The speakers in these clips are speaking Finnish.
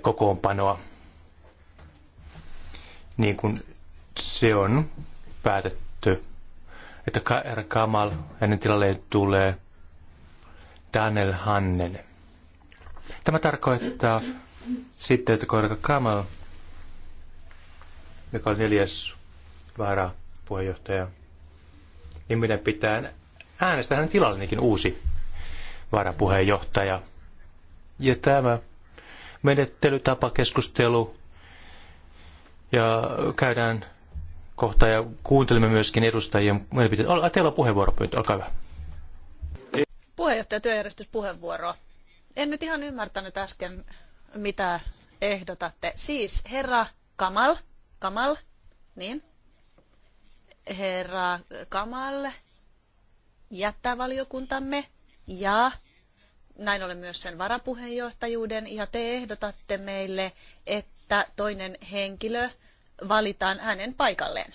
kokoonpanoa, niin kuin se on päätetty, että K.R. Kamal hänen tilalle tulee Daniel Hannen. Tämä tarkoittaa sitten, että K.R. Kamal, joka on neljäs varapuheenjohtaja, niin meidän pitää äänestää hänen tilallenikin uusi varapuheenjohtaja. Ja tämä menettelytapakeskustelu ja käydään kohta ja kuuntelemme myöskin edustajien mielipiteitä. Ol, teillä on puheenvuoropyyntö, olkaa hyvä. Puheenjohtaja työjärjestyspuheenvuoroa. En nyt ihan ymmärtänyt äsken, mitä ehdotatte. Siis herra Kamal, Kamal, niin? Herra Kamal jättää valiokuntamme ja näin ollen myös sen varapuheenjohtajuuden, ja te ehdotatte meille, että toinen henkilö valitaan hänen paikalleen.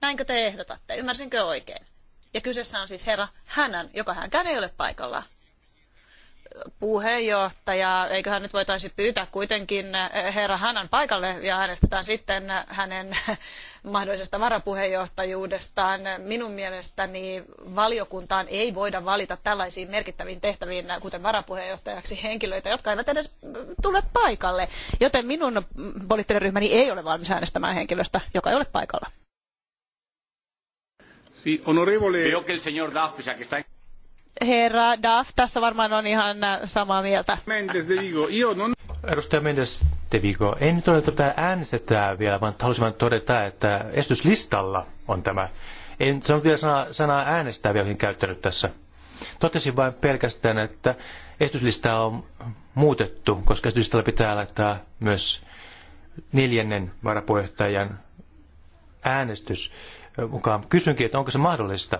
Näinkö te ehdotatte? Ymmärsinkö oikein? Ja kyseessä on siis herra Hänän, joka hänkään ei ole paikallaan puheenjohtajaa. Eiköhän nyt voitaisi pyytää kuitenkin eh, herra Hanan paikalle ja äänestetään sitten hänen mahdollisesta varapuheenjohtajuudestaan. Minun mielestäni valiokuntaan ei voida valita tällaisiin merkittäviin tehtäviin, kuten varapuheenjohtajaksi henkilöitä, jotka eivät edes tule paikalle. Joten minun poliittinen ryhmäni ei ole valmis äänestämään henkilöstä, joka ei ole paikalla. que el señor que está herra Duff, tässä varmaan on ihan samaa mieltä. Mendes de Vigo, io non... Edustaja Mendes de Vigo, En nyt ole tätä äänestetään vielä, vaan halusin vain todeta, että esityslistalla on tämä. En sanonut vielä sanaa, sanaa äänestää vielä käyttänyt tässä. Totesin vain pelkästään, että esityslistaa on muutettu, koska esityslistalla pitää laittaa myös neljännen varapuheenjohtajan äänestys mukaan. Kysynkin, että onko se mahdollista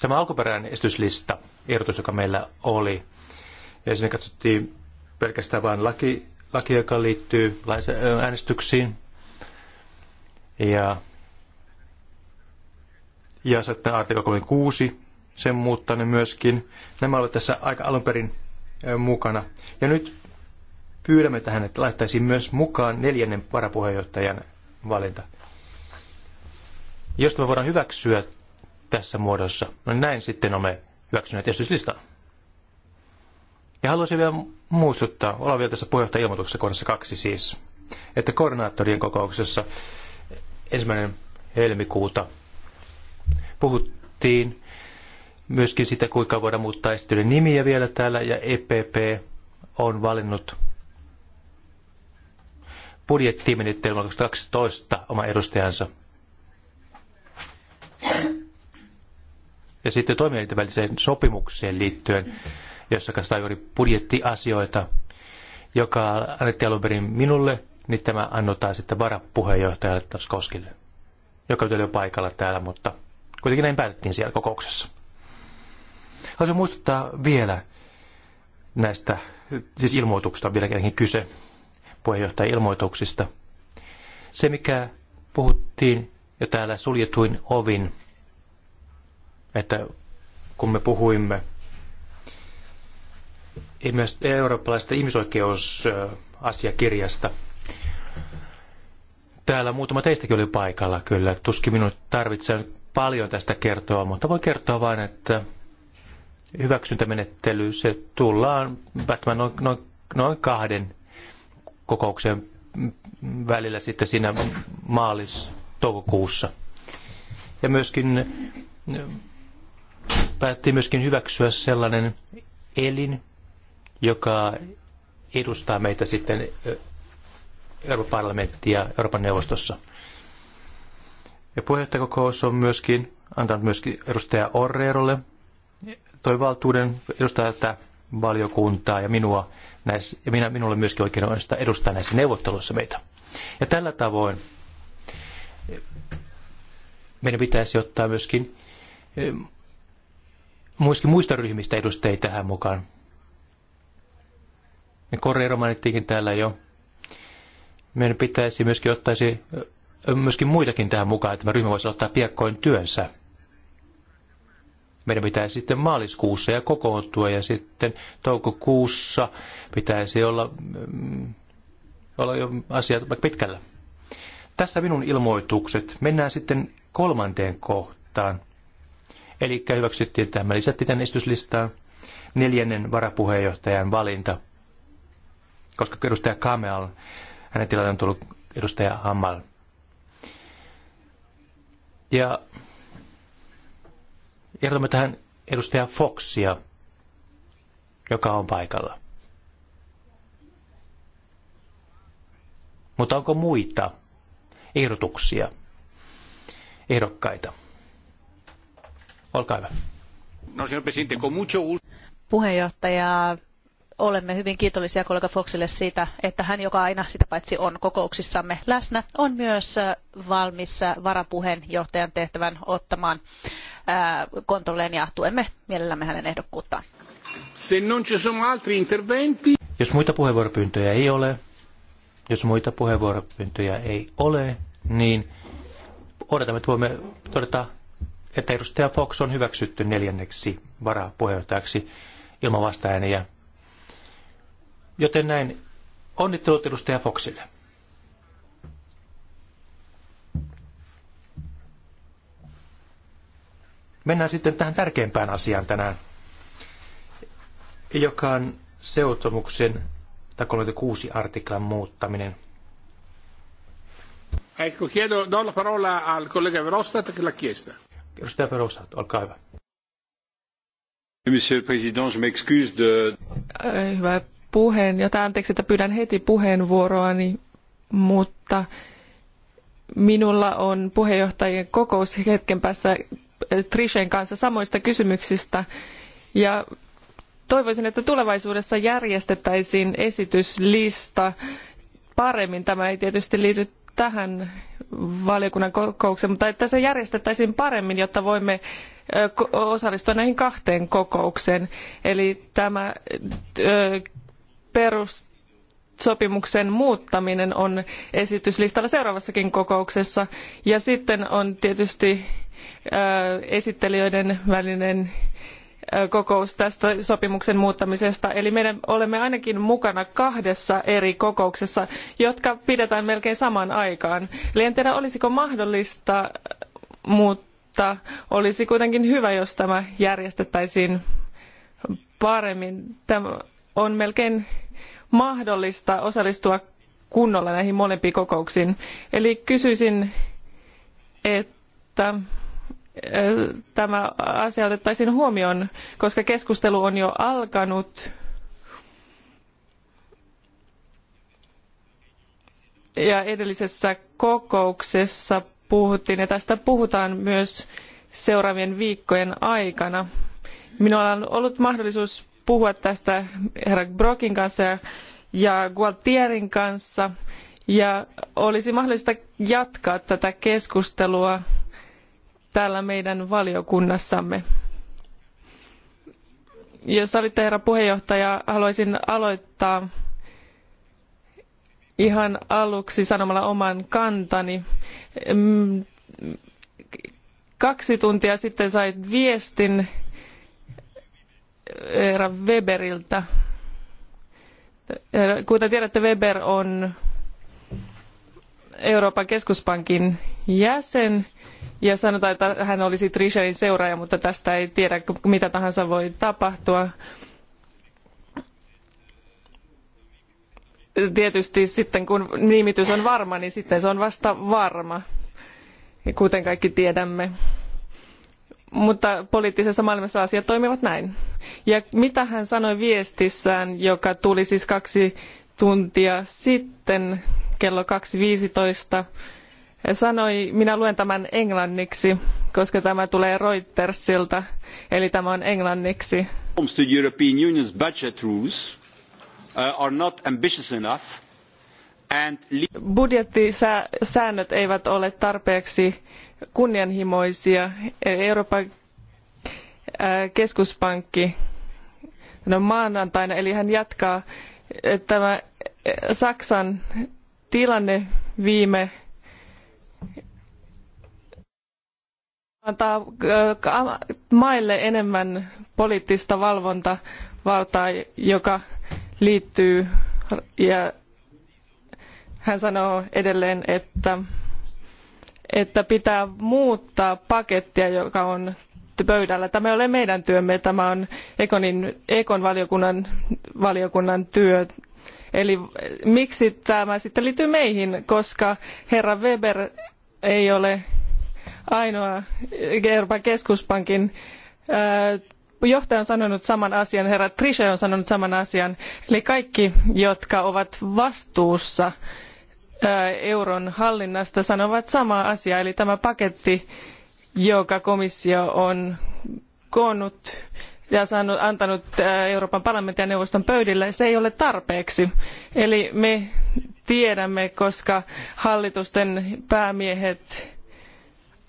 Tämä alkuperäinen esityslista, ehdotus, joka meillä oli, ja siinä katsottiin pelkästään vain laki, laki joka liittyy äänestyksiin. Ja, ja sitten artikla 36, sen muuttaneen myöskin. Nämä olivat tässä aika alun perin mukana. Ja nyt pyydämme tähän, että laittaisiin myös mukaan neljännen varapuheenjohtajan valinta. Jos me voidaan hyväksyä tässä muodossa. No näin sitten olemme hyväksyneet esityslistan. Ja haluaisin vielä muistuttaa, ollaan vielä tässä puheenjohtajailmoituksessa kohdassa kaksi siis, että koordinaattorien kokouksessa ensimmäinen helmikuuta puhuttiin myöskin sitä, kuinka voidaan muuttaa esityden nimiä vielä täällä, ja EPP on valinnut budjettimenettelyä 2012 oma edustajansa ja sitten toimijoiden väliseen sopimukseen liittyen, jossa katsotaan juuri budjettiasioita, joka annettiin alun perin minulle, niin tämä annotaan sitten varapuheenjohtajalle taas Koskille, joka oli jo paikalla täällä, mutta kuitenkin näin päätettiin siellä kokouksessa. Haluaisin muistuttaa vielä näistä, siis ilmoituksista on vielä kerrankin kyse, puheenjohtajan ilmoituksista. Se, mikä puhuttiin jo täällä suljetuin ovin että kun me puhuimme eurooppalaisesta ihmisoikeusasiakirjasta, Täällä muutama teistäkin oli paikalla kyllä. Tuskin minun tarvitsee paljon tästä kertoa, mutta voi kertoa vain, että hyväksyntämenettely, se tullaan noin, noin, noin kahden kokouksen välillä sitten siinä maalis-toukokuussa. Ja myöskin päätti myöskin hyväksyä sellainen elin, joka edustaa meitä sitten Euroopan parlamenttia Euroopan neuvostossa. Ja puheenjohtajakokous on myöskin antanut myöskin edustaja Orreerolle toi valtuuden edustaa tätä valiokuntaa ja minua näissä, ja minä, minulle myöskin oikein edustaa näissä neuvotteluissa meitä. Ja tällä tavoin meidän pitäisi ottaa myöskin muiskin muista ryhmistä edustajia tähän mukaan. Ne Correiro mainittiinkin täällä jo. Meidän pitäisi myöskin ottaisi myöskin muitakin tähän mukaan, että tämä ryhmä voisi ottaa piakkoin työnsä. Meidän pitäisi sitten maaliskuussa ja kokoontua ja sitten toukokuussa pitäisi olla, mm, olla jo asiat pitkällä. Tässä minun ilmoitukset. Mennään sitten kolmanteen kohtaan. Eli hyväksyttiin tämä, lisättiin tämän esityslistaan neljännen varapuheenjohtajan valinta, koska edustaja Kameal, hänen tilalle on tullut edustaja Hammal. Ja ehdotamme tähän edustaja Foxia, joka on paikalla. Mutta onko muita ehdotuksia, ehdokkaita? Olkaa hyvä. No, señor presidente, con mucho gusto. Puheenjohtaja, olemme hyvin kiitollisia kollega Foxille siitä, että hän, joka aina sitä paitsi on kokouksissamme läsnä, on myös äh, valmis äh, varapuheenjohtajan tehtävän ottamaan äh, kontolleen ja tuemme mielellämme hänen ehdokkuuttaan. Se non ci sono altri interventi. Jos muita puheenvuoropyyntöjä ei ole, jos muita puheenvuoropyyntöjä ei ole, niin odotamme tuomme todeta että edustaja Fox on hyväksytty neljänneksi varapuheenjohtajaksi ilman vastaääniä. Joten näin onnittelut edustaja Foxille. Mennään sitten tähän tärkeimpään asiaan tänään, joka on seutomuksen 36 artiklan muuttaminen. Ecco, chiedo, do la parola al collega Verostat che l'ha chiesta. Edustaja Perusta, olkaa hyvä. Monsieur le Président, je m'excuse de... Äh, hyvä puheenjohtaja, anteeksi, että pyydän heti puheenvuoroani, mutta minulla on puheenjohtajien kokous hetken päästä äh, Trishen kanssa samoista kysymyksistä. Ja toivoisin, että tulevaisuudessa järjestettäisiin esityslista paremmin. Tämä ei tietysti liity tähän valiokunnan kokoukseen, mutta että se järjestettäisiin paremmin, jotta voimme osallistua näihin kahteen kokoukseen. Eli tämä perussopimuksen muuttaminen on esityslistalla seuraavassakin kokouksessa. Ja sitten on tietysti esittelijöiden välinen kokous tästä sopimuksen muuttamisesta. Eli meidän olemme ainakin mukana kahdessa eri kokouksessa, jotka pidetään melkein samaan aikaan. Eli en tiedä, olisiko mahdollista, mutta olisi kuitenkin hyvä, jos tämä järjestettäisiin paremmin. Tämä on melkein mahdollista osallistua kunnolla näihin molempiin kokouksiin. Eli kysyisin, että tämä asia otettaisiin huomioon, koska keskustelu on jo alkanut. Ja edellisessä kokouksessa puhuttiin ja tästä puhutaan myös seuraavien viikkojen aikana. Minulla on ollut mahdollisuus puhua tästä herra Brokin kanssa ja Gualtierin kanssa ja olisi mahdollista jatkaa tätä keskustelua täällä meidän valiokunnassamme. Jos sallitte herra puheenjohtaja, haluaisin aloittaa ihan aluksi sanomalla oman kantani. Kaksi tuntia sitten sait viestin eh, herra Weberiltä. Eh, Kuten tiedätte, Weber on Euroopan keskuspankin jäsen ja sanotaan, että hän olisi Trichetin seuraaja, mutta tästä ei tiedä mitä tahansa voi tapahtua. Tietysti sitten kun nimitys on varma, niin sitten se on vasta varma, kuten kaikki tiedämme mutta poliittisessa maailmassa asiat toimivat näin. Ja mitä hän sanoi viestissään, joka tuli siis kaksi tuntia sitten kello 2.15 sanoi, minä luen tämän englanniksi, koska tämä tulee Reutersilta, eli tämä on englanniksi. To European Union's budget rules uh, are not ambitious enough and... Budjettisäännöt eivät ole tarpeeksi kunnianhimoisia. Euroopan uh, keskuspankki no maanantaina, eli hän jatkaa, että uh, Saksan tilanne viime antaa äh, maille enemmän poliittista valvontavaltaa, joka liittyy ja hän sanoo edelleen, että, että pitää muuttaa pakettia, joka on pöydällä. Tämä ei ole meidän työmme, tämä on Ekonin, Ekon valiokunnan, valiokunnan työ Eli eh, miksi tämä sitten liittyy meihin, koska herra Weber ei ole ainoa Euroopan keskuspankin eh, johtaja on sanonut saman asian, herra Trichet on sanonut saman asian. Eli kaikki, jotka ovat vastuussa eh, euron hallinnasta, sanovat samaa asiaa. Eli tämä paketti, joka komissio on koonnut ja saanut, antanut äh, Euroopan parlamentin ja neuvoston pöydille, se ei ole tarpeeksi. Eli me tiedämme, koska hallitusten päämiehet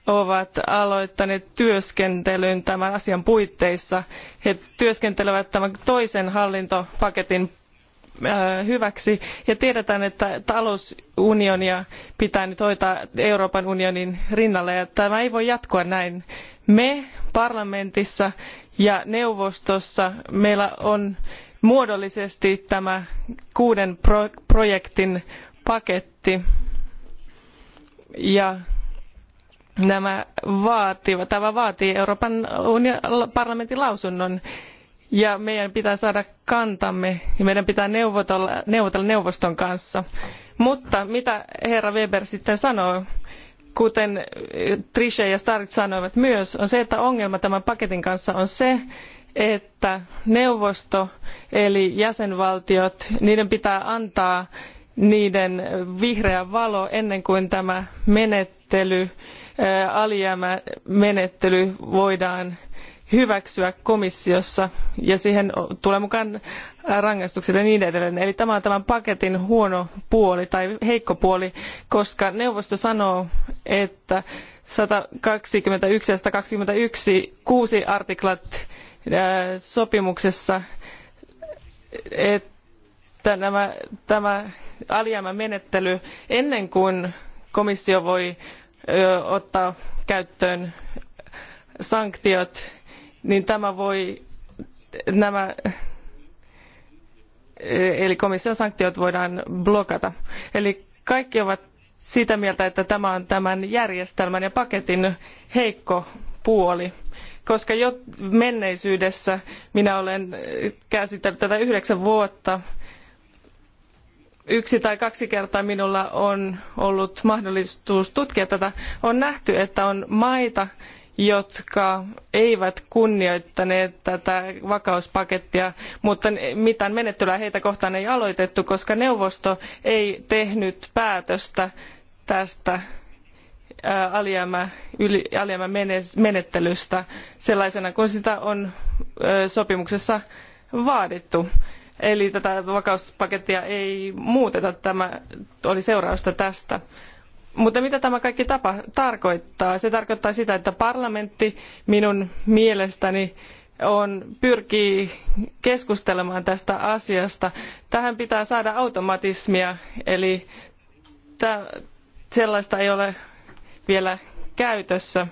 ovat aloittaneet työskentelyn tämän asian puitteissa. He työskentelevät tämän toisen hallintopaketin Äh, hyväksi. Ja tiedetään, että talousunionia pitää nyt hoitaa Euroopan unionin rinnalle ja tämä ei voi jatkua näin. Me parlamentissa ja neuvostossa meillä on muodollisesti tämä kuuden projektin paketti ja nämä vaativat, tämä vaatii Euroopan parlamentin lausunnon ja meidän pitää saada kantamme ja meidän pitää neuvotella, neuvotella neuvoston kanssa. Mutta mitä herra Weber sitten sanoo, kuten Trishe ja Stark sanoivat myös, on se, että ongelma tämän paketin kanssa on se, että neuvosto eli jäsenvaltiot, niiden pitää antaa niiden vihreä valo ennen kuin tämä menettely, alijäämämenettely voidaan hyväksyä komissiossa ja siihen tulee mukaan rangaistukset ja niin edelleen. Eli tämä on tämän paketin huono puoli tai heikko puoli, koska neuvosto sanoo, että 121 ja 121 kuusi artiklat äh, sopimuksessa, että nämä, tämä alijäämämenettely ennen kuin komissio voi ottaa käyttöön sanktiot niin tämä voi, nämä, eli komission sanktiot voidaan blokata. Eli kaikki ovat sitä mieltä, että tämä on tämän järjestelmän ja paketin heikko puoli koska jo menneisyydessä minä olen käsitellyt tätä yhdeksän vuotta. Yksi tai kaksi kertaa minulla on ollut mahdollisuus tutkia tätä. On nähty, että on maita, jotka eivät kunnioittaneet tätä vakauspakettia, mutta mitään menettelyä heitä kohtaan ei aloitettu, koska neuvosto ei tehnyt päätöstä tästä alijäämä, alijäämämenettelystä sellaisena kuin sitä on sopimuksessa vaadittu. Eli tätä vakauspakettia ei muuteta, tämä oli seurausta tästä. Mutta mitä tämä kaikki tapa tarkoittaa? Se tarkoittaa sitä, että parlamentti minun mielestäni on, pyrkii keskustelemaan tästä asiasta. Tähän pitää saada automatismia, eli tä, sellaista ei ole vielä käytössä.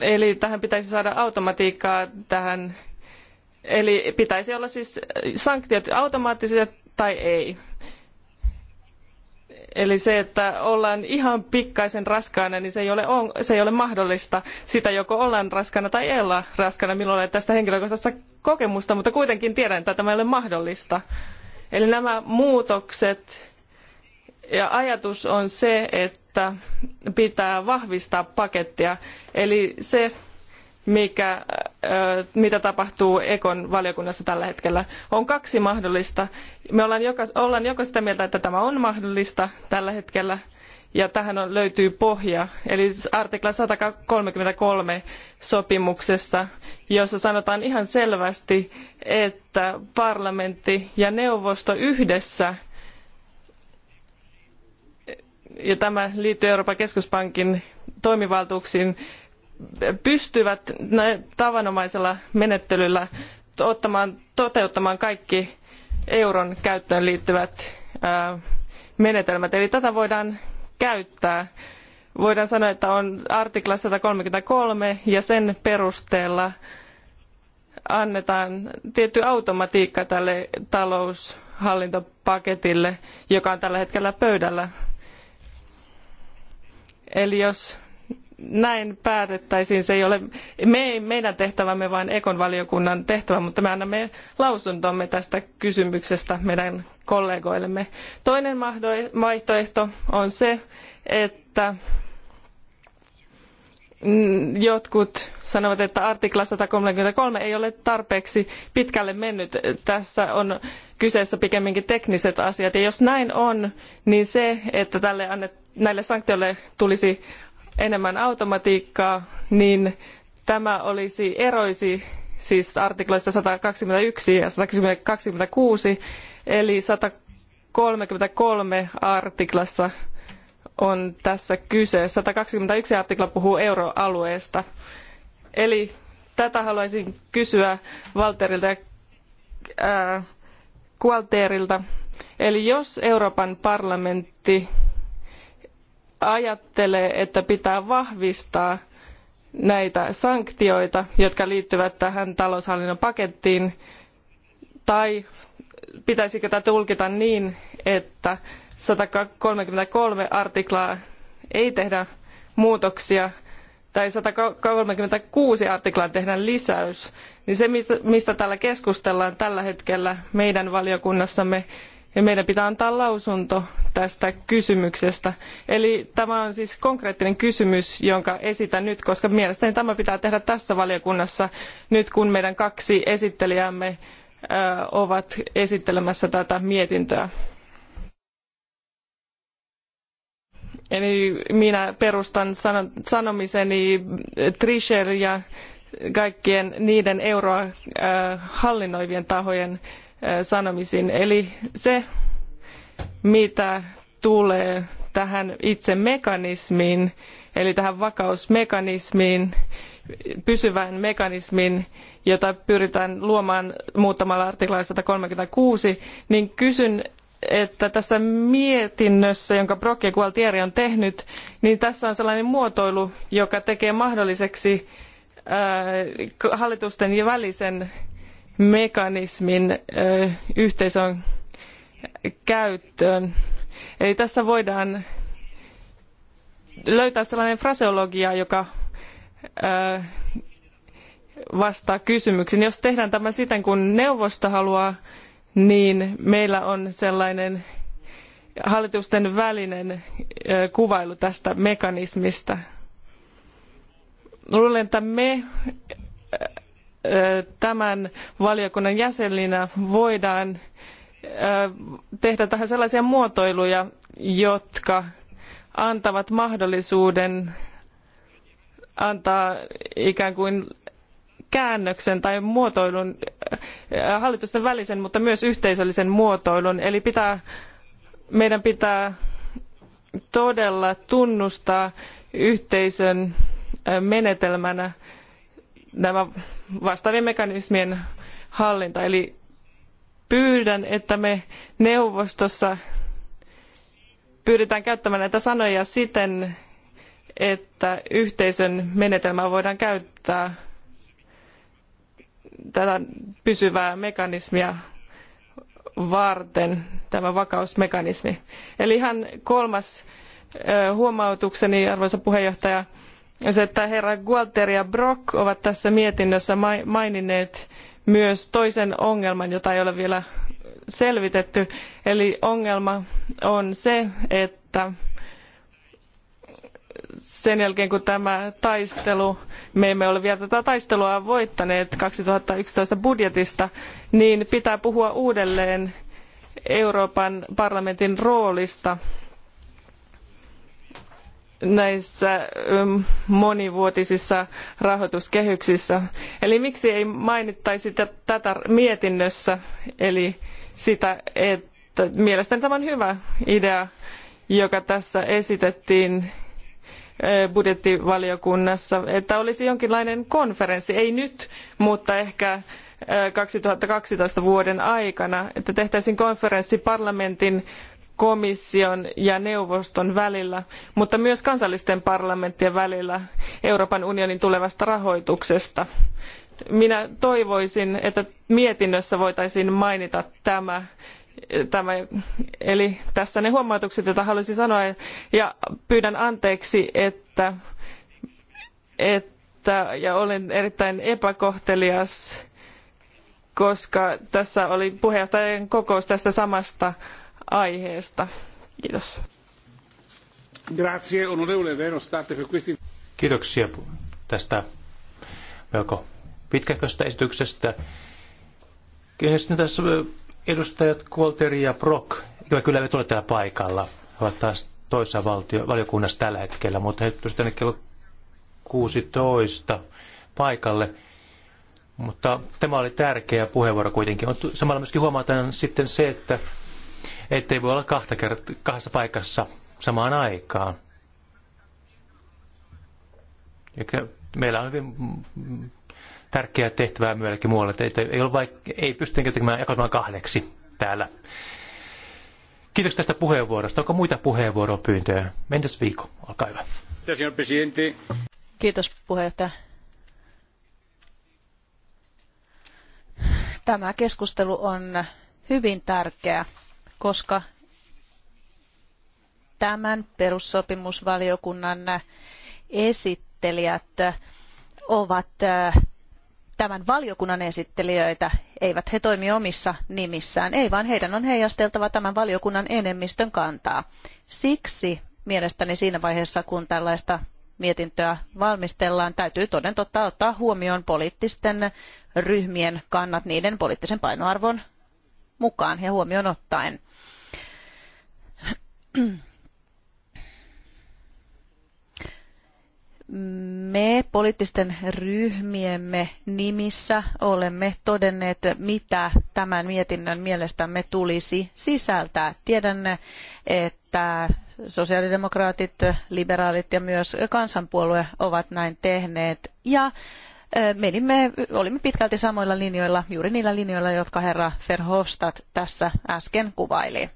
Eli tähän pitäisi saada automatiikkaa tähän. Eli pitäisi olla siis sanktiot automaattiset tai ei. Eli se, että ollaan ihan pikkaisen raskaana, niin se ei ole, on, se ei ole mahdollista. Sitä joko ollaan raskaana tai ei olla raskaana. Minulla ei ole tästä henkilökohtaista kokemusta, mutta kuitenkin tiedän, että tämä ei ole mahdollista. Eli nämä muutokset ja ajatus on se, että pitää vahvistaa pakettia. Eli se mikä, mitä tapahtuu Ekon valiokunnassa tällä hetkellä. On kaksi mahdollista. Me ollaan joko, joko sitä mieltä, että tämä on mahdollista tällä hetkellä, ja tähän on, löytyy pohja, eli artikla 133 sopimuksessa, jossa sanotaan ihan selvästi, että parlamentti ja neuvosto yhdessä ja tämä liittyy Euroopan keskuspankin toimivaltuuksiin pystyvät tavanomaisella menettelyllä ottamaan, toteuttamaan kaikki euron käyttöön liittyvät menetelmät. Eli tätä voidaan käyttää. Voidaan sanoa, että on artikla 133 ja sen perusteella annetaan tietty automatiikka tälle taloushallintopaketille, joka on tällä hetkellä pöydällä. Eli jos näin päätettäisiin. Se ei ole me, meidän tehtävämme, vaan Ekon valiokunnan tehtävä, mutta me annamme lausuntomme tästä kysymyksestä meidän kollegoillemme. Toinen vaihtoehto on se, että mm, jotkut sanovat, että artikla 133 ei ole tarpeeksi pitkälle mennyt. Tässä on kyseessä pikemminkin tekniset asiat. Ja jos näin on, niin se, että tälle annet, näille sanktioille tulisi enemmän automatiikkaa, niin tämä olisi eroisi siis artikloista 121 ja 126, eli 133 artiklassa on tässä kyse. 121 artikla puhuu euroalueesta. Eli tätä haluaisin kysyä Walterilta ja Gualterilta. Eli jos Euroopan parlamentti ajattelee, että pitää vahvistaa näitä sanktioita, jotka liittyvät tähän taloushallinnon pakettiin, tai pitäisikö tätä tulkita niin, että 133 artiklaa ei tehdä muutoksia, tai 136 artiklaan tehdään lisäys, niin se, mistä täällä keskustellaan tällä hetkellä meidän valiokunnassamme, ja meidän pitää antaa lausunto tästä kysymyksestä. Eli tämä on siis konkreettinen kysymys, jonka esitän nyt, koska mielestäni tämä pitää tehdä tässä valiokunnassa nyt, kun meidän kaksi esittelijämme ovat esittelemässä tätä mietintöä. Eli minä perustan sanomiseni Trisher ja kaikkien niiden euroa hallinnoivien tahojen sanomisiin. Eli se, mitä tulee tähän itse mekanismiin, eli tähän vakausmekanismiin, pysyvään mekanismiin, jota pyritään luomaan muuttamalla artiklaa 136, niin kysyn, että tässä mietinnössä, jonka Brock ja Gualtieri on tehnyt, niin tässä on sellainen muotoilu, joka tekee mahdolliseksi hallitusten ja välisen mekanismin yhteisön käyttöön. Eli tässä voidaan löytää sellainen fraseologia, joka vastaa kysymyksiin. Jos tehdään tämä siten, kun neuvosto haluaa, niin meillä on sellainen hallitusten välinen kuvailu tästä mekanismista. Luulen, että me tämän valiokunnan jäseninä voidaan tehdä tähän sellaisia muotoiluja, jotka antavat mahdollisuuden antaa ikään kuin käännöksen tai muotoilun, hallitusten välisen, mutta myös yhteisöllisen muotoilun. Eli pitää, meidän pitää todella tunnustaa yhteisön menetelmänä nämä vastaavien mekanismien hallinta. Eli pyydän, että me neuvostossa pyydetään käyttämään näitä sanoja siten, että yhteisön menetelmää voidaan käyttää tätä pysyvää mekanismia varten, tämä vakausmekanismi. Eli ihan kolmas huomautukseni, arvoisa puheenjohtaja, se, että herra Gualter ja Brock ovat tässä mietinnössä maininneet myös toisen ongelman, jota ei ole vielä selvitetty. Eli ongelma on se, että sen jälkeen kun tämä taistelu, me emme ole vielä tätä taistelua voittaneet 2011 budjetista, niin pitää puhua uudelleen Euroopan parlamentin roolista – näissä monivuotisissa rahoituskehyksissä. Eli miksi ei mainittaisi tätä mietinnössä, eli sitä, että mielestäni tämä on hyvä idea, joka tässä esitettiin budjettivaliokunnassa, että olisi jonkinlainen konferenssi, ei nyt, mutta ehkä 2012 vuoden aikana, että tehtäisiin konferenssi parlamentin komission ja neuvoston välillä, mutta myös kansallisten parlamenttien välillä Euroopan unionin tulevasta rahoituksesta. Minä toivoisin, että mietinnössä voitaisiin mainita tämä, eli tässä ne huomautukset, joita halusin sanoa, ja pyydän anteeksi, että, että ja olen erittäin epäkohtelias, koska tässä oli puheenjohtajan kokous tästä samasta aiheesta. Kiitos. Kiitoksia tästä melko pitkäköstä esityksestä. Sitten tässä edustajat Kolter ja Brock, ikävä kyllä me olette täällä paikalla. He ovat taas toisessa valtio, valiokunnassa tällä hetkellä, mutta he tulisivat tänne kello 16 paikalle. Mutta tämä oli tärkeä puheenvuoro kuitenkin. On samalla myöskin huomataan sitten se, että ettei voi olla kahta kert- kahdessa paikassa samaan aikaan. Eikä meillä on hyvin tärkeää tehtävää myöskin muualle, että ei, ole vaik- ei pysty tekemään jakautumaan kahdeksi täällä. Kiitos tästä puheenvuorosta. Onko muita puheenvuoropyyntöjä? Mennäs viikko, olkaa hyvä. Kiitos puheenjohtaja. Tämä keskustelu on hyvin tärkeä koska tämän perussopimusvaliokunnan esittelijät ovat tämän valiokunnan esittelijöitä, eivät he toimi omissa nimissään, ei vaan heidän on heijasteltava tämän valiokunnan enemmistön kantaa. Siksi mielestäni siinä vaiheessa, kun tällaista mietintöä valmistellaan, täytyy toden totta ottaa huomioon poliittisten ryhmien kannat niiden poliittisen painoarvon mukaan ja huomioon ottaen. me poliittisten ryhmiemme nimissä olemme todenneet, mitä tämän mietinnön mielestämme tulisi sisältää. Tiedänne, että sosiaalidemokraatit, liberaalit ja myös kansanpuolue ovat näin tehneet. Ja menimme, olimme pitkälti samoilla linjoilla, juuri niillä linjoilla, jotka herra Verhofstadt tässä äsken kuvaili.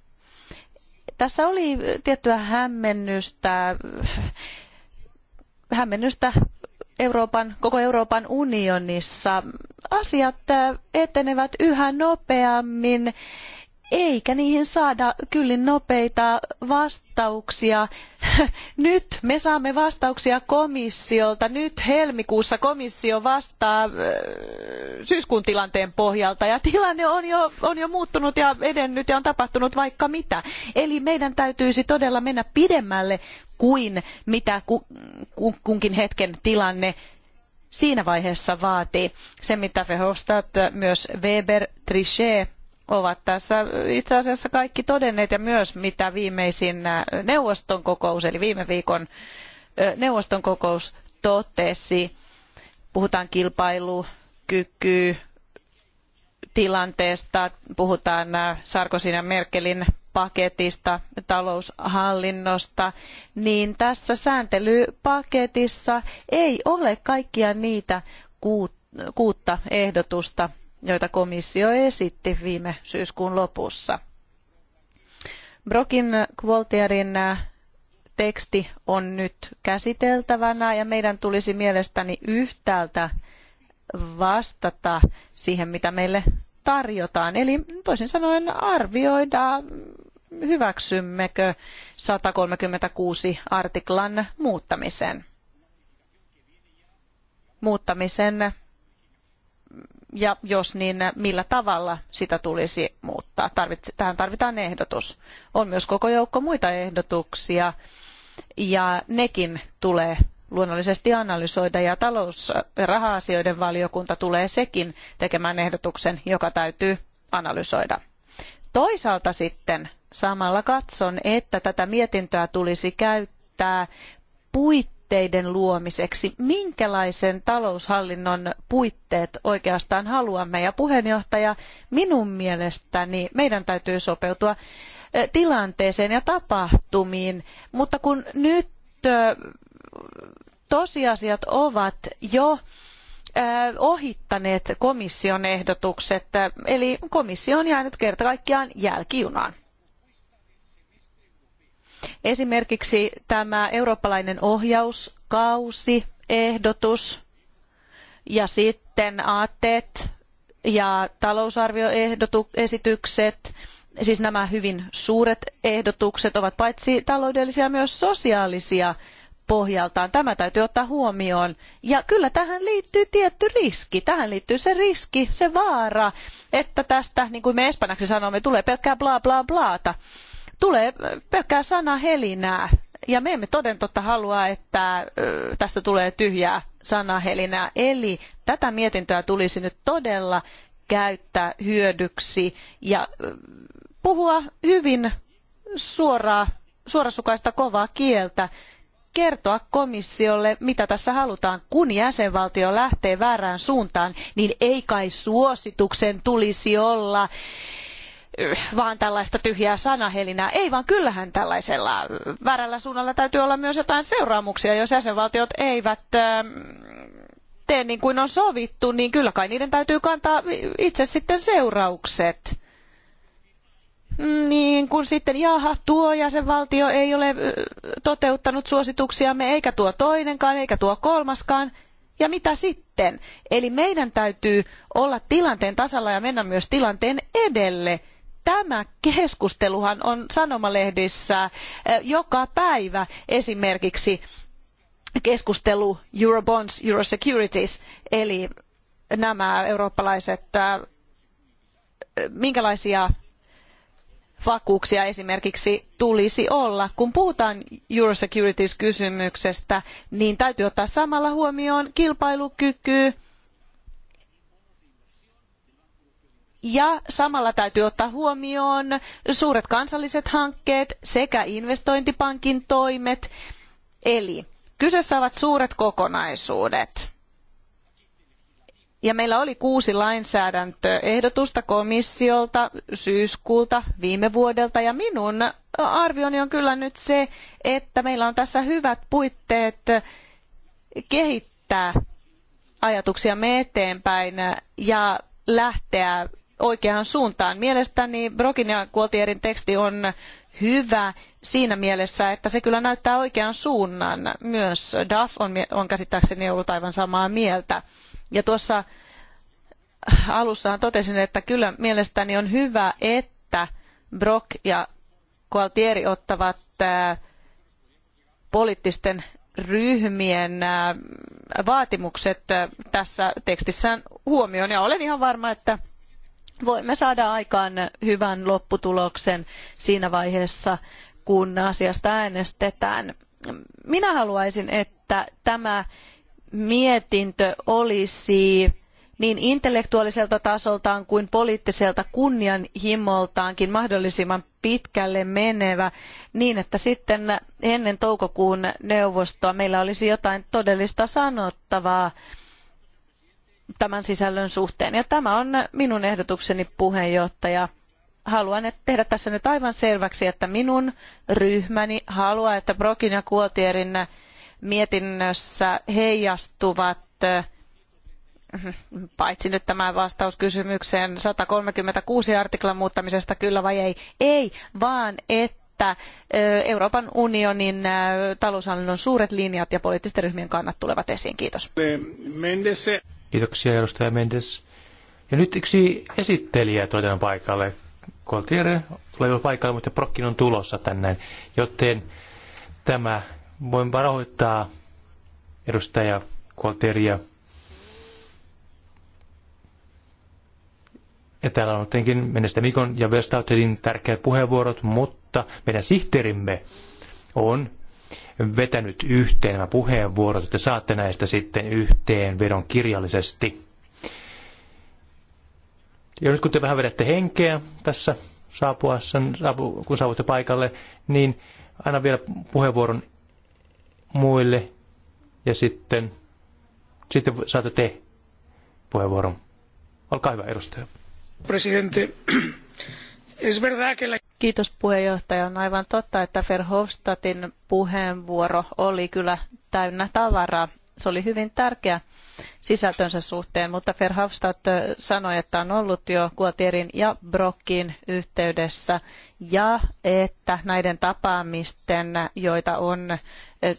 Tässä oli tiettyä hämmennystä, hämmennystä Euroopan, koko Euroopan unionissa. Asiat etenevät yhä nopeammin eikä niihin saada kyllin nopeita vastauksia. Nyt me saamme vastauksia komissiolta. Nyt helmikuussa komissio vastaa äh, syyskuun tilanteen pohjalta ja tilanne on jo, on jo muuttunut ja edennyt ja on tapahtunut vaikka mitä. Eli meidän täytyisi todella mennä pidemmälle kuin mitä kunkin hetken tilanne siinä vaiheessa vaatii. Se mitä Verhofstadt, äh, myös Weber, Trichet ovat tässä itse asiassa kaikki todenneet ja myös mitä viimeisin äh, neuvoston kokous, eli viime viikon äh, neuvoston kokous totesi. Puhutaan kilpailukyky tilanteesta, puhutaan äh, Sarkosin ja Merkelin paketista, taloushallinnosta, niin tässä sääntelypaketissa ei ole kaikkia niitä kuutta ehdotusta, joita komissio esitti viime syyskuun lopussa. Brokin Qualtierin teksti on nyt käsiteltävänä ja meidän tulisi mielestäni yhtäältä vastata siihen, mitä meille tarjotaan. Eli toisin sanoen arvioida, hyväksymmekö 136 artiklan muuttamisen. Muuttamisen ja jos niin millä tavalla sitä tulisi muuttaa. tähän tarvitaan ehdotus. On myös koko joukko muita ehdotuksia ja nekin tulee luonnollisesti analysoida ja talous- ja raha-asioiden valiokunta tulee sekin tekemään ehdotuksen, joka täytyy analysoida. Toisaalta sitten samalla katson, että tätä mietintöä tulisi käyttää puitteissa puitteiden luomiseksi. Minkälaisen taloushallinnon puitteet oikeastaan haluamme? Ja puheenjohtaja, minun mielestäni meidän täytyy sopeutua tilanteeseen ja tapahtumiin, mutta kun nyt tosiasiat ovat jo ohittaneet komission ehdotukset, eli komissio on jäänyt kerta kaikkiaan jälkijunaan. Esimerkiksi tämä eurooppalainen ohjauskausi, ehdotus ja sitten ATET ja talousarvioesitykset, siis nämä hyvin suuret ehdotukset ovat paitsi taloudellisia myös sosiaalisia pohjaltaan. Tämä täytyy ottaa huomioon. Ja kyllä tähän liittyy tietty riski. Tähän liittyy se riski, se vaara, että tästä, niin kuin me espanjaksi sanomme, tulee pelkkää bla bla blaata tulee pelkkää sana helinää. Ja me emme toden totta halua, että tästä tulee tyhjää sanahelinää. Eli tätä mietintöä tulisi nyt todella käyttää hyödyksi ja puhua hyvin suoraa, suorasukaista kovaa kieltä kertoa komissiolle, mitä tässä halutaan. Kun jäsenvaltio lähtee väärään suuntaan, niin ei kai suosituksen tulisi olla vaan tällaista tyhjää sanahelinää. Ei vaan kyllähän tällaisella väärällä suunnalla täytyy olla myös jotain seuraamuksia, jos jäsenvaltiot eivät ähm, tee niin kuin on sovittu, niin kyllä kai niiden täytyy kantaa itse sitten seuraukset niin kun sitten jaha, tuo jäsenvaltio ei ole toteuttanut suosituksiamme, eikä tuo toinenkaan, eikä tuo kolmaskaan. Ja mitä sitten? Eli meidän täytyy olla tilanteen tasalla ja mennä myös tilanteen edelle tämä keskusteluhan on sanomalehdissä eh, joka päivä esimerkiksi keskustelu Eurobonds, Eurosecurities, eli nämä eurooppalaiset, eh, minkälaisia vakuuksia esimerkiksi tulisi olla. Kun puhutaan Eurosecurities-kysymyksestä, niin täytyy ottaa samalla huomioon kilpailukyky, ja samalla täytyy ottaa huomioon suuret kansalliset hankkeet sekä investointipankin toimet. Eli kyseessä ovat suuret kokonaisuudet. Ja meillä oli kuusi lainsäädäntöehdotusta komissiolta syyskuulta viime vuodelta ja minun arvioni on kyllä nyt se, että meillä on tässä hyvät puitteet kehittää ajatuksiamme eteenpäin ja lähteä oikeaan suuntaan. Mielestäni Brokin ja Gualtierin teksti on hyvä siinä mielessä, että se kyllä näyttää oikean suunnan. Myös Duff on, on käsittääkseni ollut aivan samaa mieltä. Ja tuossa alussaan totesin, että kyllä mielestäni on hyvä, että Brok ja Gualtieri ottavat äh, poliittisten ryhmien äh, vaatimukset äh, tässä tekstissään huomioon. Ja olen ihan varma, että voimme saada aikaan hyvän lopputuloksen siinä vaiheessa, kun asiasta äänestetään. Minä haluaisin, että tämä mietintö olisi niin intellektuaaliselta tasoltaan kuin poliittiselta kunnianhimoltaankin mahdollisimman pitkälle menevä niin, että sitten ennen toukokuun neuvostoa meillä olisi jotain todellista sanottavaa tämän sisällön suhteen. Ja tämä on minun ehdotukseni puheenjohtaja. Haluan tehdä tässä nyt aivan selväksi, että minun ryhmäni haluaa, että Brokin ja Kuotierin mietinnössä heijastuvat eh, paitsi nyt tämä vastaus kysymykseen 136 artiklan muuttamisesta kyllä vai ei, ei, vaan että eh, Euroopan unionin eh, taloushallinnon suuret linjat ja poliittisten ryhmien kannat tulevat esiin. Kiitos. Mendese. Kiitoksia edustaja Mendes. Ja nyt yksi esittelijä tulee paikalle. Koltiere tulee paikalle, mutta Prokkin on tulossa tänne, joten tämä voin varoittaa edustaja Koltieria. Ja täällä on jotenkin mennessä Mikon ja Westauterin tärkeät puheenvuorot, mutta meidän sihteerimme on vetänyt yhteen nämä puheenvuorot, että saatte näistä sitten vedon kirjallisesti. Ja nyt kun te vähän vedätte henkeä tässä saapuessa, kun saavutte paikalle, niin anna vielä puheenvuoron muille ja sitten, sitten saatte te puheenvuoron. Olkaa hyvä, edustaja. Presidente, es verdad que la... Kiitos puheenjohtaja. On aivan totta, että Verhofstadtin puheenvuoro oli kyllä täynnä tavaraa. Se oli hyvin tärkeä sisältönsä suhteen, mutta Verhofstadt sanoi, että on ollut jo Kuotierin ja Brokkin yhteydessä ja että näiden tapaamisten, joita on e,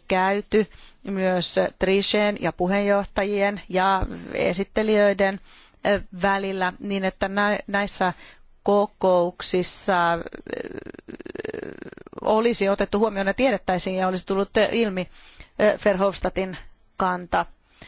käyty myös Trisheen ja puheenjohtajien ja esittelijöiden e, välillä, niin että näissä kokouksissa äh, olisi otettu huomioon ja tiedettäisiin ja olisi tullut ilmi äh, Verhofstadtin kanta.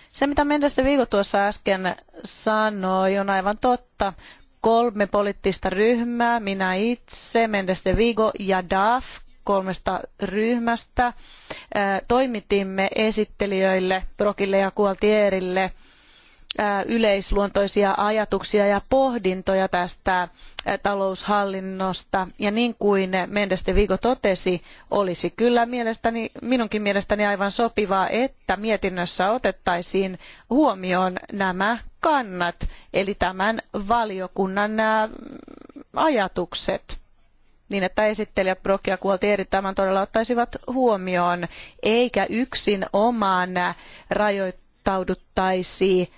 Se, mitä Mendes Viigo tuossa äsken sanoi, on aivan totta. Kolme poliittista ryhmää, minä itse, Mendes de Vigo ja DAF, kolmesta ryhmästä. Äh, toimitimme esittelijöille, Brokille ja Kualtierille, yleisluontoisia ajatuksia ja pohdintoja tästä taloushallinnosta. Ja niin kuin Mendes de Vigo totesi, olisi kyllä mielestäni, minunkin mielestäni aivan sopivaa, että mietinnössä otettaisiin huomioon nämä kannat, eli tämän valiokunnan ajatukset niin että esittelijät Brock ja Gualtieri tämän todella ottaisivat huomioon, eikä yksin omaan rajoittauduttaisi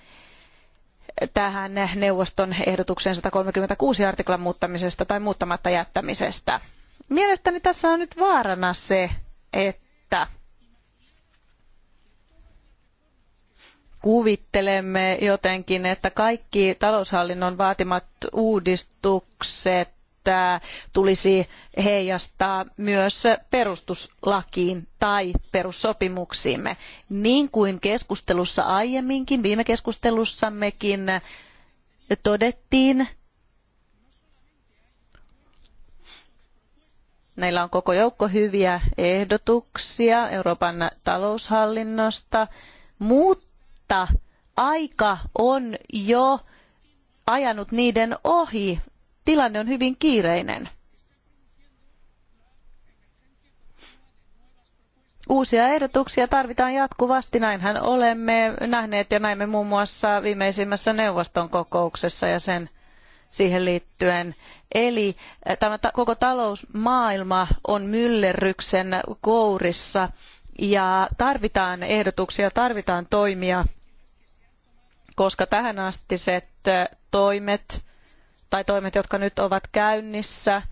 tähän neuvoston ehdotukseen 136 artiklan muuttamisesta tai muuttamatta jättämisestä. Mielestäni tässä on nyt vaarana se, että kuvittelemme jotenkin, että kaikki taloushallinnon vaatimat uudistukset tulisi heijastaa myös perustuslakiin tai perussopimuksiimme. Niin kuin keskustelussa aiemminkin, viime keskustelussammekin todettiin, Meillä on koko joukko hyviä ehdotuksia Euroopan taloushallinnosta, mutta aika on jo ajanut niiden ohi tilanne on hyvin kiireinen. Uusia ehdotuksia tarvitaan jatkuvasti, näinhän olemme nähneet ja näimme muun muassa viimeisimmässä neuvoston kokouksessa ja sen siihen liittyen. Eli eh, tämä koko talousmaailma on myllerryksen kourissa ja tarvitaan ehdotuksia, tarvitaan toimia, koska tähän tähänastiset eh, toimet tai toimet, jotka nyt ovat käynnissä,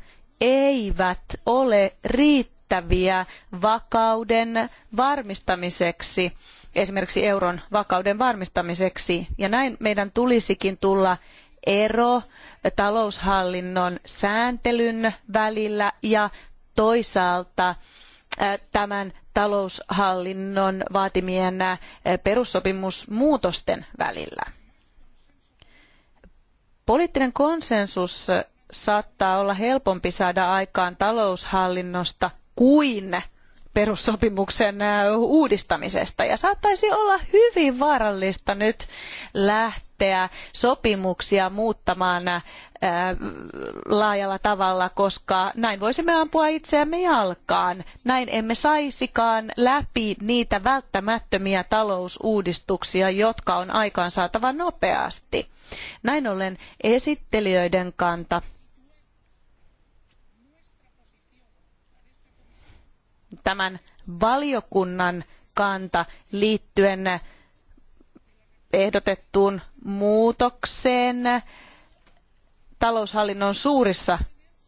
eivät ole riittäviä vakauden varmistamiseksi, esimerkiksi euron vakauden varmistamiseksi. Ja näin meidän tulisikin tulla ero taloushallinnon sääntelyn välillä ja toisaalta tämän taloushallinnon vaatimien perussopimusmuutosten välillä. Poliittinen konsensus saattaa olla helpompi saada aikaan taloushallinnosta kuin perussopimuksen uudistamisesta. Ja saattaisi olla hyvin vaarallista nyt lähteä sopimuksia muuttamaan laajalla tavalla, koska näin voisimme ampua itseämme jalkaan. Näin emme saisikaan läpi niitä välttämättömiä talousuudistuksia, jotka on aikaansaatava nopeasti. Näin ollen esittelijöiden kanta tämän valiokunnan kanta liittyen ehdotettuun muutokseen taloushallinnon suurissa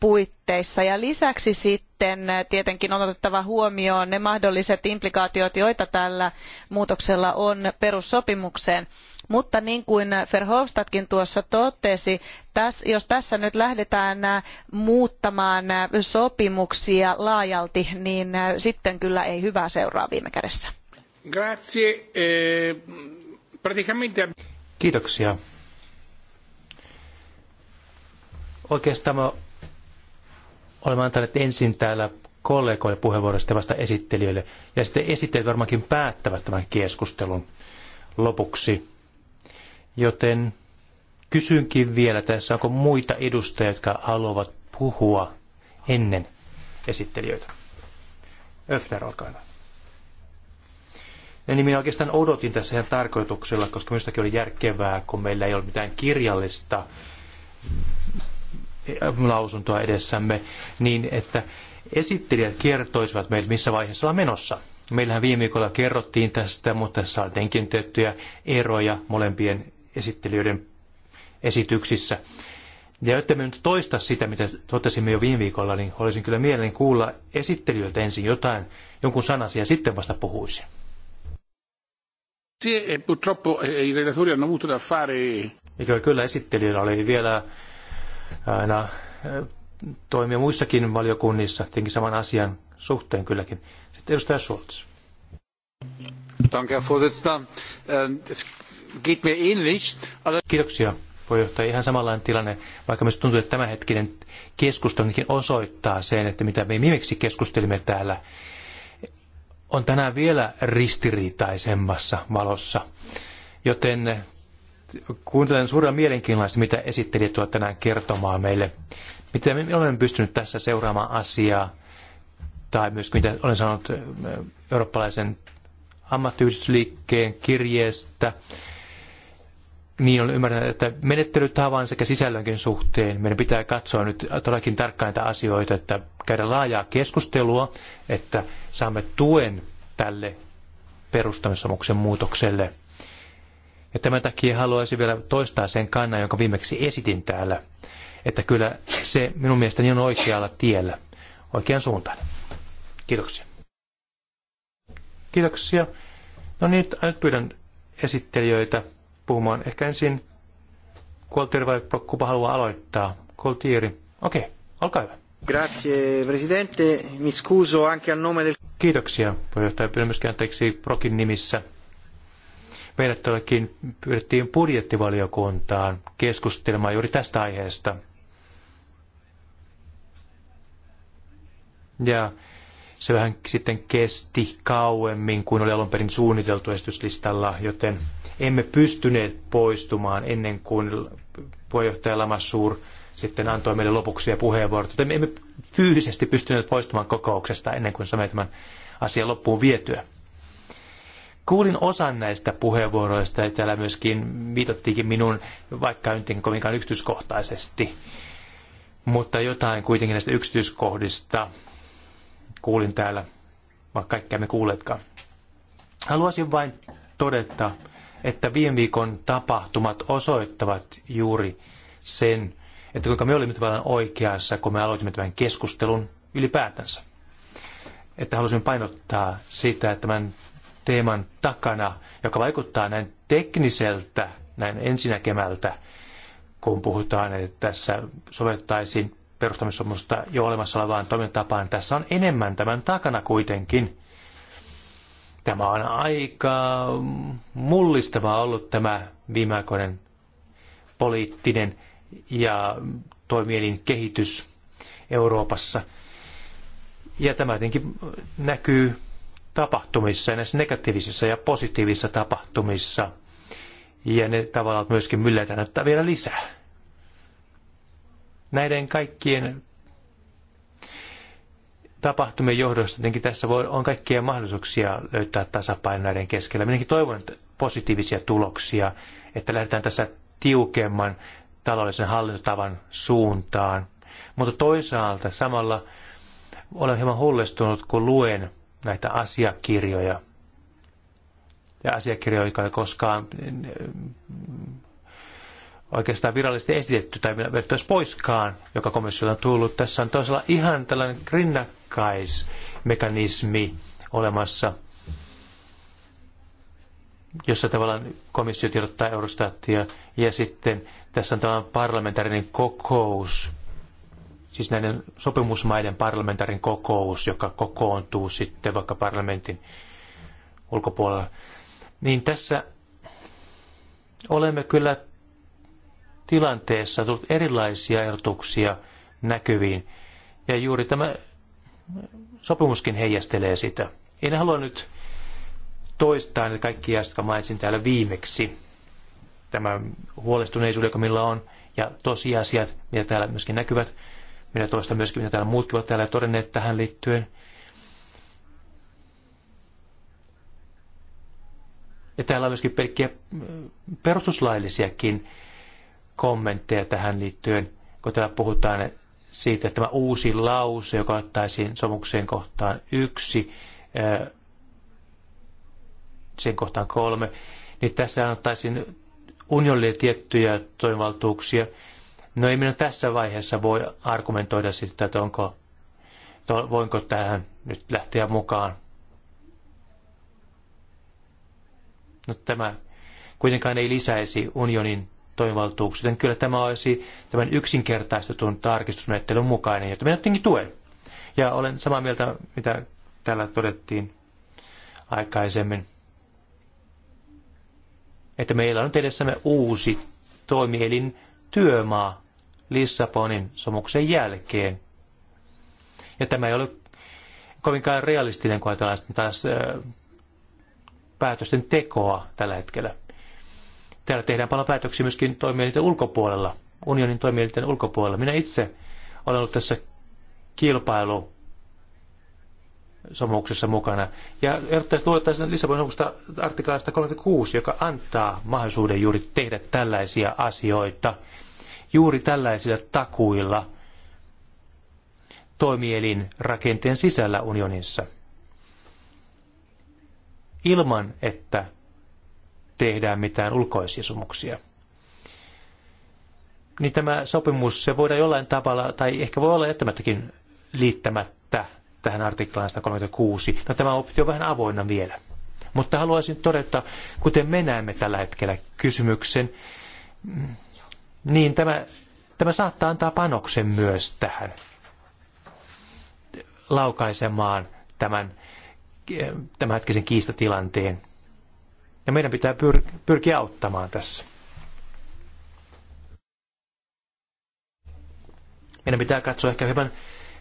puitteissa. Ja lisäksi sitten eh, tietenkin on otettava huomioon ne mahdolliset implikaatiot, joita tällä muutoksella on perussopimukseen. Mutta niin kuin Verhofstadtkin tuossa totesi, jos tässä nyt lähdetään eh, muuttamaan eh, sopimuksia laajalti, niin sitten kyllä ei hyvää seuraa viime kädessä. Grazie. Kiitoksia. Oikeastaan olemme antaneet ensin täällä kollegoille sitten vasta esittelijöille. Ja sitten esittelijät varmaankin päättävät tämän keskustelun lopuksi. Joten kysynkin vielä tässä, onko muita edustajia, jotka haluavat puhua ennen esittelijöitä. Öfner, olkaa hyvä. Ja no niin minä oikeastaan odotin tässä ihan tarkoituksella, koska minustakin oli järkevää, kun meillä ei ole mitään kirjallista Äh, lausuntoa edessämme, niin että esittelijät kertoisivat meille, missä vaiheessa ollaan menossa. Meillähän viime viikolla kerrottiin tästä, mutta tässä on tietenkin tiettyjä eroja molempien esittelijöiden esityksissä. Ja jotta me nyt toista sitä, mitä totesimme jo viime viikolla, niin olisin kyllä mielelläni kuulla esittelijöiltä ensin jotain, jonkun sanasi ja sitten vasta puhuisin. E purtroppo eh, i relatori hanno avuto da fare... Kyllä esittelijöillä oli vielä aina toimia muissakin valiokunnissa, tietenkin saman asian suhteen kylläkin. Sitten edustaja Schultz. Ähm, Kiitoksia, puheenjohtaja. Ihan samanlainen tilanne, vaikka myös tuntuu, että tämänhetkinen keskustelu osoittaa sen, että mitä me viimeksi keskustelimme täällä, on tänään vielä ristiriitaisemmassa valossa. Joten kuuntelen suurella mielenkiinnolla mitä esittelijät tuovat tänään kertomaan meille. Miten me olemme pystyneet tässä seuraamaan asiaa, tai myös mitä olen sanonut eurooppalaisen ammattiyhdistysliikkeen kirjeestä, niin olen ymmärtänyt, että menettelytavan sekä sisällönkin suhteen meidän pitää katsoa nyt todellakin tarkkaan näitä asioita, että käydä laajaa keskustelua, että saamme tuen tälle perustamissomuksen muutokselle – ja tämän takia haluaisin vielä toistaa sen kannan, jonka viimeksi esitin täällä, että kyllä se minun mielestäni on oikealla tiellä, oikean suuntaan. Kiitoksia. Kiitoksia. No niin, nyt pyydän esittelijöitä puhumaan. Ehkä ensin Koltieri vai kuka haluaa aloittaa? Koltieri. Okei, okay, olkaa hyvä. Grazie, presidente. Mi scuso anche a nome del... Kiitoksia, puheenjohtaja. Pyydän myöskin anteeksi Prokin nimissä meidät todellakin pyydettiin budjettivaliokuntaan keskustelemaan juuri tästä aiheesta. Ja se vähän sitten kesti kauemmin kuin oli alun perin suunniteltu esityslistalla, joten emme pystyneet poistumaan ennen kuin puheenjohtaja Lamassuur sitten antoi meille lopuksi ja puheenvuorot. Joten emme fyysisesti pystyneet poistumaan kokouksesta ennen kuin saimme tämän asian loppuun vietyä. Kuulin osan näistä puheenvuoroista ja täällä myöskin viitottiinkin minun, vaikka nyt en kovinkaan yksityiskohtaisesti, mutta jotain kuitenkin näistä yksityiskohdista kuulin täällä, vaikka kaikkea me kuuletkaan. Haluaisin vain todeta, että viime viikon tapahtumat osoittavat juuri sen, että kuinka me olimme tavallaan oikeassa, kun me aloitimme tämän keskustelun ylipäätänsä. Että halusin painottaa sitä, että tämän teeman takana, joka vaikuttaa näin tekniseltä, näin ensinäkemältä, kun puhutaan, että tässä sovettaisiin perustamissopimusta jo olemassa olevaan toimintatapaan. Tässä on enemmän tämän takana kuitenkin. Tämä on aika mullistavaa ollut tämä viimeaikoinen poliittinen ja toimielin kehitys Euroopassa. Ja tämä jotenkin näkyy tapahtumissa, ja näissä negatiivisissa ja positiivisissa tapahtumissa. Ja ne tavallaan myöskin myllätään ottaa vielä lisää. Näiden kaikkien tapahtumien johdosta tietenkin tässä voi, on kaikkia mahdollisuuksia löytää tasapaino näiden keskellä. Minäkin toivon että positiivisia tuloksia, että lähdetään tässä tiukemman taloudellisen hallintotavan suuntaan. Mutta toisaalta samalla olen hieman hullestunut, kun luen näitä asiakirjoja. Ja asiakirjoja, jotka ei koskaan mm, mm, oikeastaan virallisesti esitetty tai vedetty poiskaan, joka komissiolta on tullut. Tässä on toisella ihan tällainen rinnakkaismekanismi olemassa, jossa tavallaan komissio tiedottaa eurostaattia ja sitten tässä on tällainen parlamentaarinen kokous, siis näiden sopimusmaiden parlamentarin kokous, joka kokoontuu sitten vaikka parlamentin ulkopuolella, niin tässä olemme kyllä tilanteessa tullut erilaisia ehdotuksia näkyviin. Ja juuri tämä sopimuskin heijastelee sitä. En halua nyt toistaa niitä kaikkia, jotka mainitsin täällä viimeksi. Tämä huolestuneisuus, joka millä on, ja tosiasiat, mitä täällä myöskin näkyvät, minä toistan myöskin, mitä täällä muutkin ovat täällä todenneet tähän liittyen. Ja täällä on myöskin pelkkiä äh, perustuslaillisiakin kommentteja tähän liittyen, kun täällä puhutaan siitä, että tämä uusi lause, joka ottaisiin somukseen kohtaan yksi, äh, sen kohtaan kolme, niin tässä annettaisiin unionille tiettyjä toimivaltuuksia, No ei minä tässä vaiheessa voi argumentoida sitä, että onko, to, voinko tähän nyt lähteä mukaan. No tämä kuitenkaan ei lisäisi unionin toimivaltuuksia, joten kyllä tämä olisi tämän yksinkertaistetun tarkistusmenettelyn mukainen, jota minä jotenkin tuen. Ja olen samaa mieltä, mitä täällä todettiin aikaisemmin, että meillä on edessämme uusi toimielin työmaa Lissabonin sopimuksen jälkeen. Ja tämä ei ole kovinkaan realistinen, kun ajatellaan taas päätösten tekoa tällä hetkellä. Täällä tehdään paljon päätöksiä myöskin toimielinten ulkopuolella, unionin toimielinten ulkopuolella. Minä itse olen ollut tässä kilpailu sopimuksessa mukana. Ja erittäin luettaisiin Lissabonin sopimusta artiklaista 36, joka antaa mahdollisuuden juuri tehdä tällaisia asioita juuri tällaisilla takuilla toimielin rakenteen sisällä unionissa. Ilman, että tehdään mitään ulkoisia sopimuksia. Niin tämä sopimus, se voidaan jollain tavalla, tai ehkä voi olla jättämättäkin liittämättä tähän artiklaan 136. No tämä optio on vähän avoinna vielä. Mutta haluaisin todeta, kuten me näemme tällä hetkellä kysymyksen, mm, niin tämä, tämä saattaa antaa panoksen myös tähän laukaisemaan tämän hetkisen kiistatilanteen. Ja meidän pitää pyr- pyrkiä auttamaan tässä. Meidän pitää katsoa ehkä hieman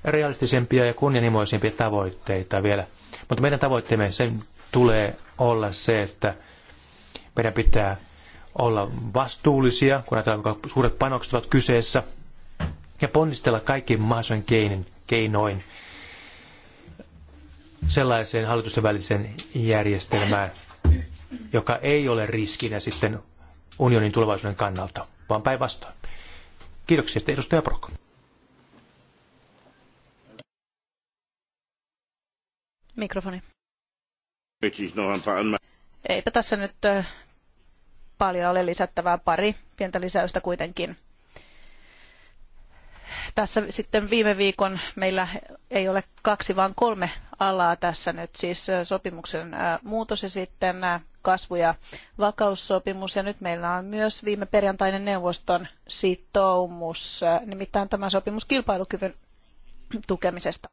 realistisempia ja kunnianhimoisempia tavoitteita vielä. Mutta meidän tavoitteemme sen tulee olla se, että meidän pitää olla vastuullisia, kun ajatellaan, suuret panokset ovat kyseessä, ja ponnistella kaikki mahdollisen keinin, keinoin sellaiseen hallitusten väliseen järjestelmään, joka ei ole riskinä sitten unionin tulevaisuuden kannalta, vaan päinvastoin. Kiitoksia, edustaja Prokko. Mikrofoni. Eipä tässä nyt paljon ole lisättävää, pari pientä lisäystä kuitenkin. Tässä sitten viime viikon meillä ei ole kaksi, vaan kolme alaa tässä nyt, siis sopimuksen muutos ja sitten kasvu- ja vakaussopimus. Ja nyt meillä on myös viime perjantainen neuvoston sitoumus, nimittäin tämä sopimus kilpailukyvyn tukemisesta.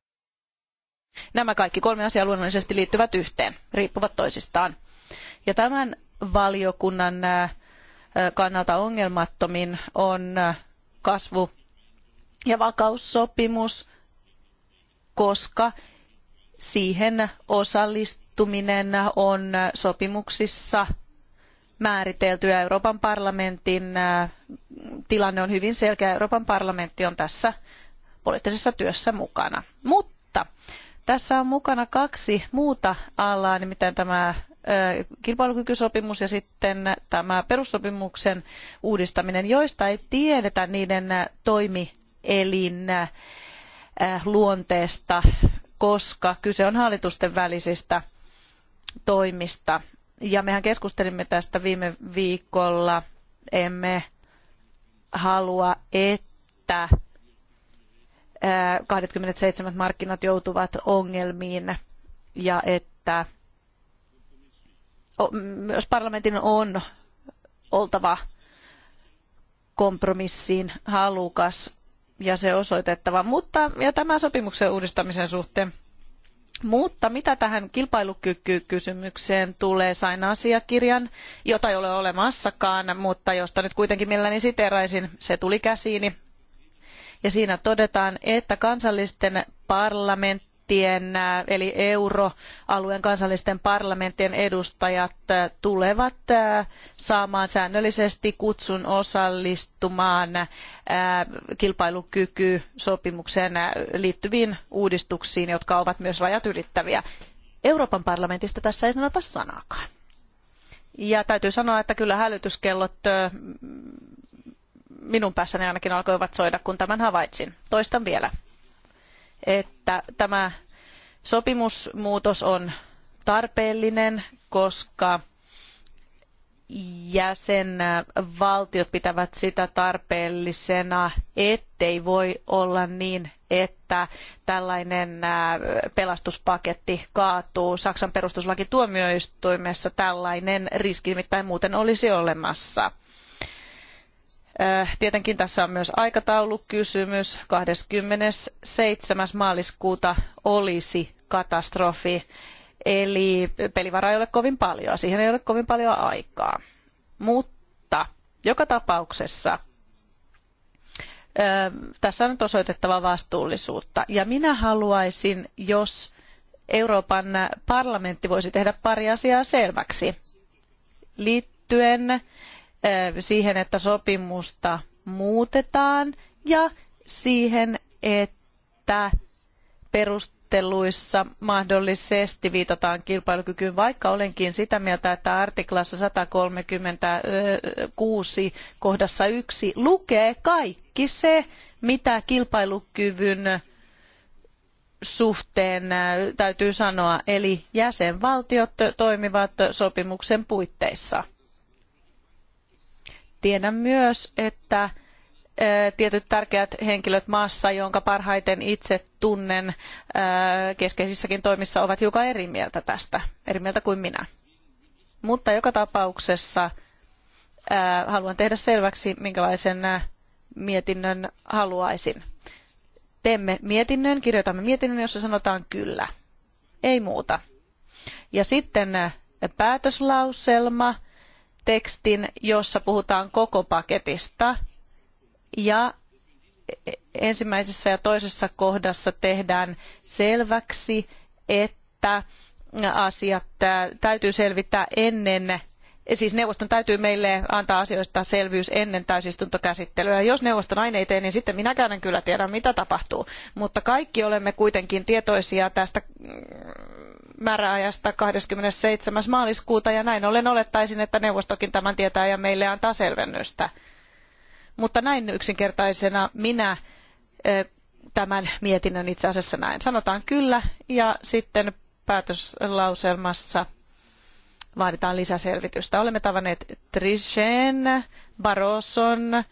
Nämä kaikki kolme asiaa luonnollisesti liittyvät yhteen, riippuvat toisistaan. Ja tämän valiokunnan äh, kannalta ongelmattomin on äh, kasvu- ja vakaussopimus, koska siihen osallistuminen on äh, sopimuksissa määritelty ja Euroopan parlamentin tilanne on hyvin selkeä. Euroopan parlamentti on tässä poliittisessa työssä mukana. Mutta tässä on mukana kaksi muuta alaa, nimittäin tämä kilpailukykysopimus ja sitten tämä perussopimuksen uudistaminen, joista ei tiedetä niiden toimielin luonteesta, koska kyse on hallitusten välisistä toimista. Ja mehän keskustelimme tästä viime viikolla. Emme halua, että 27 markkinat joutuvat ongelmiin ja että myös parlamentin on oltava kompromissiin halukas ja se osoitettava. Mutta, ja tämän sopimuksen uudistamisen suhteen. Mutta mitä tähän kilpailukykykysymykseen tulee, sain asiakirjan, jota ei ole olemassakaan, mutta josta nyt kuitenkin mielelläni siteraisin, se tuli käsiini ja siinä todetaan, että kansallisten parlamenttien, äh, eli euroalueen kansallisten parlamenttien edustajat äh, tulevat äh, saamaan säännöllisesti kutsun osallistumaan kilpailukykysopimukseen liittyviin uudistuksiin, jotka ovat myös rajat ylittäviä. Euroopan parlamentista tässä ei sanota sanaakaan. Ja täytyy sanoa, että kyllä hälytyskellot minun päässäni ainakin alkoivat soida, kun tämän havaitsin. Toistan vielä, että tämä sopimusmuutos on tarpeellinen, koska jäsenvaltiot pitävät sitä tarpeellisena, ettei voi olla niin, että tällainen pelastuspaketti kaatuu Saksan perustuslakituomioistuimessa. Tällainen riski nimittäin muuten olisi olemassa. Tietenkin tässä on myös aikataulukysymys. 27. maaliskuuta olisi katastrofi, eli pelivaraa ei ole kovin paljon, siihen ei ole kovin paljon aikaa. Mutta joka tapauksessa tässä on nyt osoitettava vastuullisuutta. Ja minä haluaisin, jos Euroopan parlamentti voisi tehdä pari asiaa selväksi liittyen siihen, että sopimusta muutetaan ja siihen, että perusteluissa mahdollisesti viitataan kilpailukykyyn, vaikka olenkin sitä mieltä, että artiklassa 136 kohdassa 1 lukee kaikki se, mitä kilpailukyvyn suhteen täytyy sanoa, eli jäsenvaltiot toimivat sopimuksen puitteissa. Tiedän myös, että tietyt tärkeät henkilöt maassa, jonka parhaiten itse tunnen keskeisissäkin toimissa, ovat hiukan eri mieltä tästä, eri mieltä kuin minä. Mutta joka tapauksessa haluan tehdä selväksi, minkälaisen mietinnön haluaisin. Teemme mietinnön, kirjoitamme mietinnön, jossa sanotaan kyllä. Ei muuta. Ja sitten päätöslauselma tekstin, jossa puhutaan koko paketista ja ensimmäisessä ja toisessa kohdassa tehdään selväksi, että asiat täytyy selvittää ennen siis neuvoston täytyy meille antaa asioista selvyys ennen täysistuntokäsittelyä. Jos neuvosto näin ei tee, niin sitten minäkään en kyllä tiedä, mitä tapahtuu. Mutta kaikki olemme kuitenkin tietoisia tästä mm, määräajasta 27. maaliskuuta ja näin ollen olettaisin, että neuvostokin tämän tietää ja meille antaa selvennystä. Mutta näin yksinkertaisena minä tämän mietinnön itse asiassa näin. Sanotaan kyllä ja sitten päätöslauselmassa vaaditaan lisäselvitystä. Olemme tavanneet Trichen, Barroson,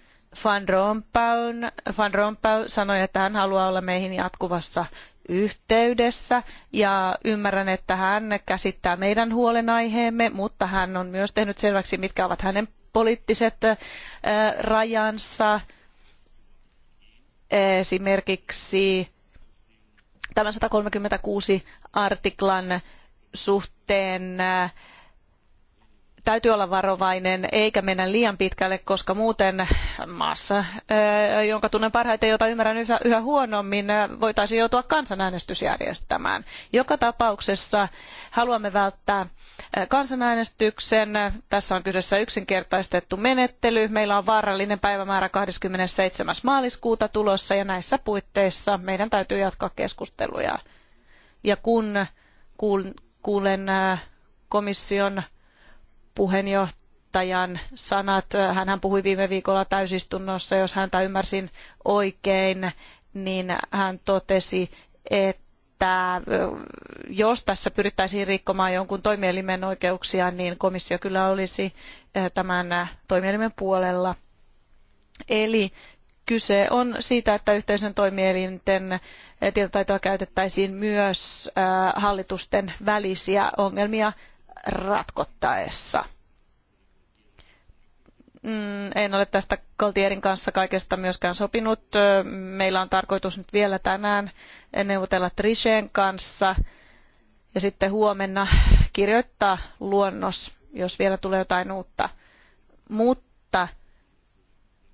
Van Rompuyn. Van Rompuy sanoi, että hän haluaa olla meihin jatkuvassa yhteydessä ja ymmärrän, että hän käsittää meidän huolenaiheemme, mutta hän on myös tehnyt selväksi, mitkä ovat hänen poliittiset rajansa. Esimerkiksi tämän 136 artiklan suhteen täytyy olla varovainen eikä mennä liian pitkälle, koska muuten maassa, jonka tunnen parhaiten, jota ymmärrän yhä huonommin, voitaisiin joutua kansanäänestys järjestämään. Joka tapauksessa haluamme välttää kansanäänestyksen. Tässä on kyseessä yksinkertaistettu menettely. Meillä on vaarallinen päivämäärä 27. maaliskuuta tulossa ja näissä puitteissa meidän täytyy jatkaa keskusteluja. Ja kun kuulen komission puheenjohtajan sanat. Hänhän puhui viime viikolla täysistunnossa, jos häntä ymmärsin oikein, niin hän totesi, että jos tässä pyrittäisiin rikkomaan jonkun toimielimen oikeuksia, niin komissio kyllä olisi tämän toimielimen puolella. Eli kyse on siitä, että yhteisön toimielinten tietotaitoa käytettäisiin myös hallitusten välisiä ongelmia ratkottaessa. Mm, en ole tästä Kaltierin kanssa kaikesta myöskään sopinut. Meillä on tarkoitus nyt vielä tänään neuvotella Trisheen kanssa ja sitten huomenna kirjoittaa luonnos, jos vielä tulee jotain uutta. Mutta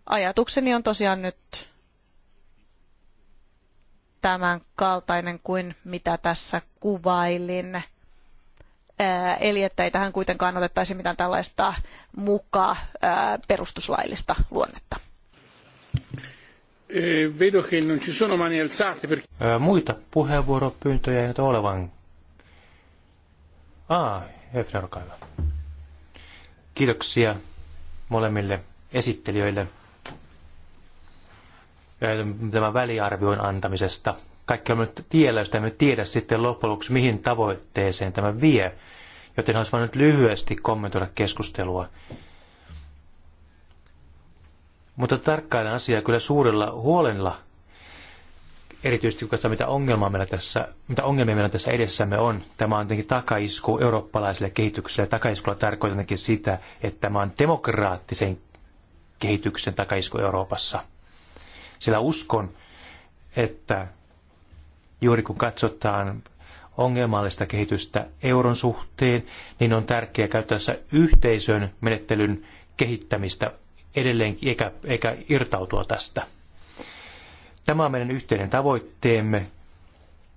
ajatukseni on tosiaan nyt tämän kaltainen kuin mitä tässä kuvailin eli että ei tähän kuitenkaan otettaisi mitään tällaista mukaan perustuslaillista luonnetta. Eh, muita puheenvuoropyyntöjä ei nyt olevan. Ah, Hefner, olkaa Kiitoksia molemmille esittelijöille tämän väliarvion antamisesta – kaikki on nyt tiellä, jos emme tiedä sitten loppujen lopuksi, mihin tavoitteeseen tämä vie. Joten olisi voinut lyhyesti kommentoida keskustelua. Mutta tarkkailen asiaa kyllä suurella huolella, erityisesti kun katsotaan, mitä, ongelmaa meillä tässä, mitä ongelmia meillä tässä edessämme on. Tämä on tietenkin takaisku eurooppalaiselle kehitykselle. Takaiskulla tarkoitan sitä, että tämä on demokraattisen kehityksen takaisku Euroopassa. Sillä uskon, että juuri kun katsotaan ongelmallista kehitystä euron suhteen, niin on tärkeää käyttää tässä yhteisön menettelyn kehittämistä edelleen eikä, eikä irtautua tästä. Tämä on meidän yhteinen tavoitteemme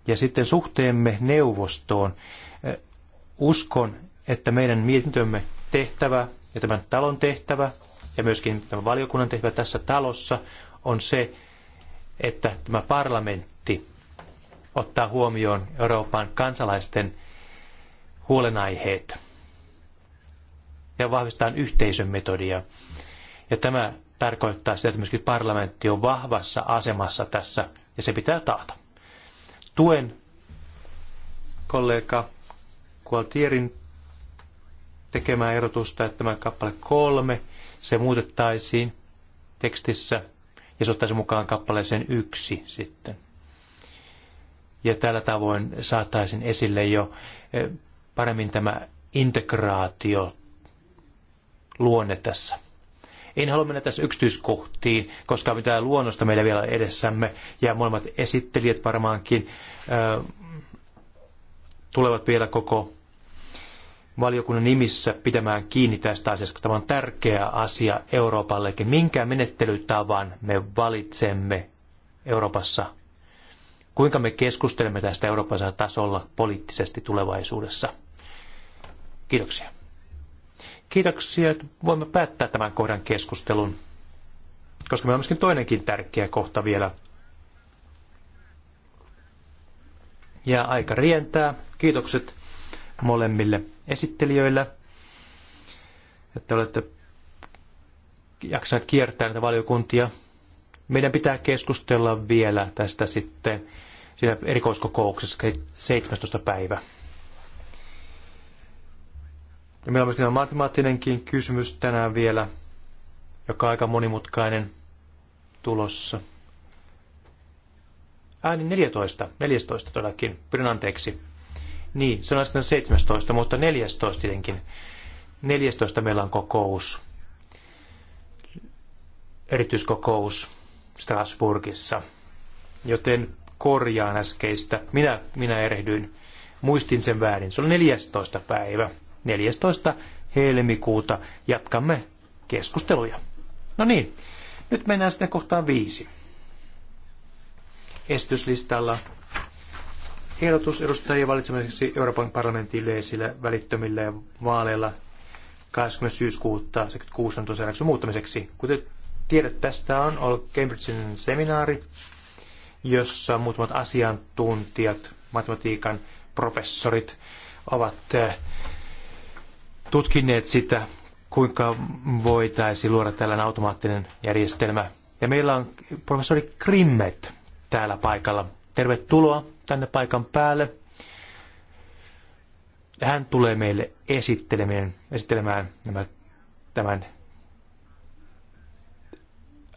ja sitten suhteemme neuvostoon. Uskon, että meidän mietintömme tehtävä ja tämän talon tehtävä ja myöskin tämän valiokunnan tehtävä tässä talossa on se, että tämä parlamentti ottaa huomioon Euroopan kansalaisten huolenaiheet ja vahvistetaan yhteisön metodia. Ja tämä tarkoittaa sitä, että myöskin parlamentti on vahvassa asemassa tässä ja se pitää taata. Tuen kollega Gualtierin tekemää erotusta, että tämä kappale kolme, se muutettaisiin tekstissä ja se ottaisi mukaan kappaleeseen yksi sitten ja tällä tavoin saataisiin esille jo eh, paremmin tämä integraatio luonne tässä. En halua mennä tässä yksityiskohtiin, koska mitä luonnosta meillä vielä edessämme ja molemmat esittelijät varmaankin eh, tulevat vielä koko valiokunnan nimissä pitämään kiinni tästä asiasta, koska tämä on tärkeä asia Euroopallekin. Minkä menettelytavan me valitsemme Euroopassa kuinka me keskustelemme tästä eurooppalaisella tasolla poliittisesti tulevaisuudessa. Kiitoksia. Kiitoksia. Voimme päättää tämän kohdan keskustelun, koska meillä on myöskin toinenkin tärkeä kohta vielä. Ja aika rientää. Kiitokset molemmille esittelijöille, että olette jaksaneet kiertää näitä valiokuntia meidän pitää keskustella vielä tästä sitten siinä erikoiskokouksessa 17. päivä. Ja meillä on myös matemaattinenkin kysymys tänään vielä, joka on aika monimutkainen tulossa. Ääni 14, 14 todellakin, pyydän anteeksi. Niin, se on äsken 17, mutta 14 tietenkin. 14 meillä on kokous, erityiskokous Strasbourgissa, Joten korjaan äskeistä. Minä, minä erehdyin. Muistin sen väärin. Se on 14. päivä. 14. helmikuuta jatkamme keskusteluja. No niin, nyt mennään sinne kohtaan viisi. Estyslistalla ehdotus edustajien valitsemiseksi Euroopan parlamentin yleisillä välittömillä vaaleilla 20. syyskuuta 1976 on tosiaan muuttamiseksi. Kuten tiedot tästä on ollut Cambridgein seminaari, jossa muutamat asiantuntijat, matematiikan professorit ovat äh, tutkineet sitä, kuinka voitaisiin luoda tällainen automaattinen järjestelmä. Ja meillä on professori Krimmet täällä paikalla. Tervetuloa tänne paikan päälle. Hän tulee meille esittelemään, esittelemään tämän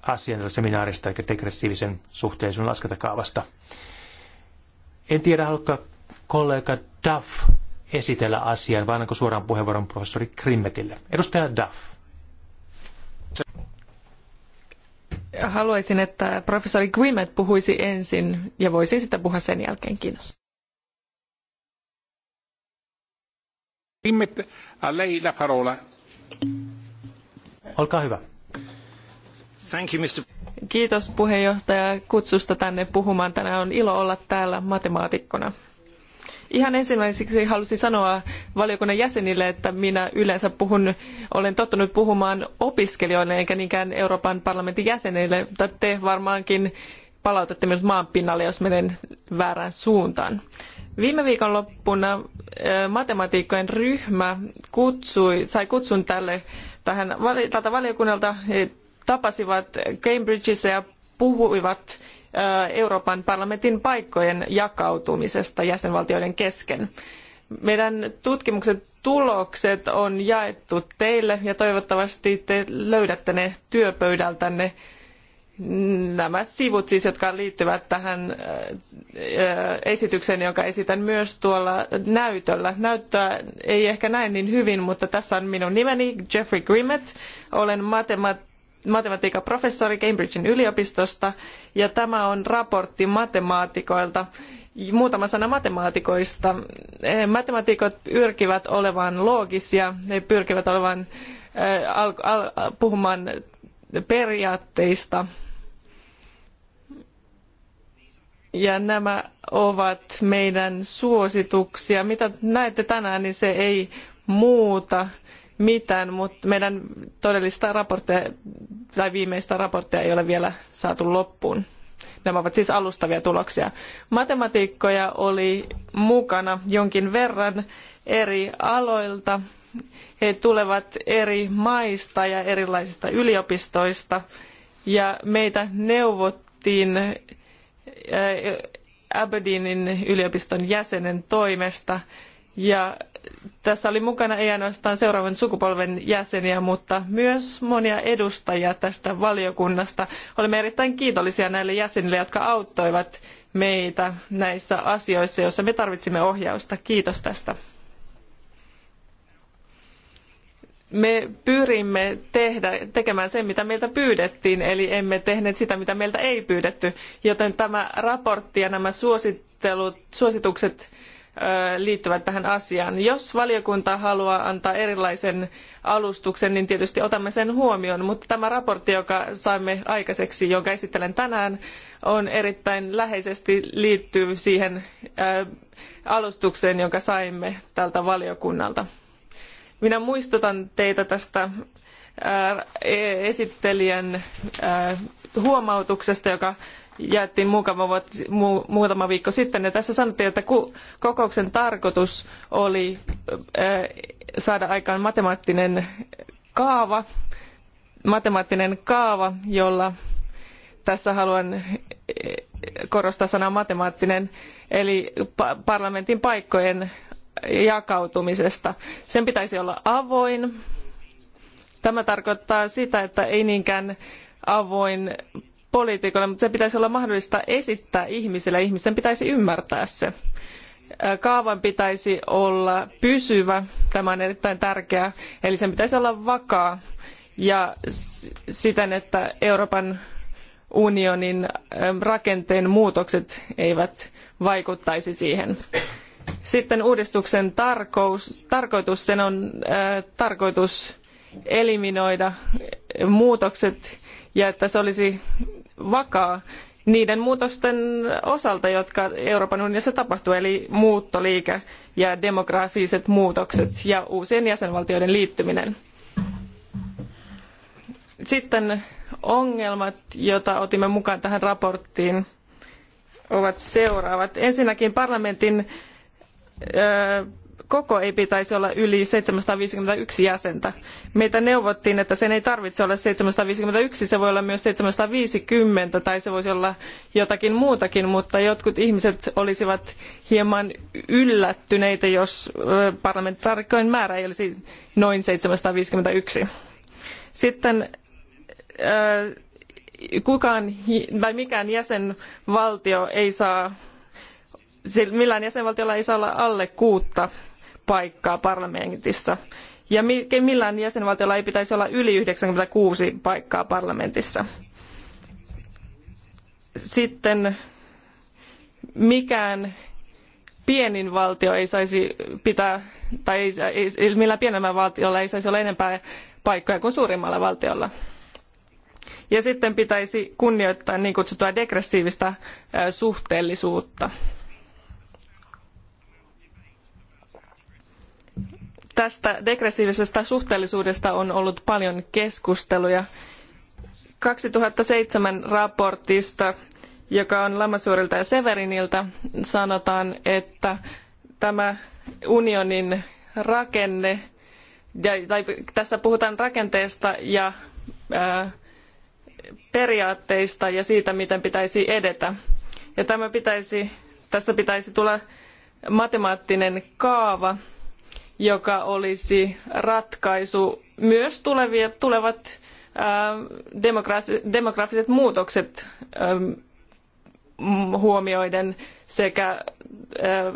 asian seminaarista, eli degressiivisen suhteellisuuden laskentakaavasta. En tiedä, haluatko kollega Duff esitellä asian, vaan onko suoraan puheenvuoron professori Krimmetille. Edustaja Duff. Haluaisin, että professori Grimmett puhuisi ensin ja voisi sitä puhua sen jälkeen. Kiitos. Grimet, a lei la parola. Olkaa hyvä. Thank you, Kiitos puheenjohtaja kutsusta tänne puhumaan. Tänään on ilo olla täällä matemaatikkona. Ihan ensimmäiseksi halusin sanoa valiokunnan jäsenille, että minä yleensä puhun, olen tottunut puhumaan opiskelijoille eikä niinkään Euroopan parlamentin jäsenille, mutta te varmaankin palautatte minut maan pinnalle, jos menen väärään suuntaan. Viime viikon loppuna matemaatikkojen ryhmä kutsui, sai kutsun tälle, tähän, tältä valiokunnalta tapasivat Cambridgeissa ja puhuivat äh, Euroopan parlamentin paikkojen jakautumisesta jäsenvaltioiden kesken. Meidän tutkimuksen tulokset on jaettu teille ja toivottavasti te löydätte ne työpöydältänne nämä sivut siis, jotka liittyvät tähän äh, äh, esitykseen, jonka esitän myös tuolla näytöllä. Näyttöä ei ehkä näin niin hyvin, mutta tässä on minun nimeni, Jeffrey Grimmett. Olen matemaatikko matematiikan professori Cambridgein yliopistosta ja tämä on raportti matemaatikoilta. Muutama sana matemaatikoista. Eh, matemaatikot pyrkivät olemaan loogisia, he pyrkivät olevan eh, al, al, puhumaan periaatteista. Ja nämä ovat meidän suosituksia. Mitä näette tänään, niin se ei muuta mitään, mutta meidän todellista raporttia tai viimeistä raporttia ei ole vielä saatu loppuun. Nämä ovat siis alustavia tuloksia. Matematiikkoja oli mukana jonkin verran eri aloilta. He tulevat eri maista ja erilaisista yliopistoista ja meitä neuvottiin Aberdeenin yliopiston jäsenen toimesta ja tässä oli mukana ei ainoastaan seuraavan sukupolven jäseniä, mutta myös monia edustajia tästä valiokunnasta. Olemme erittäin kiitollisia näille jäsenille, jotka auttoivat meitä näissä asioissa, joissa me tarvitsimme ohjausta. Kiitos tästä. Me pyrimme tehdä, tekemään sen, mitä meiltä pyydettiin, eli emme tehneet sitä, mitä meiltä ei pyydetty. Joten tämä raportti ja nämä suosittelut, suositukset liittyvät tähän asiaan. Jos valiokunta haluaa antaa erilaisen alustuksen, niin tietysti otamme sen huomioon, mutta tämä raportti, joka saimme aikaiseksi, jonka esittelen tänään, on erittäin läheisesti liittyy siihen alustukseen, jonka saimme tältä valiokunnalta. Minä muistutan teitä tästä e-, esittelijän huomautuksesta, joka jaettiin muutama, vuot, mu, muutama viikko sitten. Ja tässä sanottiin, että kokouksen tarkoitus oli saada aikaan matemaattinen kaava, matemaattinen kaava, jolla tässä haluan korostaa sanaa matemaattinen, eli parlamentin paikkojen jakautumisesta. Sen pitäisi olla avoin. Tämä tarkoittaa sitä, että ei niinkään avoin poliitikoille, mutta se pitäisi olla mahdollista esittää ihmisille. Ihmisten pitäisi ymmärtää se. Kaavan pitäisi olla pysyvä, tämä on erittäin tärkeää, eli sen pitäisi olla vakaa ja siten, että Euroopan unionin rakenteen muutokset eivät vaikuttaisi siihen. Sitten uudistuksen tarkous, tarkoitus, sen on äh, tarkoitus eliminoida muutokset ja että se olisi vakaa niiden muutosten osalta, jotka Euroopan unionissa tapahtuu, eli muuttoliike ja demografiset muutokset ja uusien jäsenvaltioiden liittyminen. Sitten ongelmat, joita otimme mukaan tähän raporttiin, ovat seuraavat. Ensinnäkin parlamentin koko ei pitäisi olla yli 751 jäsentä. Meitä neuvottiin, että sen ei tarvitse olla 751, se voi olla myös 750 tai se voisi olla jotakin muutakin, mutta jotkut ihmiset olisivat hieman yllättyneitä, jos parlamentaarikkojen määrä ei olisi noin 751. Sitten kukaan tai mikään jäsenvaltio ei saa millään jäsenvaltiolla ei saa olla alle kuutta paikkaa parlamentissa. Ja millään jäsenvaltiolla ei pitäisi olla yli 96 paikkaa parlamentissa. Sitten mikään pienin valtio ei saisi pitää, tai ei, ei, millään pienemmällä valtiolla ei saisi olla enempää paikkoja kuin suurimmalla valtiolla. Ja sitten pitäisi kunnioittaa niin kutsuttua degressiivistä suhteellisuutta. Tästä degressiivisestä suhteellisuudesta on ollut paljon keskusteluja. 2007 raportista, joka on Lamasuorilta ja Severinilta, sanotaan, että tämä unionin rakenne, tai tässä puhutaan rakenteesta ja ää, periaatteista ja siitä, miten pitäisi edetä. Ja tämä pitäisi, tästä pitäisi tulla matemaattinen kaava, joka olisi ratkaisu myös tulevia, tulevat demografiset muutokset huomioiden sekä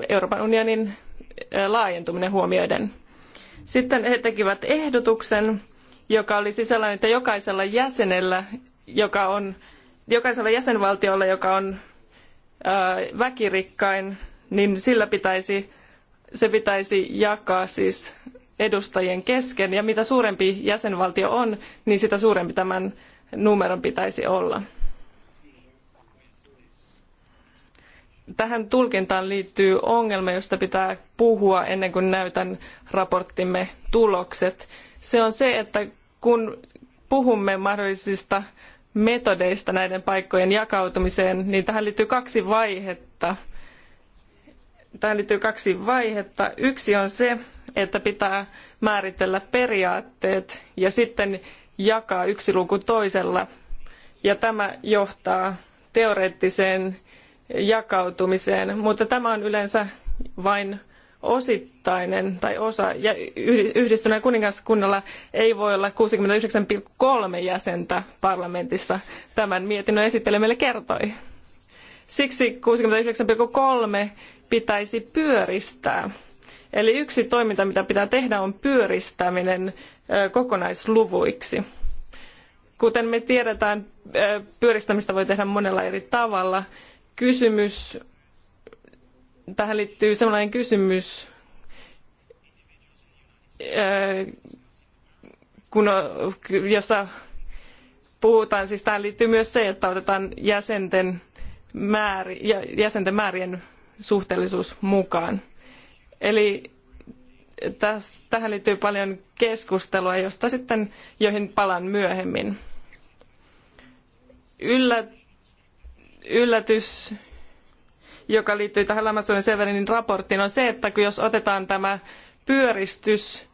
Euroopan unionin laajentuminen huomioiden. Sitten he tekivät ehdotuksen, joka oli sellainen, että jokaisella jäsenellä, joka on, jokaisella jäsenvaltiolla, joka on väkirikkain, niin sillä pitäisi se pitäisi jakaa siis edustajien kesken, ja mitä suurempi jäsenvaltio on, niin sitä suurempi tämän numeron pitäisi olla. Tähän tulkintaan liittyy ongelma, josta pitää puhua ennen kuin näytän raporttimme tulokset. Se on se, että kun puhumme mahdollisista metodeista näiden paikkojen jakautumiseen, niin tähän liittyy kaksi vaihetta – tähän liittyy kaksi vaihetta. Yksi on se, että pitää määritellä periaatteet ja sitten jakaa yksi luku toisella. Ja tämä johtaa teoreettiseen jakautumiseen, mutta tämä on yleensä vain osittainen tai osa. Ja yhdistyneen kuningaskunnalla ei voi olla 69,3 jäsentä parlamentissa. Tämän mietinnön esittelijä meille kertoi. Siksi 69,3 pitäisi pyöristää. Eli yksi toiminta, mitä pitää tehdä, on pyöristäminen kokonaisluvuiksi. Kuten me tiedetään, pyöristämistä voi tehdä monella eri tavalla. Kysymys, tähän liittyy sellainen kysymys, kun, jossa puhutaan, siis tähän liittyy myös se, että otetaan jäsenten, määr, jäsenten määrien suhteellisuus mukaan. Eli täs, tähän liittyy paljon keskustelua, josta sitten joihin palaan myöhemmin. Yllä, yllätys, joka liittyy tähän Lamassuuden Severinin raporttiin, on se, että jos otetaan tämä pyöristys,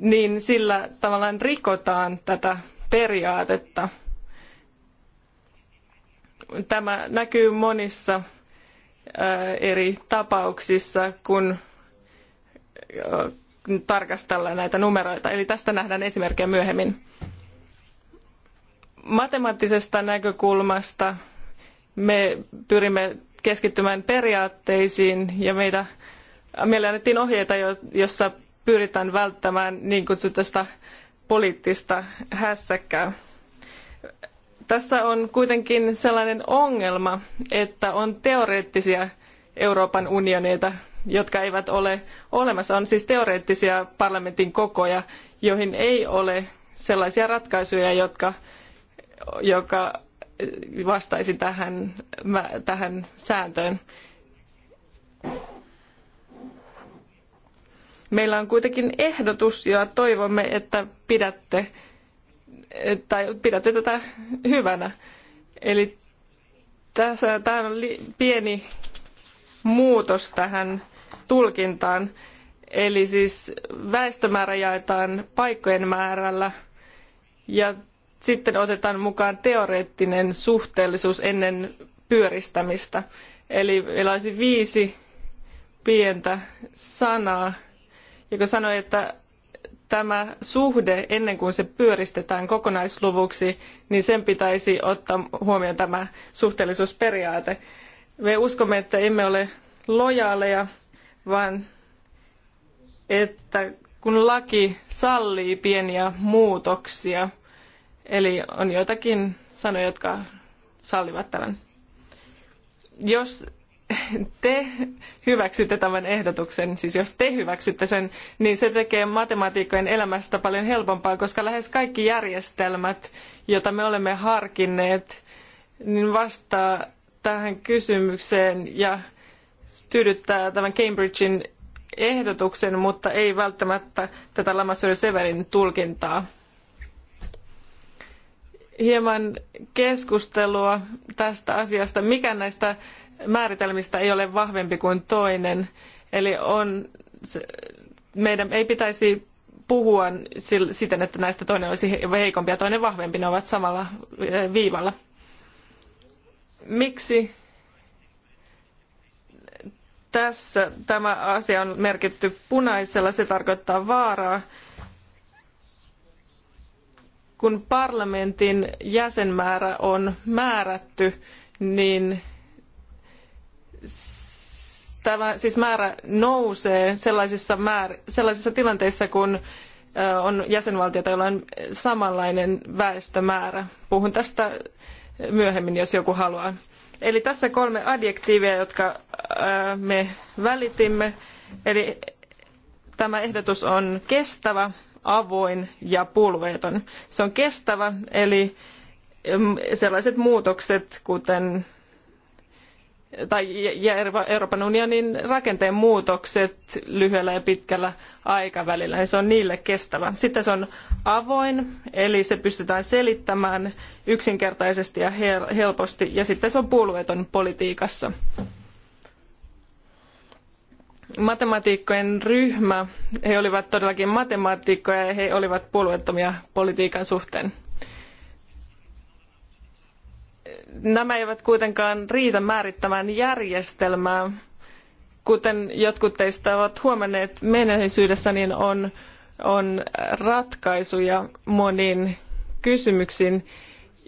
niin sillä tavallaan rikotaan tätä periaatetta. Tämä näkyy monissa Äh, eri tapauksissa, kun äh, tarkastellaan näitä numeroita. Eli tästä nähdään esimerkkejä myöhemmin. Matemaattisesta näkökulmasta me pyrimme keskittymään periaatteisiin ja meitä, meille annettiin ohjeita, jossa pyritään välttämään niin kutsutusta poliittista hässäkkää. Tässä on kuitenkin sellainen ongelma, että on teoreettisia Euroopan unioneita, jotka eivät ole olemassa. On siis teoreettisia parlamentin kokoja, joihin ei ole sellaisia ratkaisuja, jotka, joka vastaisi tähän, tähän sääntöön. Meillä on kuitenkin ehdotus ja toivomme, että pidätte tai pidätte tätä hyvänä. Eli tässä, tämä on pieni muutos tähän tulkintaan. Eli siis väestömäärä jaetaan paikkojen määrällä ja sitten otetaan mukaan teoreettinen suhteellisuus ennen pyöristämistä. Eli meillä olisi viisi pientä sanaa, joka sanoi, että tämä suhde ennen kuin se pyöristetään kokonaisluvuksi, niin sen pitäisi ottaa huomioon tämä suhteellisuusperiaate. Me uskomme, että emme ole lojaaleja, vaan että kun laki sallii pieniä muutoksia, eli on joitakin sanoja, jotka sallivat tämän. Jos te hyväksytte tämän ehdotuksen, siis jos te hyväksytte sen, niin se tekee matemaatikkojen elämästä paljon helpompaa, koska lähes kaikki järjestelmät, joita me olemme harkinneet, niin vastaa tähän kysymykseen ja tyydyttää tämän Cambridgein ehdotuksen, mutta ei välttämättä tätä Lamassorin Severin tulkintaa. Hieman keskustelua tästä asiasta. Mikä näistä määritelmistä ei ole vahvempi kuin toinen. Eli on, meidän ei pitäisi puhua siten, että näistä toinen olisi heikompi ja toinen vahvempi. Ne ovat samalla eh, viivalla. Miksi tässä tämä asia on merkitty punaisella? Se tarkoittaa vaaraa. Kun parlamentin jäsenmäärä on määrätty, niin tämä siis määrä nousee sellaisissa, määr, sellaisissa tilanteissa, kun on jäsenvaltioita, joilla on samanlainen väestömäärä. Puhun tästä myöhemmin, jos joku haluaa. Eli tässä kolme adjektiivia, jotka me välitimme. Eli tämä ehdotus on kestävä, avoin ja puolueeton. Se on kestävä, eli sellaiset muutokset, kuten tai Euroopan unionin rakenteen muutokset lyhyellä ja pitkällä aikavälillä, ja niin se on niille kestävä. Sitten se on avoin, eli se pystytään selittämään yksinkertaisesti ja helposti, ja sitten se on puolueeton politiikassa. Matemaatikkojen ryhmä, he olivat todellakin matemaatikkoja ja he olivat puolueettomia politiikan suhteen nämä eivät kuitenkaan riitä määrittämään järjestelmää. Kuten jotkut teistä ovat huomanneet menneisyydessä, niin on, on ratkaisuja moniin kysymyksiin.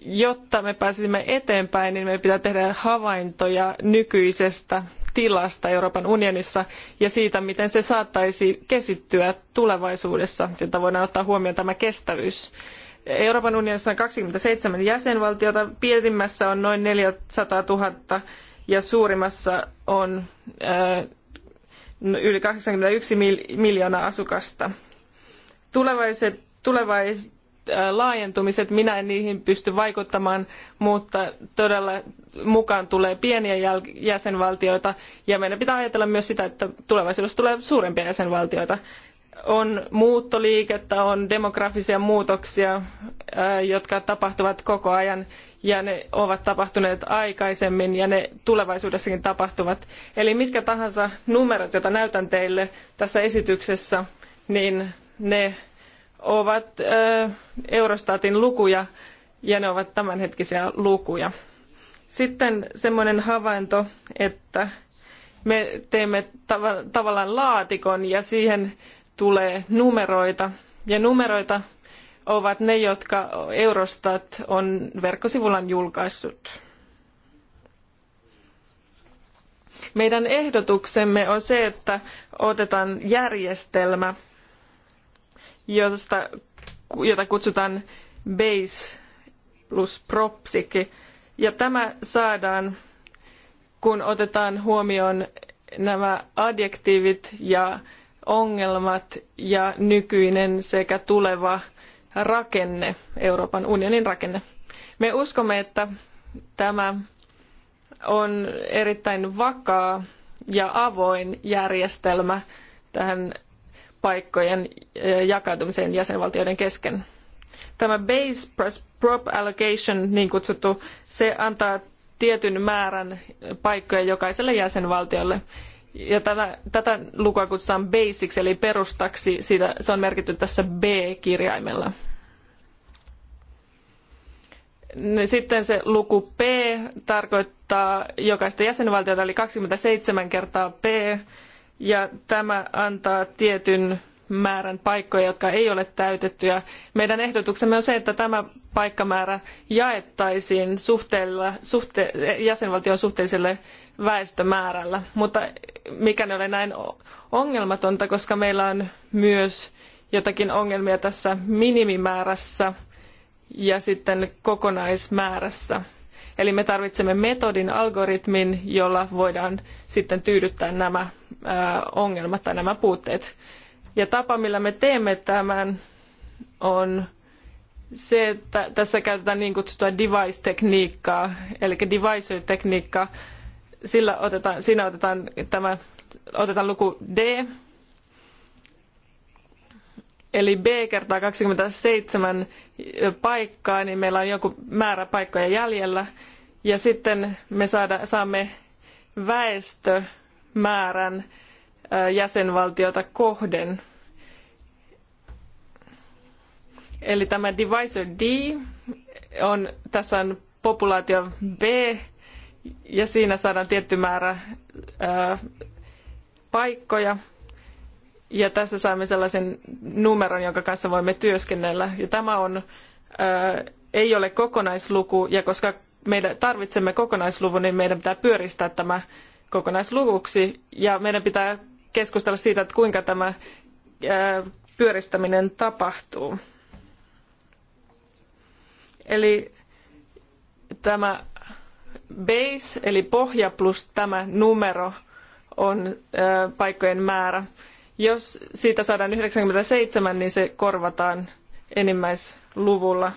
Jotta me pääsisimme eteenpäin, niin meidän pitää tehdä havaintoja nykyisestä tilasta Euroopan unionissa ja siitä, miten se saattaisi kesittyä tulevaisuudessa, jotta voidaan ottaa huomioon tämä kestävyys. Euroopan unionissa on 27 jäsenvaltiota, pienimmässä on noin 400 000 ja suurimmassa on äh, yli 81 miljoonaa asukasta. Tulevaiset, tulevaiset äh, laajentumiset, minä en niihin pysty vaikuttamaan, mutta todella mukaan tulee pieniä jäsenvaltioita ja meidän pitää ajatella myös sitä, että tulevaisuudessa tulee suurempia jäsenvaltioita on muuttoliikettä, on demografisia muutoksia, äh, jotka tapahtuvat koko ajan ja ne ovat tapahtuneet aikaisemmin ja ne tulevaisuudessakin tapahtuvat. Eli mitkä tahansa numerot, joita näytän teille tässä esityksessä, niin ne ovat äh, Eurostatin lukuja ja ne ovat tämänhetkisiä lukuja. Sitten semmoinen havainto, että me teemme tav tavallaan laatikon ja siihen tulee numeroita. Ja numeroita ovat ne, jotka Eurostat on verkkosivullaan julkaissut. Meidän ehdotuksemme on se, että otetaan järjestelmä, josta, jota kutsutaan base plus propsikin. Ja tämä saadaan, kun otetaan huomioon nämä adjektiivit ja ongelmat ja nykyinen sekä tuleva rakenne, Euroopan unionin rakenne. Me uskomme, että tämä on erittäin vakaa ja avoin järjestelmä tähän paikkojen eh, jakautumiseen jäsenvaltioiden kesken. Tämä base plus prop allocation, niin kutsuttu, se antaa tietyn määrän paikkoja jokaiselle jäsenvaltiolle. Ja tätä, tätä lukua kutsutaan basics, eli perustaksi. Siitä, se on merkitty tässä B-kirjaimella. Sitten se luku P tarkoittaa jokaista jäsenvaltiota, eli 27 kertaa P. Ja tämä antaa tietyn määrän paikkoja, jotka ei ole täytettyjä. Meidän ehdotuksemme on se, että tämä paikkamäärä jaettaisiin suhteella, suhte, jäsenvaltion suhteelliselle väestömäärällä, mutta mikään ei ole näin ongelmatonta, koska meillä on myös jotakin ongelmia tässä minimimäärässä ja sitten kokonaismäärässä. Eli me tarvitsemme metodin, algoritmin, jolla voidaan sitten tyydyttää nämä ongelmat tai nämä puutteet. Ja tapa, millä me teemme tämän, on se, että tässä käytetään niin kutsuttua device-tekniikkaa, eli device-tekniikkaa, sillä otetaan, siinä otetaan tämä, otetaan luku D, eli B kertaa 27 paikkaa, niin meillä on joku määrä paikkoja jäljellä. Ja sitten me saada, saamme väestömäärän jäsenvaltiota kohden. Eli tämä divisor D on, tässä on populaatio B ja siinä saadaan tietty määrä ää, paikkoja. Ja tässä saamme sellaisen numeron, jonka kanssa voimme työskennellä. Ja tämä on, ää, ei ole kokonaisluku, ja koska meidän, tarvitsemme kokonaisluvun, niin meidän pitää pyöristää tämä kokonaisluvuksi. Ja meidän pitää keskustella siitä, että kuinka tämä ää, pyöristäminen tapahtuu. Eli tämä base eli pohja plus tämä numero on paikkojen määrä. Jos siitä saadaan 97, niin se korvataan enimmäisluvulla.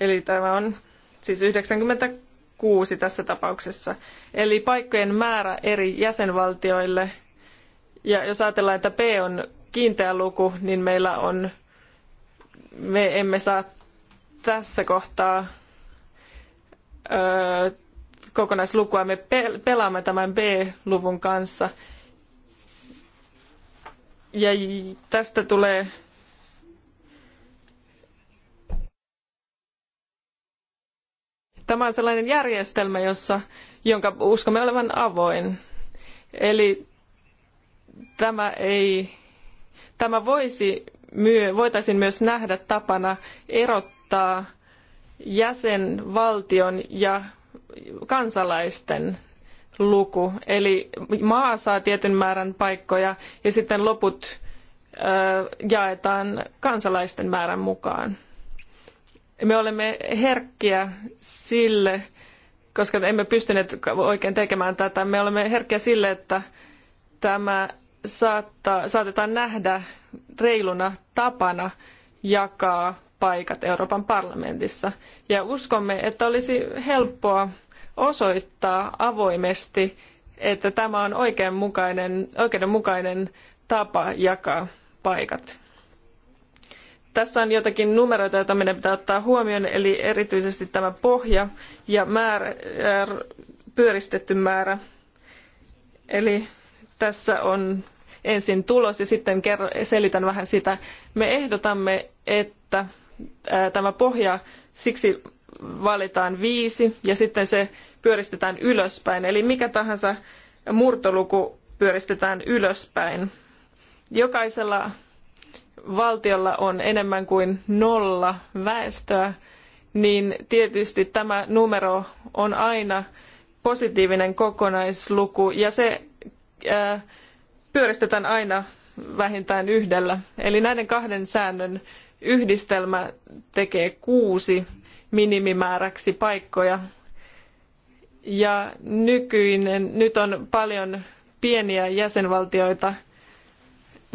Eli tämä on siis 96 tässä tapauksessa. Eli paikkojen määrä eri jäsenvaltioille. Ja jos ajatellaan, että P on kiinteä luku, niin meillä on, me emme saa tässä kohtaa kokonaislukua. Me pelaamme tämän B-luvun kanssa. Ja tästä tulee Tämä on sellainen järjestelmä, jossa, jonka uskomme olevan avoin. Eli tämä ei, tämä voisi, voitaisiin myös nähdä tapana erottaa jäsenvaltion ja kansalaisten luku. Eli maa saa tietyn määrän paikkoja ja sitten loput jaetaan kansalaisten määrän mukaan. Me olemme herkkiä sille, koska emme pystyneet oikein tekemään tätä, me olemme herkkiä sille, että tämä saattaa, saatetaan nähdä reiluna tapana jakaa paikat Euroopan parlamentissa. Ja uskomme, että olisi helppoa osoittaa avoimesti, että tämä on oikeanmukainen, oikeudenmukainen tapa jakaa paikat. Tässä on jotakin numeroita, joita meidän pitää ottaa huomioon, eli erityisesti tämä pohja ja määrä, äh, pyöristetty määrä. Eli tässä on ensin tulos ja sitten selitän vähän sitä. Me ehdotamme, että tämä pohja, siksi valitaan viisi ja sitten se pyöristetään ylöspäin. Eli mikä tahansa murtoluku pyöristetään ylöspäin. Jokaisella valtiolla on enemmän kuin nolla väestöä, niin tietysti tämä numero on aina positiivinen kokonaisluku ja se pyöristetään aina vähintään yhdellä. Eli näiden kahden säännön yhdistelmä tekee kuusi minimimääräksi paikkoja. Ja nykyinen, nyt on paljon pieniä jäsenvaltioita,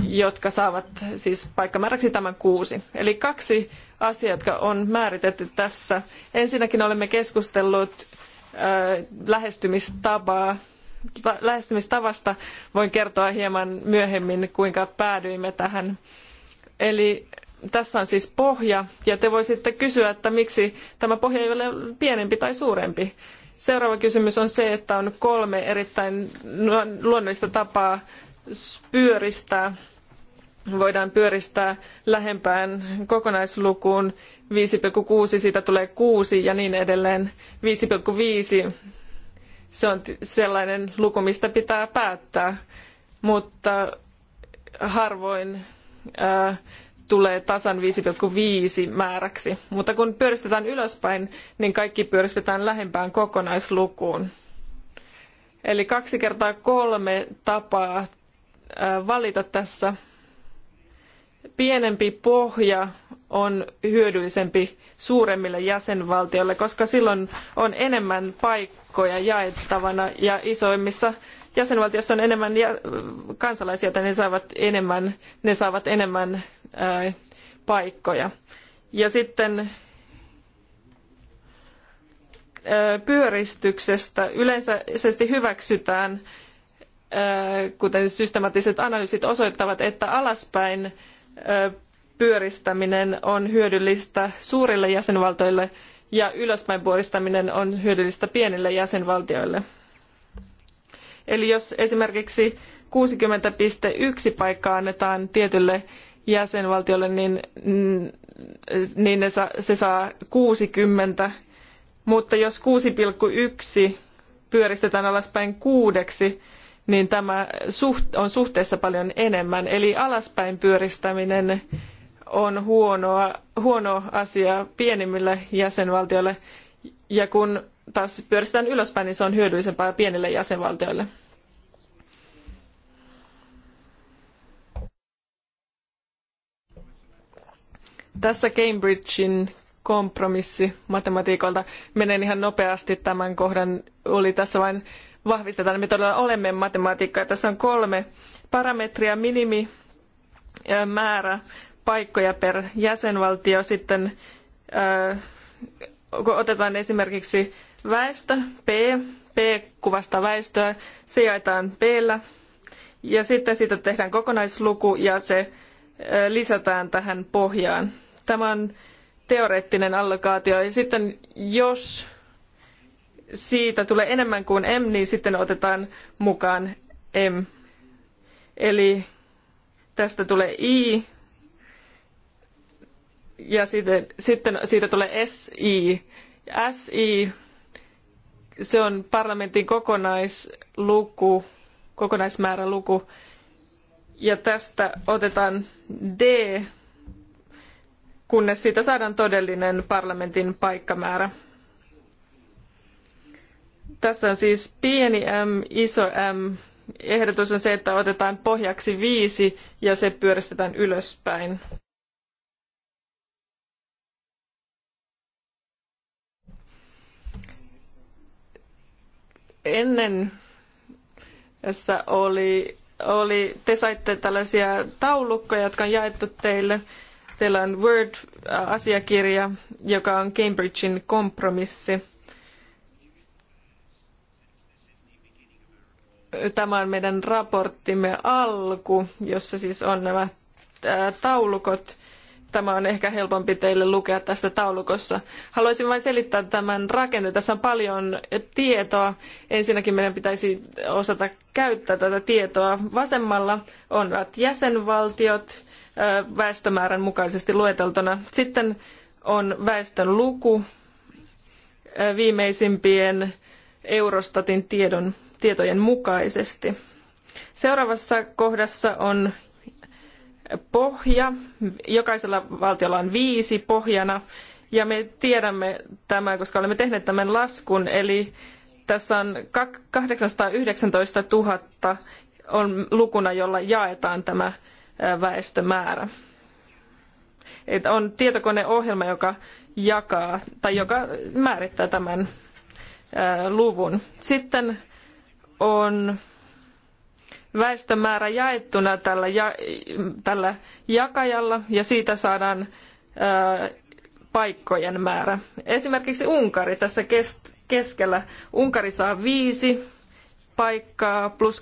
jotka saavat siis paikkamääräksi tämän kuusi. Eli kaksi asiaa, jotka on määritetty tässä. Ensinnäkin olemme keskustellut lähestymistapaa lähestymistavasta voin kertoa hieman myöhemmin, kuinka päädyimme tähän. Eli tässä on siis pohja, ja te voisitte kysyä, että miksi tämä pohja ei ole pienempi tai suurempi. Seuraava kysymys on se, että on kolme erittäin luonnollista tapaa pyöristää. Voidaan pyöristää lähempään kokonaislukuun 5,6, siitä tulee 6 ja niin edelleen. 5,5, se on sellainen luku, mistä pitää päättää, mutta harvoin ää, tulee tasan 5,5 määräksi. Mutta kun pyöristetään ylöspäin, niin kaikki pyöristetään lähempään kokonaislukuun. Eli kaksi kertaa kolme tapaa äh, valita tässä. Pienempi pohja on hyödyllisempi suuremmille jäsenvaltioille, koska silloin on enemmän paikkoja jaettavana ja isoimmissa jäsenvaltioissa on enemmän kansalaisia, joten ne saavat enemmän, ne saavat enemmän paikkoja. Ja sitten pyöristyksestä yleensä hyväksytään, kuten systemaattiset analyysit osoittavat, että alaspäin pyöristäminen on hyödyllistä suurille jäsenvaltioille ja ylöspäin puolistaminen on hyödyllistä pienille jäsenvaltioille. Eli jos esimerkiksi 60.1 paikkaa annetaan tietylle jäsenvaltiolle, niin, mm, niin ne saa, se saa 60. Mutta jos 6,1 pyöristetään alaspäin kuudeksi, niin tämä on suhteessa paljon enemmän. Eli alaspäin pyöristäminen on huonoa, huono asia pienimmille jäsenvaltioille, ja kun taas pyöristetään ylöspäin, niin se on hyödyllisempää pienille jäsenvaltioille. Tässä Cambridgein kompromissi matematiikolta. Menen ihan nopeasti tämän kohdan. Oli tässä vain vahvistetaan, että me todella olemme matematiikkaa. Tässä on kolme parametria, minimi, määrä paikkoja per jäsenvaltio. Sitten kun otetaan esimerkiksi väestö, P, P kuvasta väestöä, se jaetaan p ja sitten siitä tehdään kokonaisluku ja se lisätään tähän pohjaan. Tämä on teoreettinen allokaatio. Ja sitten jos siitä tulee enemmän kuin M, niin sitten otetaan mukaan M. Eli tästä tulee I ja sitten, sitten siitä tulee SI. SI, se on parlamentin kokonaisluku, kokonaismäärä luku. Ja tästä otetaan D kunnes siitä saadaan todellinen parlamentin paikkamäärä. Tässä on siis pieni m, iso m. Ehdotus on se, että otetaan pohjaksi viisi ja se pyöristetään ylöspäin. Ennen tässä oli, oli, te saitte tällaisia taulukkoja, jotka on jaettu teille teillä on Word-asiakirja, joka on Cambridgein kompromissi. Tämä on meidän raporttimme alku, jossa siis on nämä taulukot. Tämä on ehkä helpompi teille lukea tästä taulukossa. Haluaisin vain selittää tämän rakenteen. Tässä on paljon tietoa. Ensinnäkin meidän pitäisi osata käyttää tätä tietoa. Vasemmalla on jäsenvaltiot, väestömäärän mukaisesti lueteltuna. Sitten on väestön luku viimeisimpien Eurostatin tiedon, tietojen mukaisesti. Seuraavassa kohdassa on pohja. Jokaisella valtiolla on viisi pohjana. Ja me tiedämme tämän, koska olemme tehneet tämän laskun. Eli tässä on 819 000 on lukuna, jolla jaetaan tämä väestömäärä. Et on tietokoneohjelma, joka jakaa tai joka määrittää tämän luvun. Sitten on väestömäärä jaettuna tällä, ja, tällä jakajalla ja siitä saadaan ää, paikkojen määrä. Esimerkiksi Unkari tässä keskellä. Unkari saa viisi paikkaa plus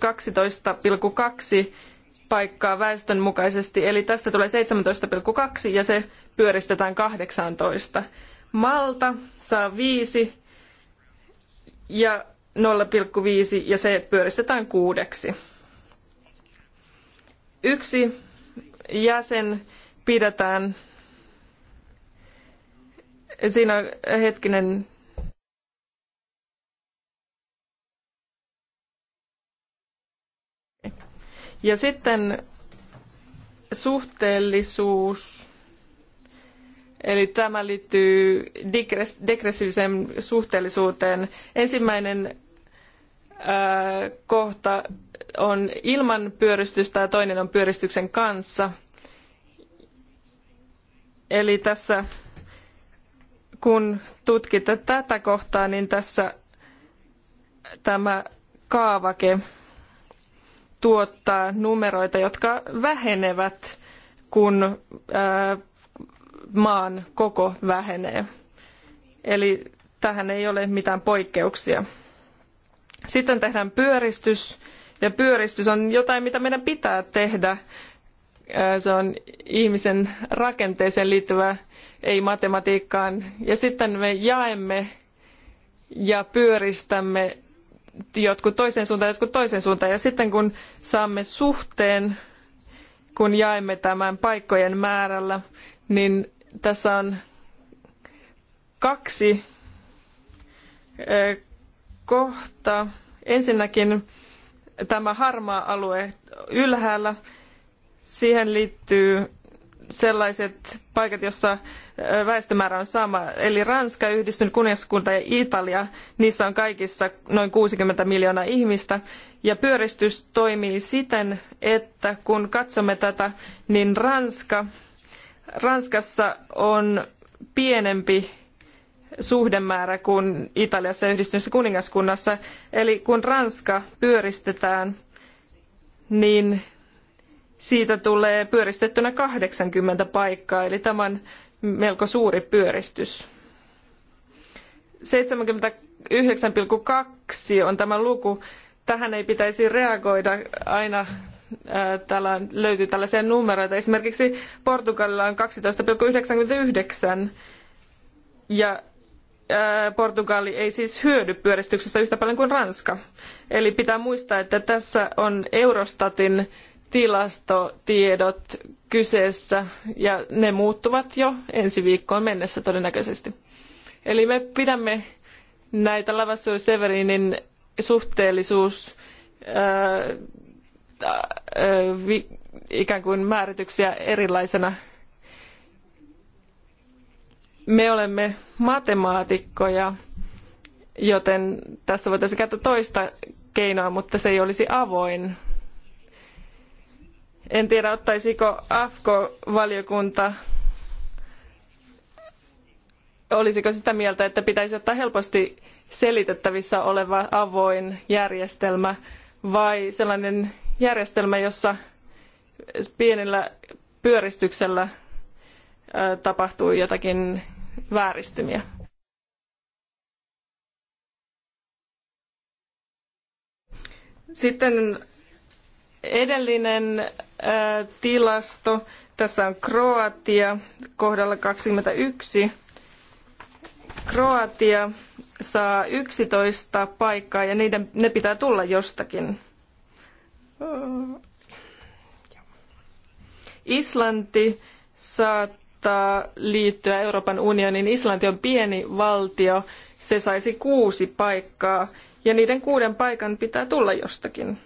12,2 paikkaa väestön mukaisesti, eli tästä tulee 17,2 ja se pyöristetään 18. Malta saa 5 ja 0,5 ja se pyöristetään kuudeksi. Yksi jäsen pidetään, siinä on hetkinen Ja sitten suhteellisuus, eli tämä liittyy degressiiviseen suhteellisuuteen. Ensimmäinen ää, kohta on ilman pyöristystä ja toinen on pyöristyksen kanssa. Eli tässä kun tutkitte tätä kohtaa, niin tässä tämä kaavake tuottaa numeroita, jotka vähenevät, kun maan koko vähenee. Eli tähän ei ole mitään poikkeuksia. Sitten tehdään pyöristys, ja pyöristys on jotain, mitä meidän pitää tehdä. Se on ihmisen rakenteeseen liittyvä, ei matematiikkaan. Ja sitten me jaemme ja pyöristämme jotkut toiseen suuntaan, jotkut toiseen suuntaan. Ja sitten kun saamme suhteen, kun jaemme tämän paikkojen määrällä, niin tässä on kaksi kohtaa. Ensinnäkin tämä harmaa alue ylhäällä. Siihen liittyy sellaiset paikat, jossa väestömäärä on sama. Eli Ranska, Yhdistynyt kuningaskunta ja Italia, niissä on kaikissa noin 60 miljoonaa ihmistä. Ja pyöristys toimii siten, että kun katsomme tätä, niin Ranska, Ranskassa on pienempi suhdemäärä kuin Italiassa ja Yhdistyneessä kuningaskunnassa. Eli kun Ranska pyöristetään, niin siitä tulee pyöristettynä 80 paikkaa, eli tämä on melko suuri pyöristys. 79,2 on tämä luku. Tähän ei pitäisi reagoida aina. Täällä löytyy tällaisia numeroita. Esimerkiksi Portugalilla on 12,99 ja Portugali ei siis hyödy pyöristyksestä yhtä paljon kuin Ranska. Eli pitää muistaa, että tässä on Eurostatin tilastotiedot kyseessä ja ne muuttuvat jo ensi viikkoon mennessä todennäköisesti. Eli me pidämme näitä Lavassur Severinin suhteellisuus ää, ää, vi, ikään kuin määrityksiä erilaisena. Me olemme matemaatikkoja, joten tässä voitaisiin käyttää toista keinoa, mutta se ei olisi avoin en tiedä, ottaisiko AFKO-valiokunta, olisiko sitä mieltä, että pitäisi ottaa helposti selitettävissä oleva avoin järjestelmä vai sellainen järjestelmä, jossa pienellä pyöristyksellä tapahtuu jotakin vääristymiä. Sitten Edellinen tilasto, tässä on Kroatia kohdalla 21. Kroatia saa 11 paikkaa ja niiden, ne pitää tulla jostakin. Islanti saattaa liittyä Euroopan unioniin. Islanti on pieni valtio, se saisi kuusi paikkaa ja niiden kuuden paikan pitää tulla jostakin.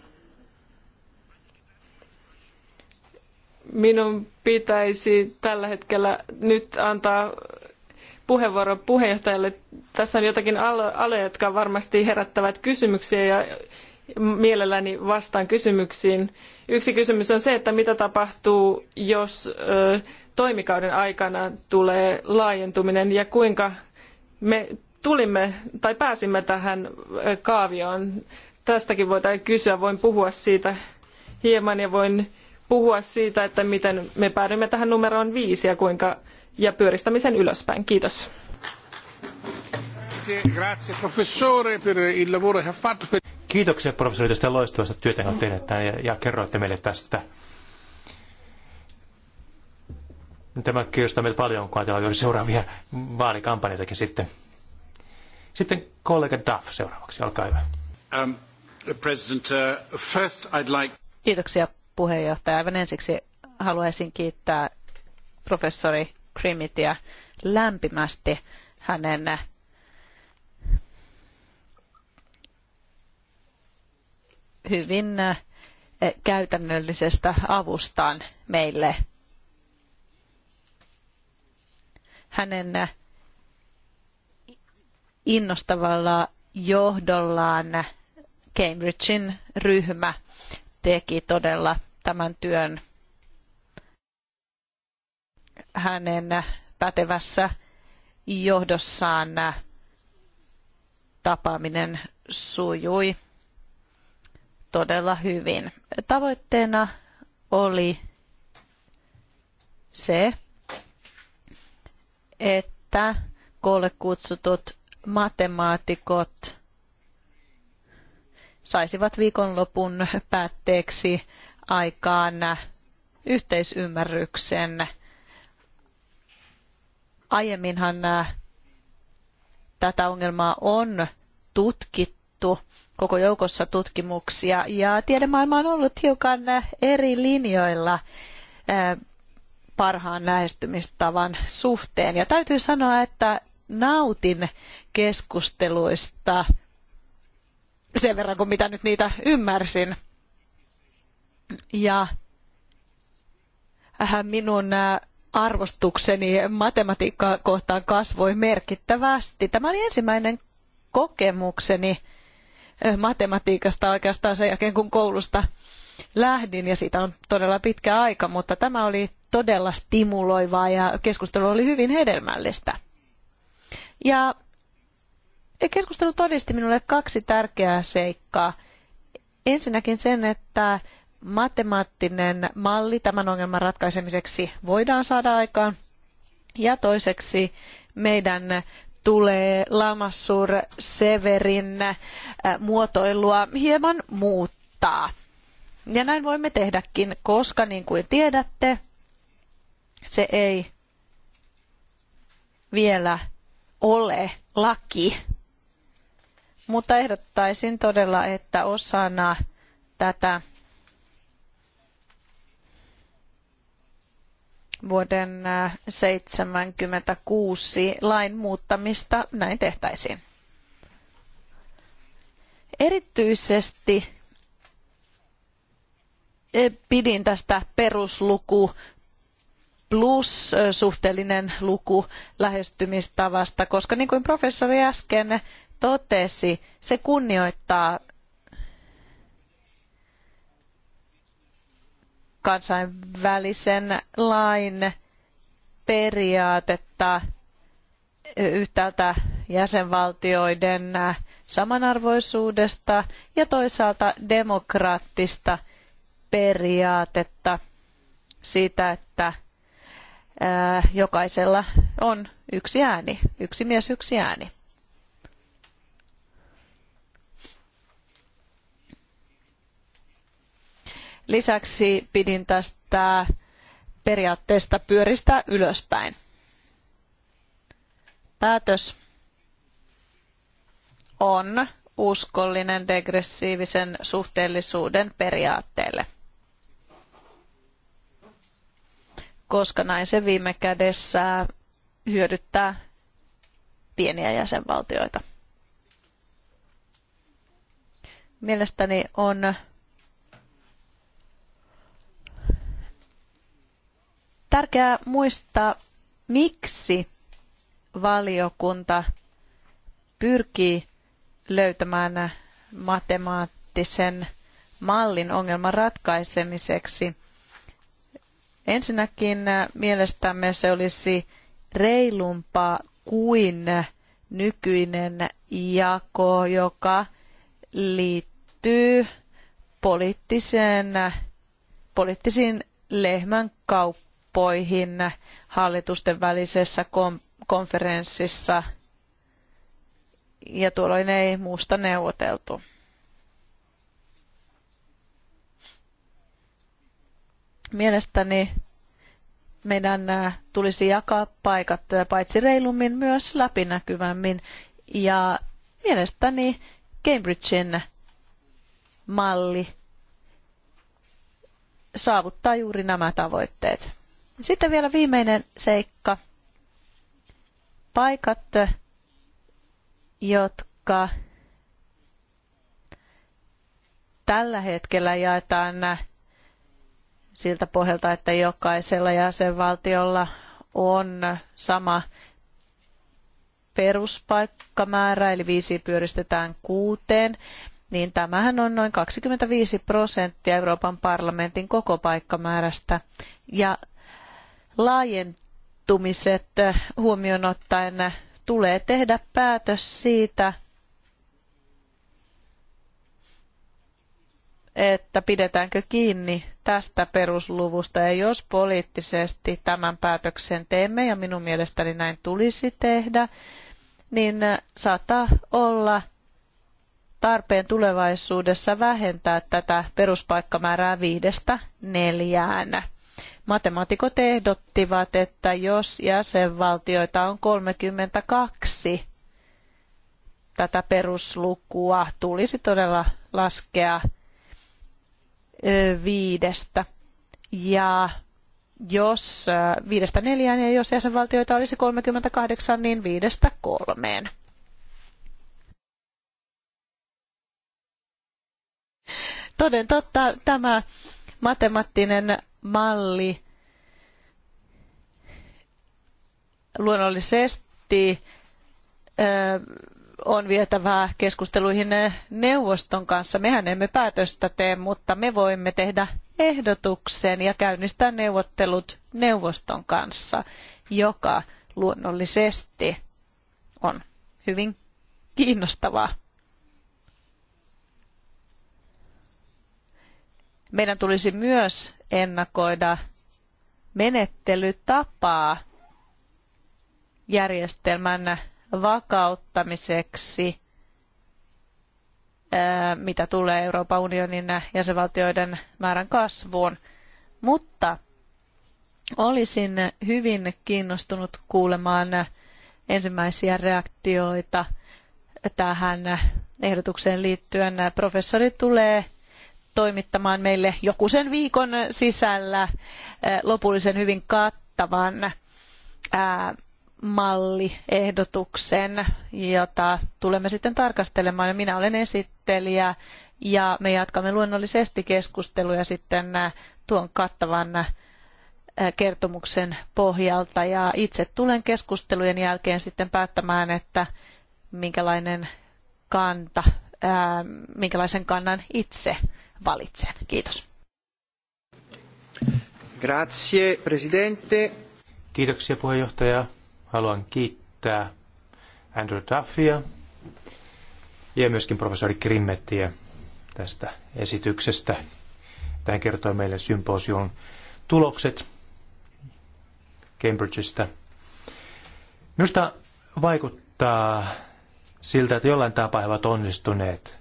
minun pitäisi tällä hetkellä nyt antaa puheenvuoro puheenjohtajalle. Tässä on jotakin aloja, jotka varmasti herättävät kysymyksiä ja mielelläni vastaan kysymyksiin. Yksi kysymys on se, että mitä tapahtuu, jos toimikauden aikana tulee laajentuminen ja kuinka me tulimme tai pääsimme tähän kaavioon. Tästäkin voitaisiin kysyä, voin puhua siitä hieman ja voin puhua siitä, että miten me päädymme tähän numeroon viisi ja kuinka ja pyöristämisen ylöspäin. Kiitos. Kiitoksia professori tästä loistavasta työtä, jonka tehnyt ja, ja kerroitte meille tästä. Tämä kiinnostaa meitä paljon, kun ajatellaan juuri seuraavia vaalikampanjoitakin sitten. Sitten kollega Duff seuraavaksi, olkaa hyvä. Um, President, uh, first I'd like... Kiitoksia puheenjohtaja. Aivan ensiksi haluaisin kiittää professori Krimitia lämpimästi hänen eh, hyvin eh, käytännöllisestä avustaan meille. Hänen eh, innostavalla johdollaan Cambridgein ryhmä teki todella tämän työn hänen pätevässä johdossaan tapaaminen sujui todella hyvin. Tavoitteena oli se, että koolle kutsutut matemaatikot saisivat viikonlopun päätteeksi aikaan yhteisymmärryksen. Aiemminhan äh, tätä ongelmaa on tutkittu koko joukossa tutkimuksia ja tiedemaailma on ollut hiukan äh, eri linjoilla äh, parhaan lähestymistavan suhteen. Ja täytyy sanoa, että nautin keskusteluista sen verran kuin mitä nyt niitä ymmärsin. Ja äh, minun äh, arvostukseni matematiikkaa kohtaan kasvoi merkittävästi. Tämä oli ensimmäinen kokemukseni äh, matematiikasta oikeastaan sen jälkeen, kun koulusta lähdin ja siitä on todella pitkä aika, mutta tämä oli todella stimuloivaa ja keskustelu oli hyvin hedelmällistä. Ja keskustelu todisti minulle kaksi tärkeää seikkaa. Ensinnäkin sen, että matemaattinen malli tämän ongelman ratkaisemiseksi voidaan saada aikaan. Ja toiseksi meidän tulee Lamassur Severin äh, muotoilua hieman muuttaa. Ja näin voimme tehdäkin, koska niin kuin tiedätte, se ei vielä ole laki. Mutta ehdottaisin todella, että osana tätä vuoden 76 äh, lain muuttamista näin tehtäisiin. Erityisesti eh, pidin tästä perusluku plus eh, suhteellinen luku lähestymistavasta, koska niin kuin professori äsken totesi, se kunnioittaa kansainvälisen lain periaatetta yhtäältä jäsenvaltioiden samanarvoisuudesta ja toisaalta demokraattista periaatetta siitä, että jokaisella on yksi ääni, yksi mies, yksi ääni. Lisäksi pidin tästä periaatteesta pyöristää ylöspäin. Päätös on uskollinen degressiivisen suhteellisuuden periaatteelle. koska näin se viime kädessä hyödyttää pieniä jäsenvaltioita. Mielestäni on tärkeää muistaa, miksi valiokunta pyrkii löytämään matemaattisen mallin ongelman ratkaisemiseksi. Ensinnäkin mielestämme se olisi reilumpaa kuin nykyinen jako, joka liittyy poliittiseen, poliittisiin lehmän kauppaan kauppoihin hallitusten välisessä konferenssissa ja tuolloin ei muusta neuvoteltu. Mielestäni meidän tulisi jakaa paikat paitsi reilummin myös läpinäkyvämmin. Ja mielestäni Cambridgein malli saavuttaa juuri nämä tavoitteet. Sitten vielä viimeinen seikka. Paikat, jotka tällä hetkellä jaetaan siltä pohjalta, että jokaisella jäsenvaltiolla on sama peruspaikkamäärä, eli viisi pyöristetään kuuteen, niin tämähän on noin 25 prosenttia Euroopan parlamentin koko paikkamäärästä. Ja laajentumiset huomioon ottaen tulee tehdä päätös siitä, että pidetäänkö kiinni tästä perusluvusta ja jos poliittisesti tämän päätöksen teemme ja minun mielestäni näin tulisi tehdä, niin saattaa olla tarpeen tulevaisuudessa vähentää tätä peruspaikkamäärää viidestä neljään. Matemaatikot ehdottivat, että jos jäsenvaltioita on 32, tätä peruslukua tulisi todella laskea viidestä. Ja jos viidestä neljään ja jos jäsenvaltioita olisi 38, niin viidestä kolmeen. Toden totta, tämä matemaattinen malli luonnollisesti on vietävää keskusteluihin neuvoston kanssa. Mehän emme päätöstä tee, mutta me voimme tehdä ehdotuksen ja käynnistää neuvottelut neuvoston kanssa, joka luonnollisesti on hyvin kiinnostavaa. meidän tulisi myös ennakoida menettelytapaa järjestelmän vakauttamiseksi, mitä tulee Euroopan unionin jäsenvaltioiden määrän kasvuun. Mutta olisin hyvin kiinnostunut kuulemaan ensimmäisiä reaktioita tähän ehdotukseen liittyen. Professori tulee toimittamaan meille joku sen viikon sisällä lopullisen hyvin kattavan malliehdotuksen, jota tulemme sitten tarkastelemaan. Minä olen esittelijä ja me jatkamme luonnollisesti keskusteluja sitten tuon kattavan kertomuksen pohjalta ja itse tulen keskustelujen jälkeen sitten päättämään, että minkälainen kanta, minkälaisen kannan itse valitsen. Kiitos. Grazie, presidente. Kiitoksia puheenjohtaja. Haluan kiittää Andrew Duffia ja myöskin professori Grimmettiä tästä esityksestä. Tämä kertoi meille symposion tulokset Cambridgeista. Minusta vaikuttaa siltä, että jollain tapaa he ovat onnistuneet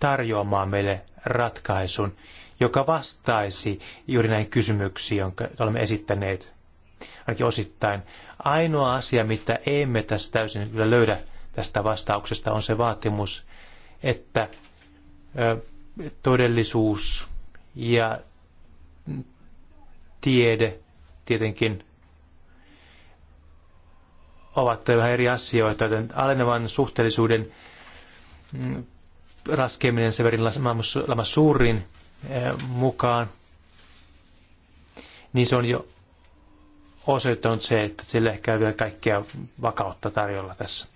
tarjoamaan meille ratkaisun, joka vastaisi juuri näihin kysymyksiin, jotka olemme esittäneet, ainakin osittain. Ainoa asia, mitä emme tässä täysin kyllä löydä tästä vastauksesta, on se vaatimus, että todellisuus ja tiede tietenkin ovat vähän eri asioita, joten alenevan suhteellisuuden mm, raskeminen Severin lama suurin eh, mukaan, niin se on jo osoittanut se, että sille ehkä ei vielä kaikkea vakautta tarjolla tässä.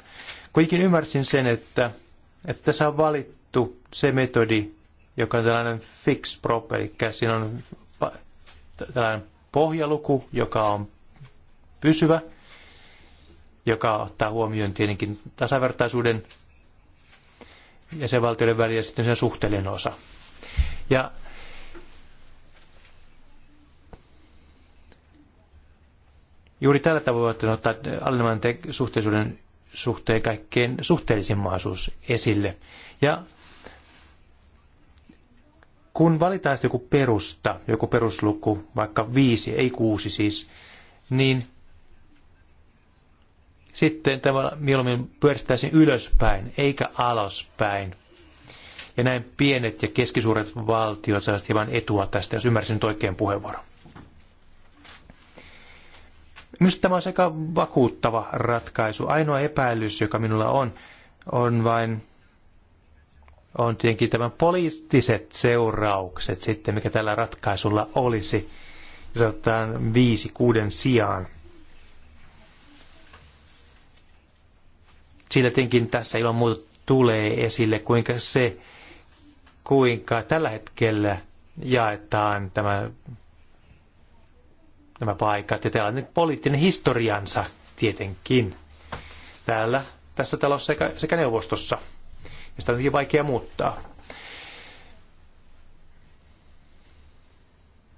Kuitenkin ymmärsin sen, että, että tässä on valittu se metodi, joka on tällainen fix prop, eli siinä on tällainen pohjaluku, joka on pysyvä, joka ottaa huomioon tietenkin tasavertaisuuden jäsenvaltioiden välillä sitten sen suhteellinen osa. Ja juuri tällä tavoin voitte ottaa alemman suhteellisuuden suhteen kaikkein suhteellisin mahdollisuus esille. Ja kun valitaan joku perusta, joku perusluku, vaikka viisi, ei kuusi siis, niin – sitten tavallaan mieluummin pyöristäisin ylöspäin, eikä alaspäin. Ja näin pienet ja keskisuuret valtiot saavat hieman etua tästä, jos ymmärsin nyt oikein puheenvuoron. Minusta tämä on aika vakuuttava ratkaisu. Ainoa epäilys, joka minulla on, on vain on tietenkin tämän poliittiset seuraukset sitten, mikä tällä ratkaisulla olisi. Jos otetaan viisi kuuden sijaan. Siitä tietenkin tässä ilman muuta tulee esille, kuinka se, kuinka tällä hetkellä jaetaan tämä, nämä paikat. Ja tällainen poliittinen historiansa tietenkin täällä, tässä talossa sekä, sekä neuvostossa. Ja sitä on tietenkin vaikea muuttaa.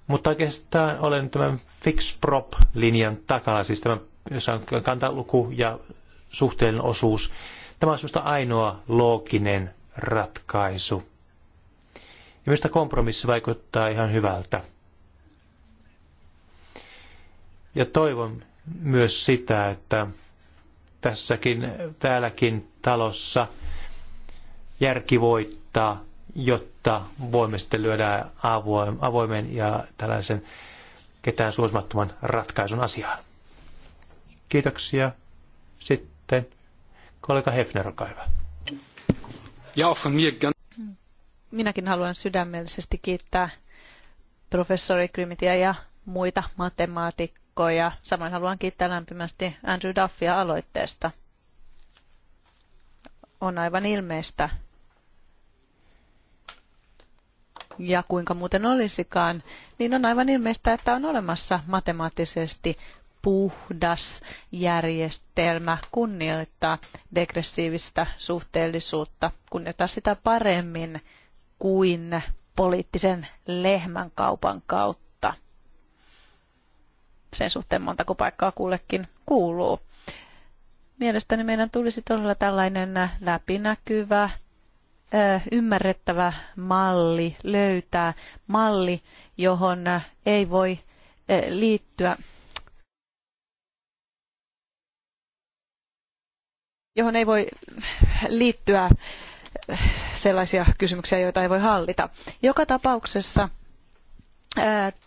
Mutta oikeastaan olen tämän fix prop linjan takana, siis tämän, jossa on kantaluku ja suhteellinen osuus. Tämä on semmoista ainoa looginen ratkaisu. Ja minusta kompromissi vaikuttaa ihan hyvältä. Ja toivon myös sitä, että tässäkin, täälläkin talossa järki voittaa, jotta voimme sitten lyödä avoimen ja tällaisen ketään suosimattoman ratkaisun asiaan. Kiitoksia. Sitten sitten kollega Hefner, olkaa hyvä. Minäkin haluan sydämellisesti kiittää professori Grimitia ja muita matemaatikkoja. Samoin haluan kiittää lämpimästi Andrew Duffia aloitteesta. On aivan ilmeistä. Ja kuinka muuten olisikaan, niin on aivan ilmeistä, että on olemassa matemaattisesti puhdas järjestelmä kunnioittaa degressiivistä suhteellisuutta, kunnioittaa sitä paremmin kuin poliittisen lehmänkaupan kautta. Sen suhteen montako paikkaa kullekin kuuluu. Mielestäni meidän tulisi todella tällainen läpinäkyvä, ymmärrettävä malli löytää, malli, johon ei voi liittyä johon ei voi liittyä sellaisia kysymyksiä, joita ei voi hallita. Joka tapauksessa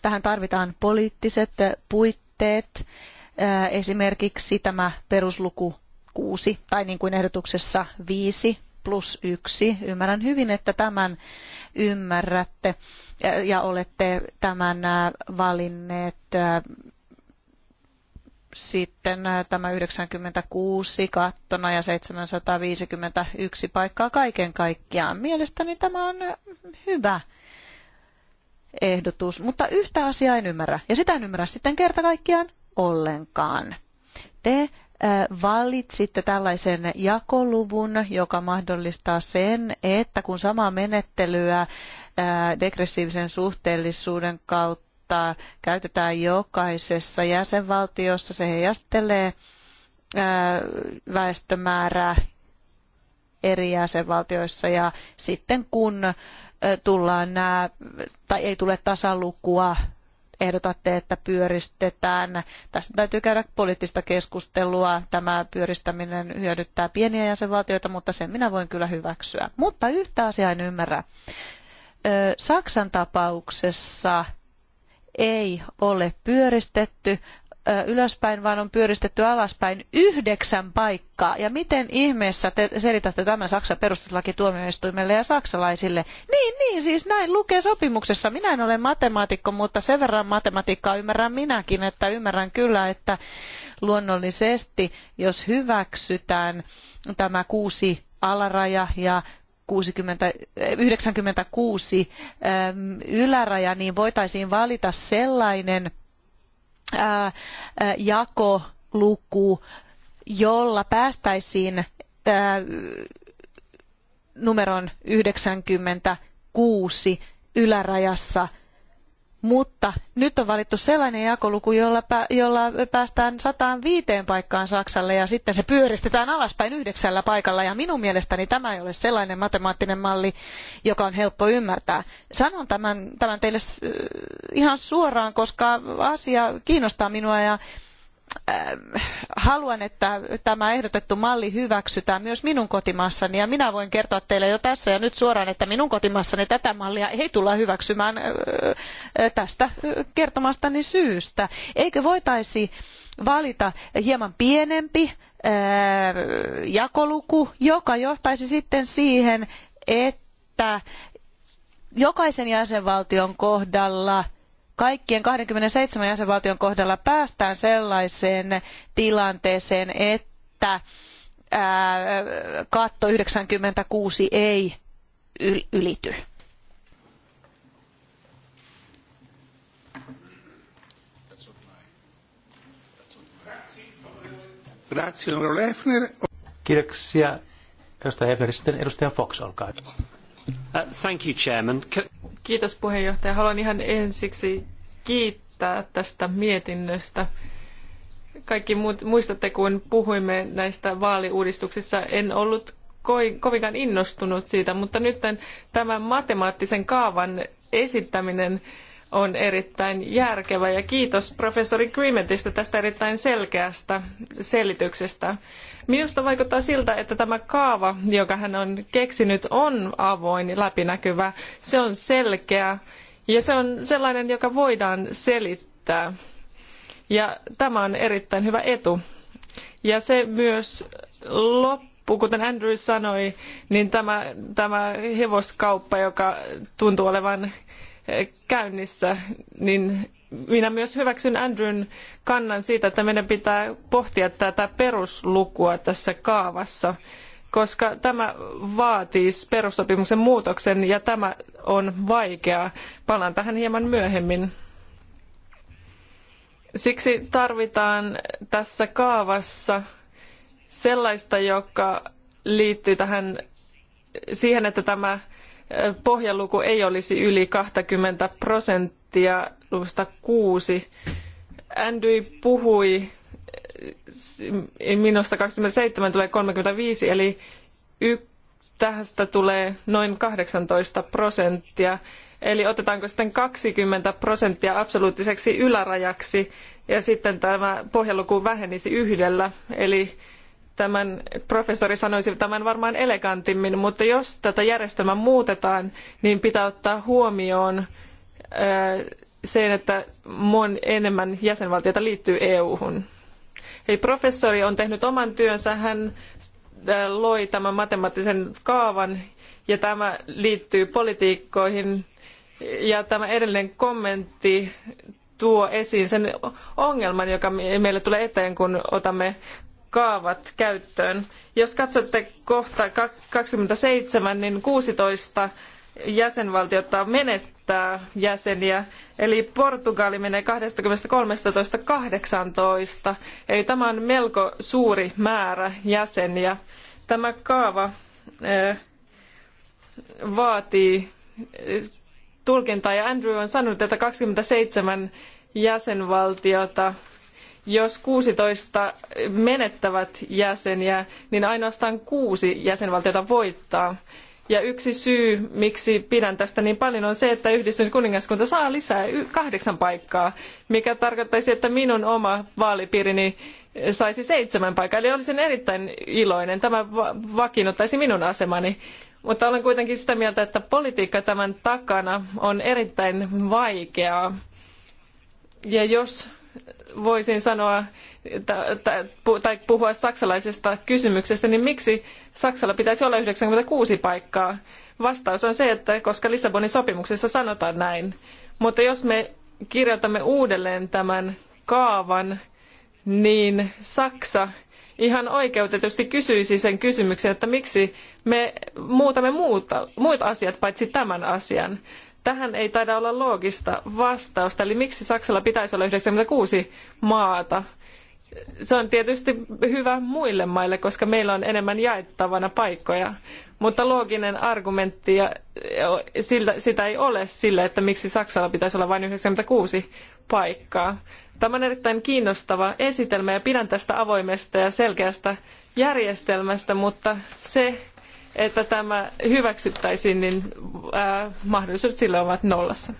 tähän tarvitaan poliittiset puitteet, esimerkiksi tämä perusluku 6 tai niin kuin ehdotuksessa 5 plus yksi. Ymmärrän hyvin, että tämän ymmärrätte ja olette tämän valinneet sitten tämä 96 kattona ja 751 paikkaa kaiken kaikkiaan. Mielestäni tämä on hyvä ehdotus, mutta yhtä asiaa en ymmärrä. Ja sitä en ymmärrä sitten kerta kaikkiaan ollenkaan. Te valitsitte tällaisen jakoluvun, joka mahdollistaa sen, että kun samaa menettelyä degressiivisen suhteellisuuden kautta valtaa käytetään jokaisessa jäsenvaltiossa. Se heijastelee väestömäärää eri jäsenvaltioissa ja sitten kun tullaan nämä, tai ei tule tasalukua, ehdotatte, että pyöristetään. Tästä täytyy käydä poliittista keskustelua. Tämä pyöristäminen hyödyttää pieniä jäsenvaltioita, mutta sen minä voin kyllä hyväksyä. Mutta yhtä asiaa en ymmärrä. Saksan tapauksessa ei ole pyöristetty ylöspäin, vaan on pyöristetty alaspäin yhdeksän paikkaa. Ja miten ihmeessä te selitätte tämän Saksan perustuslakituomioistuimelle ja saksalaisille? Niin, niin, siis näin lukee sopimuksessa. Minä en ole matemaatikko, mutta sen verran matematiikkaa ymmärrän minäkin, että ymmärrän kyllä, että luonnollisesti, jos hyväksytään tämä kuusi alaraja ja 60, 96 eh, ähm, yläraja, niin voitaisiin valita sellainen äh, äh, jakoluku, jolla päästäisiin äh, numeron 96 ylärajassa – mutta nyt on valittu sellainen jakoluku, jolla, jolla päästään 105 paikkaan Saksalle ja sitten se pyöristetään alaspäin yhdeksällä paikalla. Ja minun mielestäni tämä ei ole sellainen matemaattinen malli, joka on helppo ymmärtää. Sanon tämän, tämän teille ihan suoraan, koska asia kiinnostaa minua ja Äh, haluan, että tämä ehdotettu malli hyväksytään myös minun kotimaassani ja minä voin kertoa teille jo tässä ja nyt suoraan, että minun kotimaassani tätä mallia ei tulla hyväksymään äh, äh, tästä kertomastani syystä. Eikö voitaisi valita hieman pienempi jakoluku, joka johtaisi sitten siihen, että jokaisen jäsenvaltion kohdalla kaikkien 27 jäsenvaltion kohdalla päästään sellaiseen tilanteeseen, että katto 96 ei ylity. Kiitoksia. Edustaja Hefner, sitten edustaja Fox, olkaa Uh, thank you, Chairman. Kiitos puheenjohtaja. Haluan ihan ensiksi kiittää tästä mietinnöstä. Kaikki muut, muistatte, kun puhuimme näistä vaaliuudistuksissa, en ollut kovinkaan innostunut siitä, mutta nyt tämän matemaattisen kaavan esittäminen on erittäin järkevä ja kiitos professori Grimetistä tästä erittäin selkeästä selityksestä. Minusta vaikuttaa siltä, että tämä kaava, joka hän on keksinyt, on avoin, läpinäkyvä, se on selkeä ja se on sellainen, joka voidaan selittää. Ja tämä on erittäin hyvä etu. Ja se myös loppu, kuten Andrew sanoi, niin tämä, tämä hevoskauppa, joka tuntuu olevan käynnissä, niin minä myös hyväksyn Andrewn kannan siitä, että meidän pitää pohtia tätä peruslukua tässä kaavassa, koska tämä vaatii perussopimuksen muutoksen ja tämä on vaikeaa. Palaan tähän hieman myöhemmin. Siksi tarvitaan tässä kaavassa sellaista, joka liittyy tähän siihen, että tämä pohjaluku ei olisi yli 20 prosenttia luvusta kuusi. Andy puhui eh, minusta 27 tulee 35, eli y- tästä tulee noin 18 prosenttia. Eli otetaanko sitten 20 prosenttia absoluuttiseksi ylärajaksi ja sitten tämä pohjaluku vähenisi yhdellä. Eli tämän professori sanoisi tämän varmaan elegantimmin, mutta jos tätä järjestelmää muutetaan, niin pitää ottaa huomioon sen, että mon enemmän jäsenvaltioita liittyy EU-hun. Eli professori on tehnyt oman työnsä, hän loi tämän matemaattisen kaavan ja tämä liittyy politiikkoihin. Ja tämä edellinen kommentti tuo esiin sen ongelman, joka meille tulee eteen, kun otamme kaavat käyttöön. Jos katsotte kohta 27, niin 16 jäsenvaltiota menettää jäseniä, eli Portugali menee 23.18. Eli tämä on melko suuri määrä jäseniä. Tämä kaava eh, vaatii eh, tulkintaa, ja Andrew on sanonut, että 27 jäsenvaltiota jos 16 menettävät jäseniä, niin ainoastaan kuusi jäsenvaltiota voittaa. Ja yksi syy, miksi pidän tästä niin paljon, on se, että yhdistynyt kuningaskunta saa lisää kahdeksan paikkaa, mikä tarkoittaisi, että minun oma vaalipiirini saisi seitsemän paikkaa. Eli olisin erittäin iloinen. Tämä vakiinnuttaisi minun asemani. Mutta olen kuitenkin sitä mieltä, että politiikka tämän takana on erittäin vaikeaa. Ja jos voisin sanoa tai puhua saksalaisesta kysymyksestä, niin miksi Saksalla pitäisi olla 96 paikkaa? Vastaus on se, että koska Lissabonin sopimuksessa sanotaan näin. Mutta jos me kirjoitamme uudelleen tämän kaavan, niin Saksa ihan oikeutetusti kysyisi sen kysymyksen, että miksi me muutamme muuta, muut asiat paitsi tämän asian. Tähän ei taida olla loogista vastausta, eli miksi Saksalla pitäisi olla 96 maata? Se on tietysti hyvä muille maille, koska meillä on enemmän jaettavana paikkoja, mutta looginen argumentti ja sillä sitä ei ole sille, että miksi Saksalla pitäisi olla vain 96 paikkaa. Tämä on erittäin kiinnostava esitelmä ja pidän tästä avoimesta ja selkeästä järjestelmästä, mutta se että tämä hyväksyttäisiin, niin mahdollisuudet sille ovat nollassa.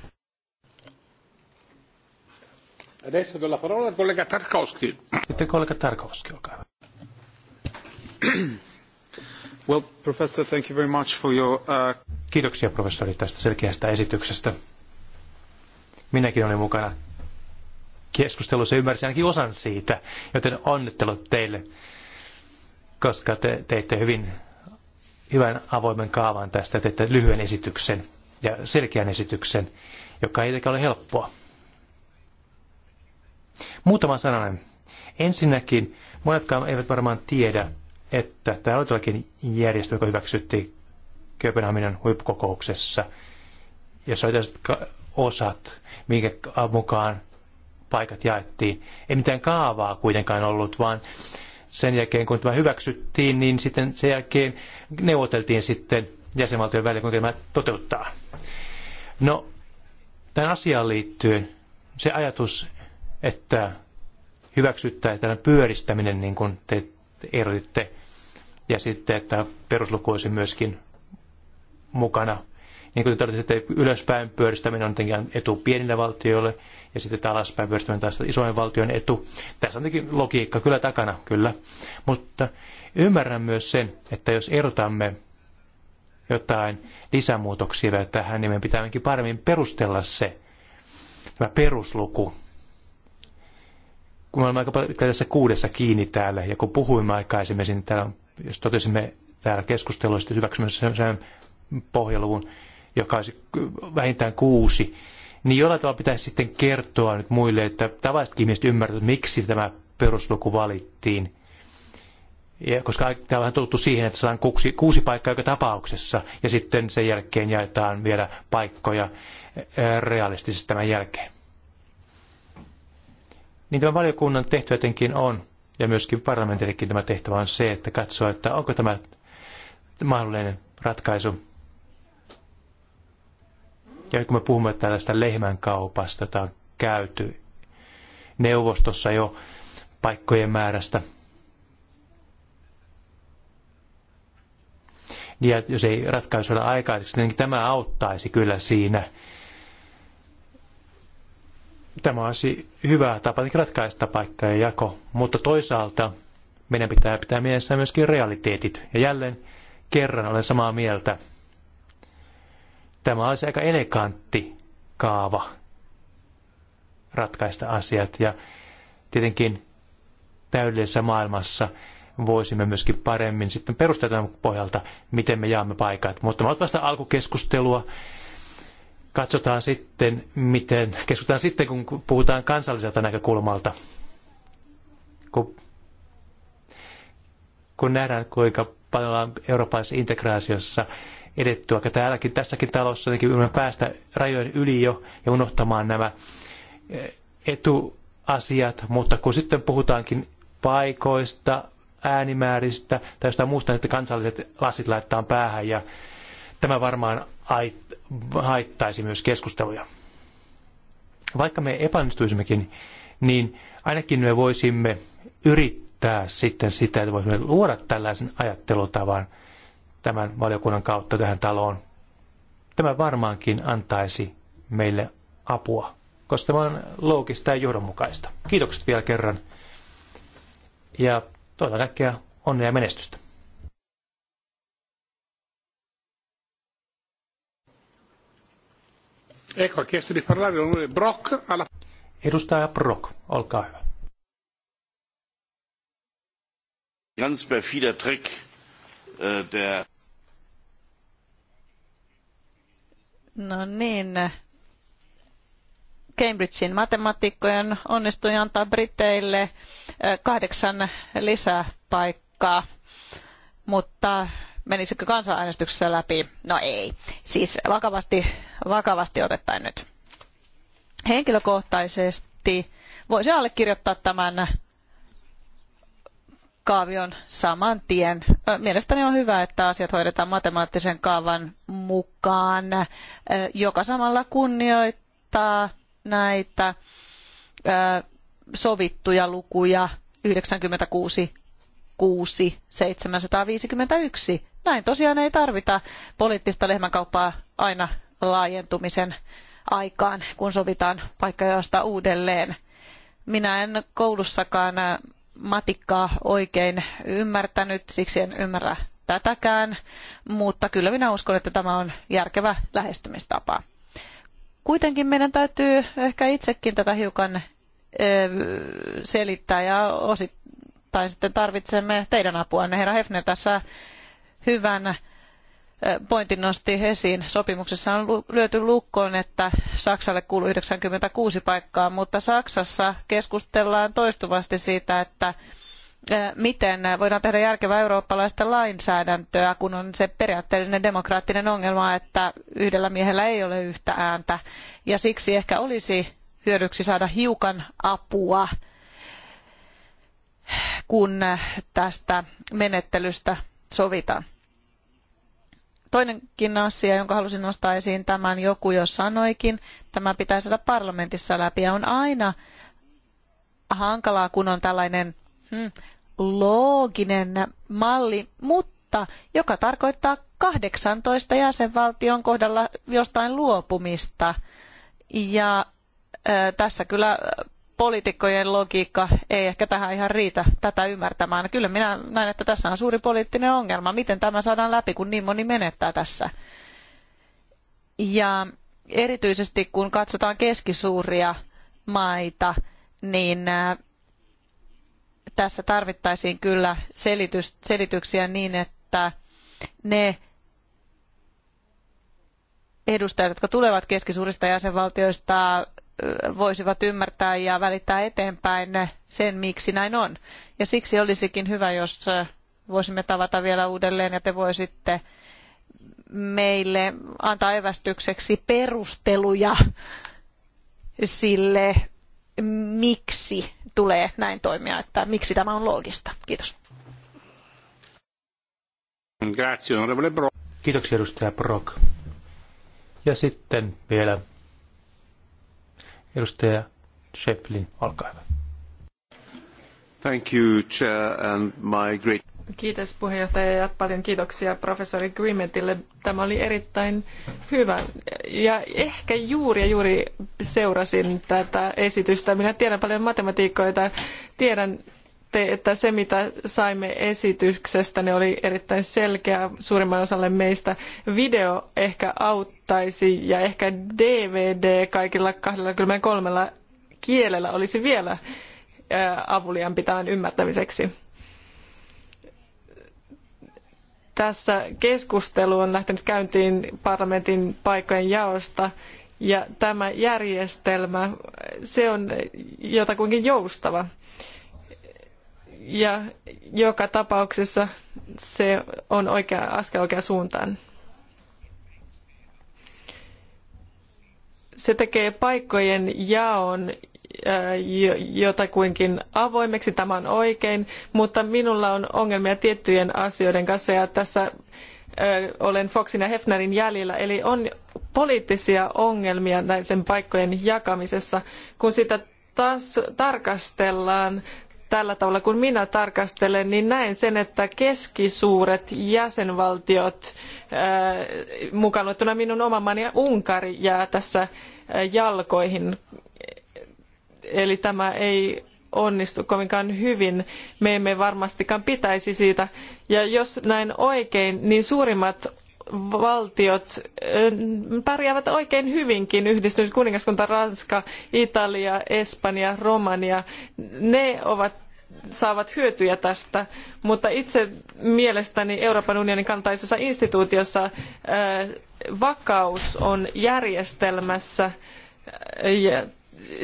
Adesso do la parola al collega Tarkovsky. Sitten kollega Tarkovsky, olkaa hyvä. Well, professor, thank you very much for your, uh... Kiitoksia professori tästä selkeästä esityksestä. Minäkin olin mukana keskustelussa ymmärsin ainakin osan siitä, joten onnittelut teille, koska te teitte hyvin hyvän avoimen kaavan tästä, teette lyhyen esityksen ja selkeän esityksen, joka ei ole helppoa. Muutama sananen. Ensinnäkin, monetkaan eivät varmaan tiedä, että tämä oli todellakin järjestö, joka hyväksyttiin Kööpenhaminan huippukokouksessa, jossa oli tällaiset osat, minkä mukaan paikat jaettiin. Ei mitään kaavaa kuitenkaan ollut, vaan sen jälkeen, kun tämä hyväksyttiin, niin sitten sen jälkeen neuvoteltiin sitten jäsenvaltion välillä, kuinka tämä toteuttaa. No, tämän asiaan liittyen se ajatus, että hyväksyttää tällainen pyöristäminen, niin kuin te erotitte, ja sitten, että perusluku olisi myöskin mukana niin kuin tarvitsette, että ylöspäin pyöristäminen on tietenkin etu pienille valtioille, ja sitten alaspäin pyöristäminen taas isojen valtion etu. Tässä on tietenkin logiikka kyllä takana, kyllä. Mutta ymmärrän myös sen, että jos erotamme jotain lisämuutoksia vielä tähän, niin meidän pitää paremmin perustella se, tämä perusluku, kun me olemme aika paljon tässä kuudessa kiinni täällä, ja kun puhuimme aikaisemmin, niin täällä, jos totesimme täällä sitten hyväksymässä sen pohjaluvun, joka olisi vähintään kuusi, niin jollain tavalla pitäisi sitten kertoa nyt muille, että tavalliset ihmiset ymmärtävät, miksi tämä perusluku valittiin. Ja koska täällä on tultu siihen, että saadaan kuusi, kuusi paikkaa joka tapauksessa, ja sitten sen jälkeen jaetaan vielä paikkoja eh, realistisesti tämän jälkeen. Niin tämä valiokunnan tehtävä jotenkin on, ja myöskin parlamentillekin tämä tehtävä on se, että katsoo, että onko tämä mahdollinen ratkaisu ja kun me puhumme tällaista lehmänkaupasta, jota on käyty neuvostossa jo paikkojen määrästä, niin ja jos ei ratkaisu ole aikaiseksi, niin tämä auttaisi kyllä siinä. Tämä olisi hyvä tapa ratkaista paikka ja jako, mutta toisaalta meidän pitää pitää mielessä myöskin realiteetit. Ja jälleen kerran olen samaa mieltä Tämä olisi aika elegantti kaava ratkaista asiat ja tietenkin täydellisessä maailmassa voisimme myöskin paremmin sitten perustella pohjalta, miten me jaamme paikat. Mutta mä vasta alkukeskustelua. Katsotaan sitten, miten, keskustellaan sitten, kun puhutaan kansalliselta näkökulmalta. Kun, kun nähdään, kuinka paljon ollaan eurooppalaisessa integraatiossa edetty aika täälläkin, tässäkin talossa, jotenkin me päästä rajojen yli jo ja unohtamaan nämä eh, etuasiat, mutta kun sitten puhutaankin paikoista, äänimääristä tai jostain muusta, niin että kansalliset lasit laittaa päähän ja tämä varmaan haittaisi myös keskusteluja. Vaikka me epäonnistuisimmekin, niin ainakin me voisimme yrittää sitten sitä, että voisimme luoda tällaisen ajattelutavan – tämän valiokunnan kautta tähän taloon. Tämä varmaankin antaisi meille apua, koska tämä on loogista ja johdonmukaista. Kiitokset vielä kerran ja toivotan kaikkea onnea ja menestystä. Ecco, ha chiesto di parlare l'onorevole Brock alla... Edustaja Brock, olkaa hyvä. Ganz perfider Trick äh, der No niin. Cambridgein matemaatikkojen onnistui antaa Briteille kahdeksan lisäpaikkaa, mutta menisikö kansanäänestyksessä läpi? No ei. Siis vakavasti, vakavasti otettaen nyt. Henkilökohtaisesti voisi allekirjoittaa tämän kaavion saman tien. Mielestäni on hyvä, että asiat hoidetaan matemaattisen kaavan mukaan, joka samalla kunnioittaa näitä sovittuja lukuja 96 6 751. Näin tosiaan ei tarvita poliittista lehmänkauppaa aina laajentumisen aikaan, kun sovitaan paikka josta uudelleen. Minä en koulussakaan matikkaa oikein ymmärtänyt, siksi en ymmärrä tätäkään, mutta kyllä minä uskon, että tämä on järkevä lähestymistapa. Kuitenkin meidän täytyy ehkä itsekin tätä hiukan selittää ja osittain sitten tarvitsemme teidän apuanne. Herra Hefner tässä hyvän pointin nosti esiin. Sopimuksessa on lyöty lukkoon, että Saksalle kuuluu 96 paikkaa, mutta Saksassa keskustellaan toistuvasti siitä, että miten voidaan tehdä järkevää eurooppalaista lainsäädäntöä, kun on se periaatteellinen demokraattinen ongelma, että yhdellä miehellä ei ole yhtä ääntä. Ja siksi ehkä olisi hyödyksi saada hiukan apua, kun tästä menettelystä sovitaan. Toinenkin asia, jonka halusin nostaa esiin, tämän joku jo sanoikin, tämä pitää saada parlamentissa läpi ja on aina hankalaa, kun on tällainen hmm, looginen malli, mutta joka tarkoittaa 18 jäsenvaltion kohdalla jostain luopumista. Ja tässä kyllä poliitikkojen logiikka ei ehkä tähän ihan riitä tätä ymmärtämään. Kyllä minä näen, että tässä on suuri poliittinen ongelma. Miten tämä saadaan läpi, kun niin moni menettää tässä? Ja erityisesti kun katsotaan keskisuuria maita, niin äh, tässä tarvittaisiin kyllä selitys, selityksiä niin, että ne edustajat, jotka tulevat keskisuurista jäsenvaltioista, voisivat ymmärtää ja välittää eteenpäin sen, miksi näin on. Ja siksi olisikin hyvä, jos voisimme tavata vielä uudelleen ja te voisitte meille antaa evästykseksi perusteluja sille, miksi tulee näin toimia, että miksi tämä on loogista. Kiitos. Kiitoksia edustaja Brock. Ja sitten vielä Edustaja Shefflin, olkaa hyvä. Thank you, Chair, and my great... Kiitos puheenjohtaja ja paljon kiitoksia professori Grimmettille. Tämä oli erittäin hyvä ja ehkä juuri ja juuri seurasin tätä esitystä. Minä tiedän paljon matematiikoita, tiedän että se mitä saimme esityksestä ne oli erittäin selkeä suurimman osalle meistä. Video ehkä auttaisi ja ehkä DVD kaikilla 23 kielellä olisi vielä avuliampi tämän ymmärtämiseksi. Tässä keskustelu on lähtenyt käyntiin parlamentin paikkojen jaosta ja tämä järjestelmä, se on jotakuinkin joustava ja joka tapauksessa se on oikea askel oikeaan suuntaan. Se tekee paikkojen jaon äh, jotakuinkin avoimeksi, tämä on oikein, mutta minulla on ongelmia tiettyjen asioiden kanssa ja tässä äh, olen Foxin ja Hefnerin jäljillä, eli on poliittisia ongelmia näiden paikkojen jakamisessa, kun sitä taas tarkastellaan tällä tavalla kun minä tarkastelen, niin näen sen, että keskisuuret jäsenvaltiot, äh, mukaan luettuna minun oma maani ja Unkari, jää tässä äh, jalkoihin. Eli tämä ei onnistu kovinkaan hyvin. Me emme varmastikaan pitäisi siitä. Ja jos näin oikein, niin suurimmat valtiot äh, pärjäävät oikein hyvinkin. Yhdistynyt kuningaskunta, Ranska, Italia, Espanja, Romania, ne ovat saavat hyötyjä tästä, mutta itse mielestäni Euroopan unionin kaltaisessa instituutiossa äh, vakaus on järjestelmässä äh, ja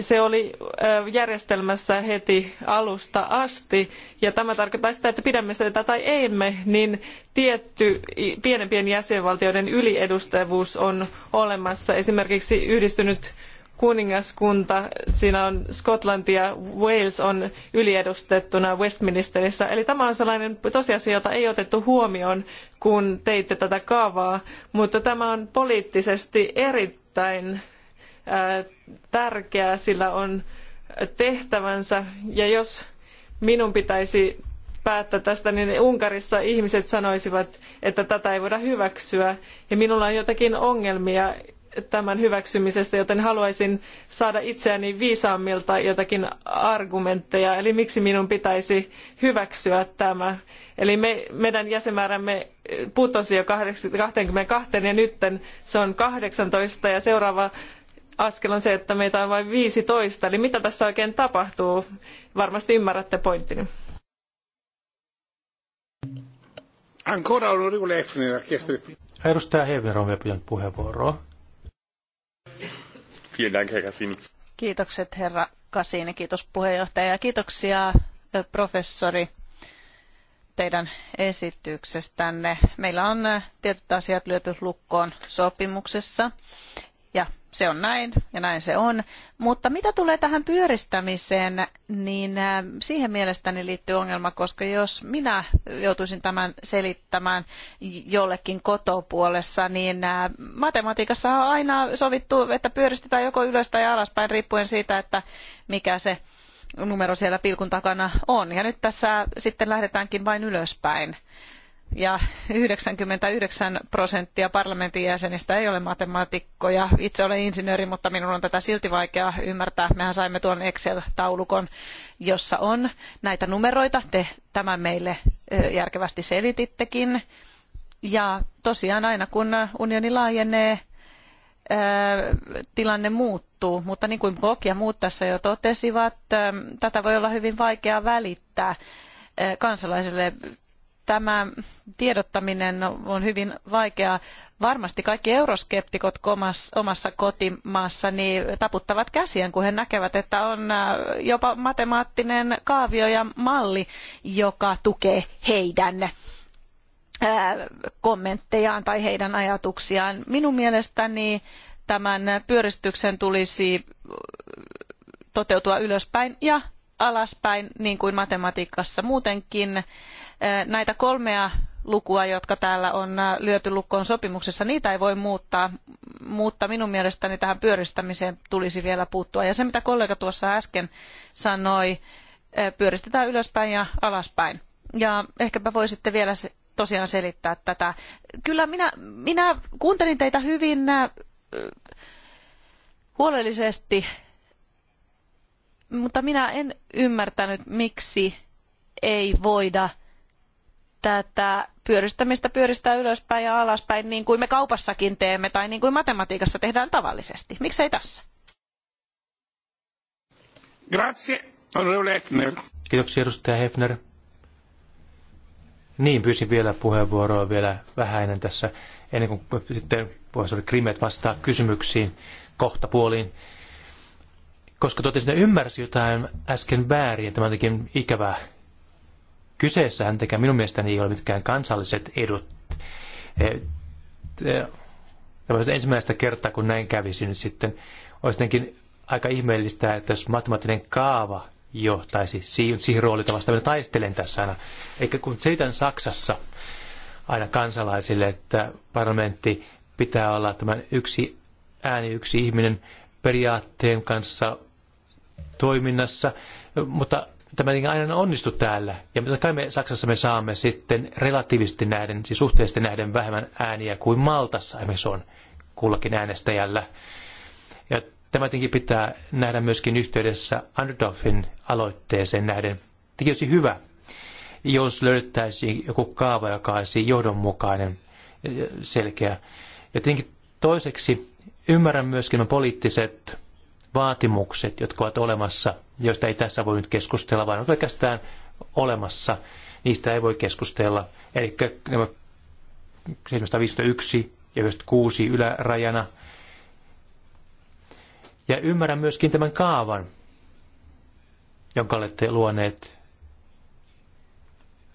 se oli äh, järjestelmässä heti alusta asti. Ja tämä tarkoittaa sitä, että pidämme sitä tai emme, niin tietty pienempien jäsenvaltioiden yliedustavuus on olemassa. Esimerkiksi yhdistynyt kuningaskunta, siinä on Skotlanti ja Wales on yliedustettuna Westminsterissä. Eli tämä on sellainen tosiasia, jota ei otettu huomioon, kun teitte tätä kaavaa, mutta tämä on poliittisesti erittäin tärkeää, sillä on tehtävänsä. Ja jos minun pitäisi päättää tästä, niin Unkarissa ihmiset sanoisivat, että tätä ei voida hyväksyä. Ja minulla on jotakin ongelmia tämän hyväksymisestä, joten haluaisin saada itseäni viisaammilta jotakin argumentteja, eli miksi minun pitäisi hyväksyä tämä. Eli me, meidän jäsenmäärämme putosi jo 22 ja nyt se on 18 ja seuraava askel on se, että meitä on vain 15. Eli mitä tässä oikein tapahtuu? Varmasti ymmärrätte pointtini. Ancora onorevole Hefner ha chiesto... Edustaja Hefner on vielä puheenvuoroa. Kiitokset herra Kasini, kiitos puheenjohtaja ja kiitoksia professori teidän esityksestänne. Meillä on tietyt asiat lyöty lukkoon sopimuksessa se on näin ja näin se on. Mutta mitä tulee tähän pyöristämiseen, niin äh, siihen mielestäni liittyy ongelma, koska jos minä joutuisin tämän selittämään jollekin kotopuolessa, niin äh, matematiikassa on aina sovittu, että pyöristetään joko ylös tai alaspäin riippuen siitä, että mikä se numero siellä pilkun takana on. Ja nyt tässä sitten lähdetäänkin vain ylöspäin ja 99 prosenttia parlamentin jäsenistä ei ole matemaatikkoja. Itse olen insinööri, mutta minun on tätä silti vaikea ymmärtää. Mehän saimme tuon Excel-taulukon, jossa on näitä numeroita. Te tämän meille järkevästi selitittekin. Ja tosiaan aina kun unioni laajenee, tilanne muuttuu, mutta niin kuin Brock ja muut tässä jo totesivat, tätä voi olla hyvin vaikea välittää kansalaisille tämä tiedottaminen on hyvin vaikeaa. Varmasti kaikki euroskeptikot omassa kotimaassani taputtavat käsiään, kun he näkevät, että on äh, jopa matemaattinen kaavio ja malli, joka tukee heidän äh, kommenttejaan tai heidän ajatuksiaan. Minun mielestäni tämän pyöristyksen tulisi äh, toteutua ylöspäin ja alaspäin, niin kuin matematiikassa muutenkin näitä kolmea lukua, jotka täällä on lyöty lukkoon sopimuksessa, niitä ei voi muuttaa, mutta minun mielestäni tähän pyöristämiseen tulisi vielä puuttua. Ja se, mitä kollega tuossa äsken sanoi, pyöristetään ylöspäin ja alaspäin. Ja ehkäpä voisitte vielä tosiaan selittää tätä. Kyllä minä, minä kuuntelin teitä hyvin huolellisesti, mutta minä en ymmärtänyt, miksi ei voida – tätä pyöristämistä pyöristää ylöspäin ja alaspäin niin kuin me kaupassakin teemme tai niin kuin matematiikassa tehdään tavallisesti. Miksei tässä? Grazie, onorevole Hefner. Kiitoksia, edustaja Hefner. Niin, pyysin vielä puheenvuoroa vielä vähäinen tässä, ennen kuin sitten professori Krimet vastaa kysymyksiin kohta puoliin. Koska totesin, että ymmärsi jotain äsken väärin, tämä on ikävää Kyseessähän tekee minun mielestäni ei ole mitkään kansalliset edut. E, e, Tämmöistä ensimmäistä kertaa, kun näin kävisi nyt sitten, olisi aika ihmeellistä, että jos matemaattinen kaava johtaisi siihen rooliin, että vasta taistelen tässä aina. Eikä kun selitän Saksassa aina kansalaisille, että parlamentti pitää olla tämän yksi ääni, yksi ihminen periaatteen kanssa toiminnassa, mutta tämä aina onnistu täällä. Ja totta kai me Saksassa me saamme sitten relatiivisesti näiden, siis suhteellisesti näiden vähemmän ääniä kuin Maltassa esimerkiksi on kullakin äänestäjällä. Ja tämä tietenkin pitää nähdä myöskin yhteydessä Andorfin aloitteeseen nähden. Tietenkin olisi hyvä, jos löydettäisiin joku kaava, joka olisi johdonmukainen, selkeä. Ja tietenkin toiseksi ymmärrän myöskin nämä poliittiset vaatimukset, jotka ovat olemassa, joista ei tässä voi nyt keskustella, vaan on pelkästään olemassa. Niistä ei voi keskustella. Eli 751 ja 96 ylärajana. Ja ymmärrän myöskin tämän kaavan, jonka olette luoneet.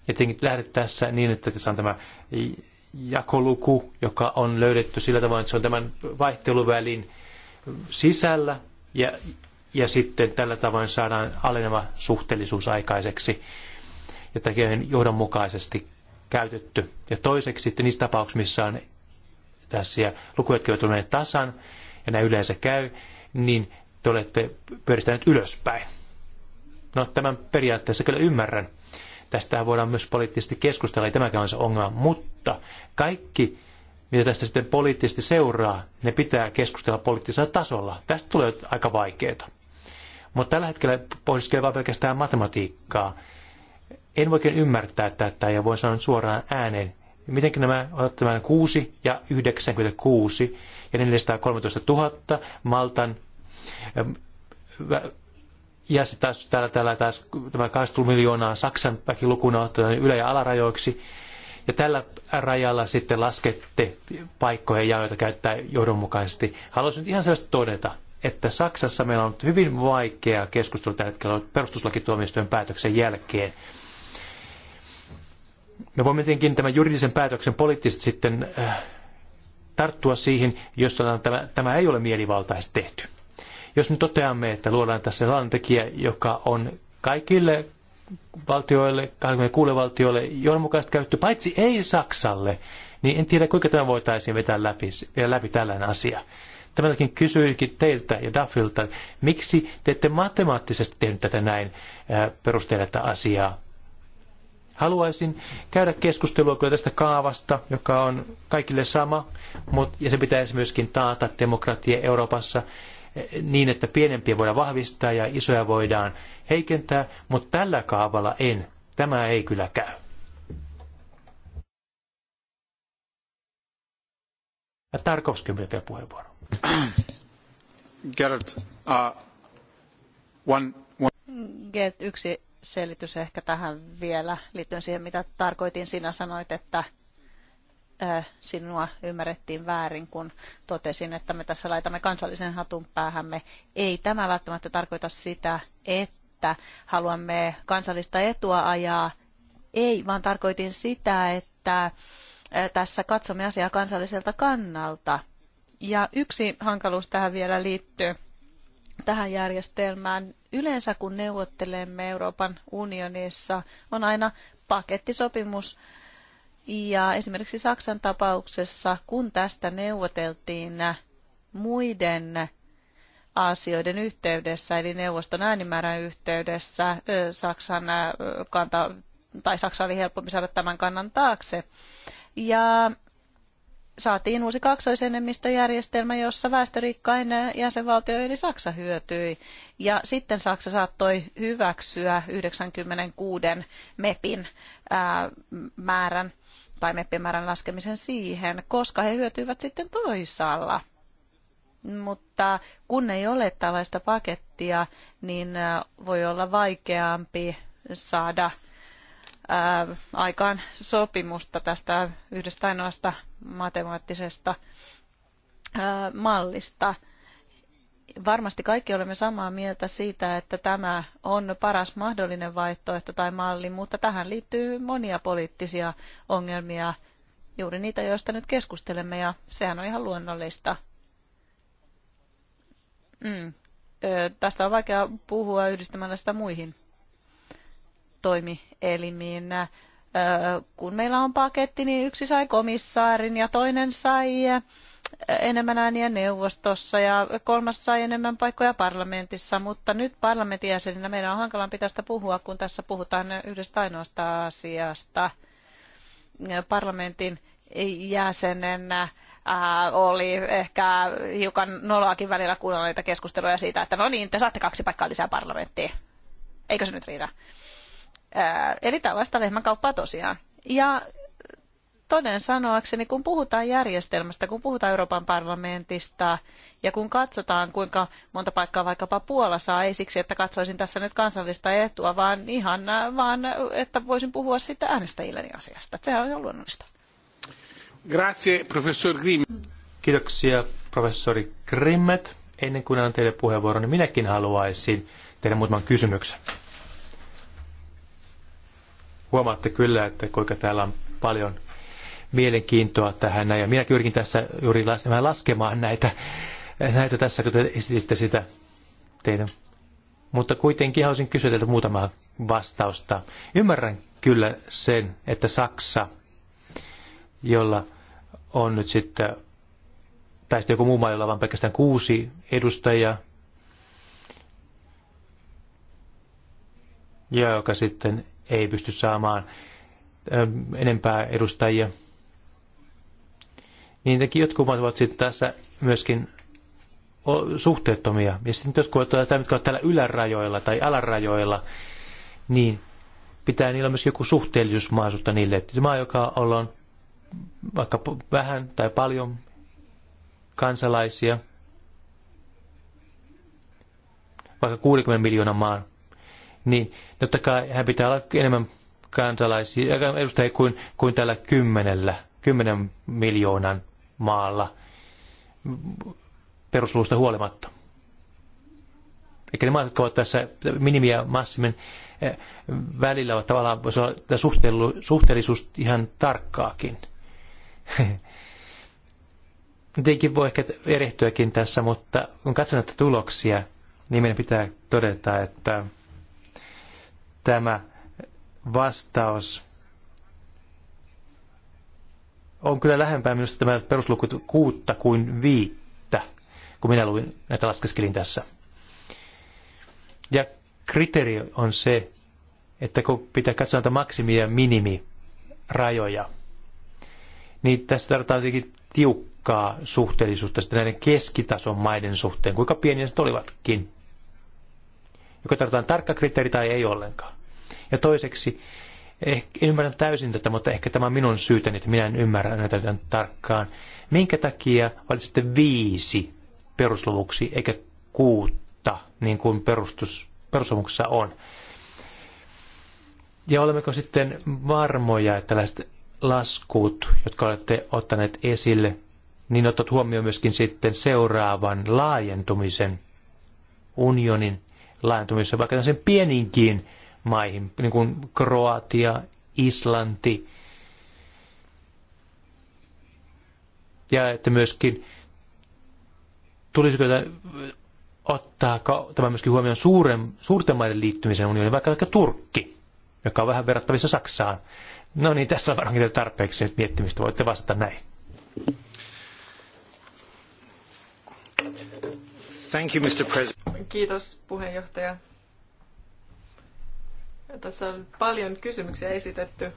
Etenkin lähdet tässä niin, että tässä on tämä jakoluku, joka on löydetty sillä tavoin, että se on tämän vaihteluvälin sisällä, ja, ja sitten tällä tavoin saadaan aleneva suhteellisuus aikaiseksi, jota on johdonmukaisesti käytetty. Ja toiseksi sitten niissä tapauksissa, missä on tässä lukujatkin ovat tulleet tasan, ja näin yleensä käy, niin te olette pyöristäneet ylöspäin. No tämän periaatteessa kyllä ymmärrän. Tästä voidaan myös poliittisesti keskustella, ei tämäkään on se ongelma, mutta kaikki mitä tästä sitten poliittisesti seuraa, ne pitää keskustella poliittisella tasolla. Tästä tulee aika vaikeaa. Mutta tällä hetkellä pohdiskelee vain pelkästään matematiikkaa. En oikein ymmärtää tätä ja voin sanoa suoraan ääneen. Miten nämä ovat tämän 6 ja 96 ja 413 000 Maltan ähm, ja sitten taas täällä, täällä taas tämä 20 miljoonaa Saksan väkilukuna otetaan niin ylä- ja alarajoiksi. Ja tällä rajalla sitten laskette paikkoja ja joita käyttää johdonmukaisesti. Haluaisin nyt ihan sellaista todeta, että Saksassa meillä on hyvin vaikea keskustelu tällä hetkellä perustuslakituomioistuimen päätöksen jälkeen. Me voimme tietenkin tämän juridisen päätöksen poliittisesti sitten äh, tarttua siihen, jos tämä, tämä ei ole mielivaltaisesti tehty. Jos nyt toteamme, että luodaan tässä sellainen tekijä, joka on kaikille valtioille, 26 valtioille johdonmukaisesti käytetty, paitsi ei Saksalle, niin en tiedä kuinka tämä voitaisiin vetää läpi, vielä läpi tällainen asia. Tämäkin kysyikin teiltä ja Duffilta, miksi te ette matemaattisesti tehnyt tätä näin perusteella tätä asiaa. Haluaisin käydä keskustelua kyllä tästä kaavasta, joka on kaikille sama, mutta, ja se pitäisi myöskin taata demokratia Euroopassa niin, että pienempiä voidaan vahvistaa ja isoja voidaan heikentää, mutta tällä kaavalla en. Tämä ei kyllä käy. Tarkovski on vielä puheenvuoro. Gerrit, uh, one, one. Gerrit, yksi selitys ehkä tähän vielä liittyen siihen, mitä tarkoitin. Sinä sanoit, että sinua ymmärrettiin väärin, kun totesin, että me tässä laitamme kansallisen hatun päähämme. Ei tämä välttämättä tarkoita sitä, että että haluamme kansallista etua ajaa. Ei, vaan tarkoitin sitä, että tässä katsomme asiaa kansalliselta kannalta. Ja yksi hankaluus tähän vielä liittyy tähän järjestelmään. Yleensä kun neuvottelemme Euroopan unionissa, on aina pakettisopimus. Ja esimerkiksi Saksan tapauksessa, kun tästä neuvoteltiin muiden asioiden yhteydessä, eli neuvoston äänimäärän yhteydessä Saksan kanta, tai Saksa oli helpompi saada tämän kannan taakse. Ja saatiin uusi kaksoisenemmistöjärjestelmä, jossa väestörikkain jäsenvaltio eli Saksa hyötyi. Ja sitten Saksa saattoi hyväksyä 96 MEPin ää, määrän tai MEPin määrän laskemisen siihen, koska he hyötyivät sitten toisaalla – mutta kun ei ole tällaista pakettia, niin voi olla vaikeampi saada ää, aikaan sopimusta tästä yhdestä ainoasta matemaattisesta ää, mallista. Varmasti kaikki olemme samaa mieltä siitä, että tämä on paras mahdollinen vaihtoehto tai malli, mutta tähän liittyy monia poliittisia ongelmia, juuri niitä, joista nyt keskustelemme, ja sehän on ihan luonnollista Mm. Ö, tästä on vaikea puhua yhdistämällä sitä muihin toimielimiin. Ö, kun meillä on paketti, niin yksi sai komissaarin ja toinen sai enemmän ääniä neuvostossa ja kolmas sai enemmän paikkoja parlamentissa, mutta nyt parlamentin jäseninä meidän on hankalampi tästä puhua, kun tässä puhutaan yhdestä ainoasta asiasta parlamentin jäsenenä Äh, oli ehkä hiukan noloakin välillä kuunnella niitä keskusteluja siitä, että no niin, te saatte kaksi paikkaa lisää parlamenttiin. Eikö se nyt riitä? Äh, eli tällaista lehmänkauppaa tosiaan. Ja toden sanoakseni, kun puhutaan järjestelmästä, kun puhutaan Euroopan parlamentista ja kun katsotaan, kuinka monta paikkaa vaikkapa Puola saa, ei siksi, että katsoisin tässä nyt kansallista etua, vaan ihan äh, vaan, että voisin puhua sitten äänestäjilleni asiasta. Sehän on jo luonnollista. Kiitoksia, professori Grimmet. Ennen kuin annan teille puheenvuoron, niin minäkin haluaisin tehdä muutaman kysymyksen. Huomaatte kyllä, että kuinka täällä on paljon mielenkiintoa tähän. Ja minäkin yritin tässä juuri laskemaan näitä, näitä tässä, kun te esititte sitä teidän. Mutta kuitenkin haluaisin kysyä teiltä muutamaa vastausta. Ymmärrän kyllä sen, että Saksa, jolla on nyt sitten, tai sitten joku muu maa, jolla on pelkästään kuusi edustajaa, ja joka sitten ei pysty saamaan ähm, enempää edustajia. Niin jotkut maat ovat sitten tässä myöskin suhteettomia. Ja sitten jotkut, jotka ovat täällä ylärajoilla tai alarajoilla, niin pitää niillä myös joku suhteellisuusmaisuutta niille. Että maa, joka on vaikka vähän tai paljon kansalaisia, vaikka 60 miljoonan maan, niin totta kai hän pitää olla enemmän kansalaisia, äh, edustajia kuin, kuin tällä kymmenellä, kymmenen miljoonan maalla perusluvusta huolimatta. Eli ne maat, jotka ovat tässä minimi- ja massimin äh, välillä, ovat tavallaan voisi olla suhteellisuus ihan tarkkaakin. Tietenkin voi ehkä erehtyäkin tässä, mutta kun katson näitä tuloksia, niin meidän pitää todeta, että tämä vastaus on kyllä lähempää minusta tämä perusluku kuutta kuin viittä, kun minä luin näitä laskeskelin tässä. Ja kriteeri on se, että kun pitää katsoa näitä maksimi- ja minimirajoja, niin tässä tarvitaan jotenkin tiukkaa suhteellisuutta sitten näiden keskitason maiden suhteen, kuinka pieniä ne olivatkin. Joko tarvitaan tarkka kriteeri tai ei ollenkaan. Ja toiseksi, ehkä, ymmärrä täysin tätä, mutta ehkä tämä on minun syytäni, että minä en ymmärrä näitä tämän tarkkaan. Minkä takia valitsitte viisi perusluvuksi eikä kuutta, niin kuin perustus, perusluvuksessa on? Ja olemmeko sitten varmoja, että tällaiset laskut, jotka olette ottaneet esille, niin otat huomioon myöskin sitten seuraavan laajentumisen, unionin laajentumisen, vaikka sen pieninkin maihin, niin kuin Kroatia, Islanti, ja että myöskin tulisiko ottaa tämä myöskin huomioon suuren, suurten maiden liittymisen unioniin, vaikka, vaikka Turkki, joka on vähän verrattavissa Saksaan, No niin, tässä on varmaan tarpeeksi nyt miettimistä. Voitte vastata näin. Thank you, Mr. President. Kiitos puheenjohtaja. Ja Tässä on paljon kysymyksiä esitetty.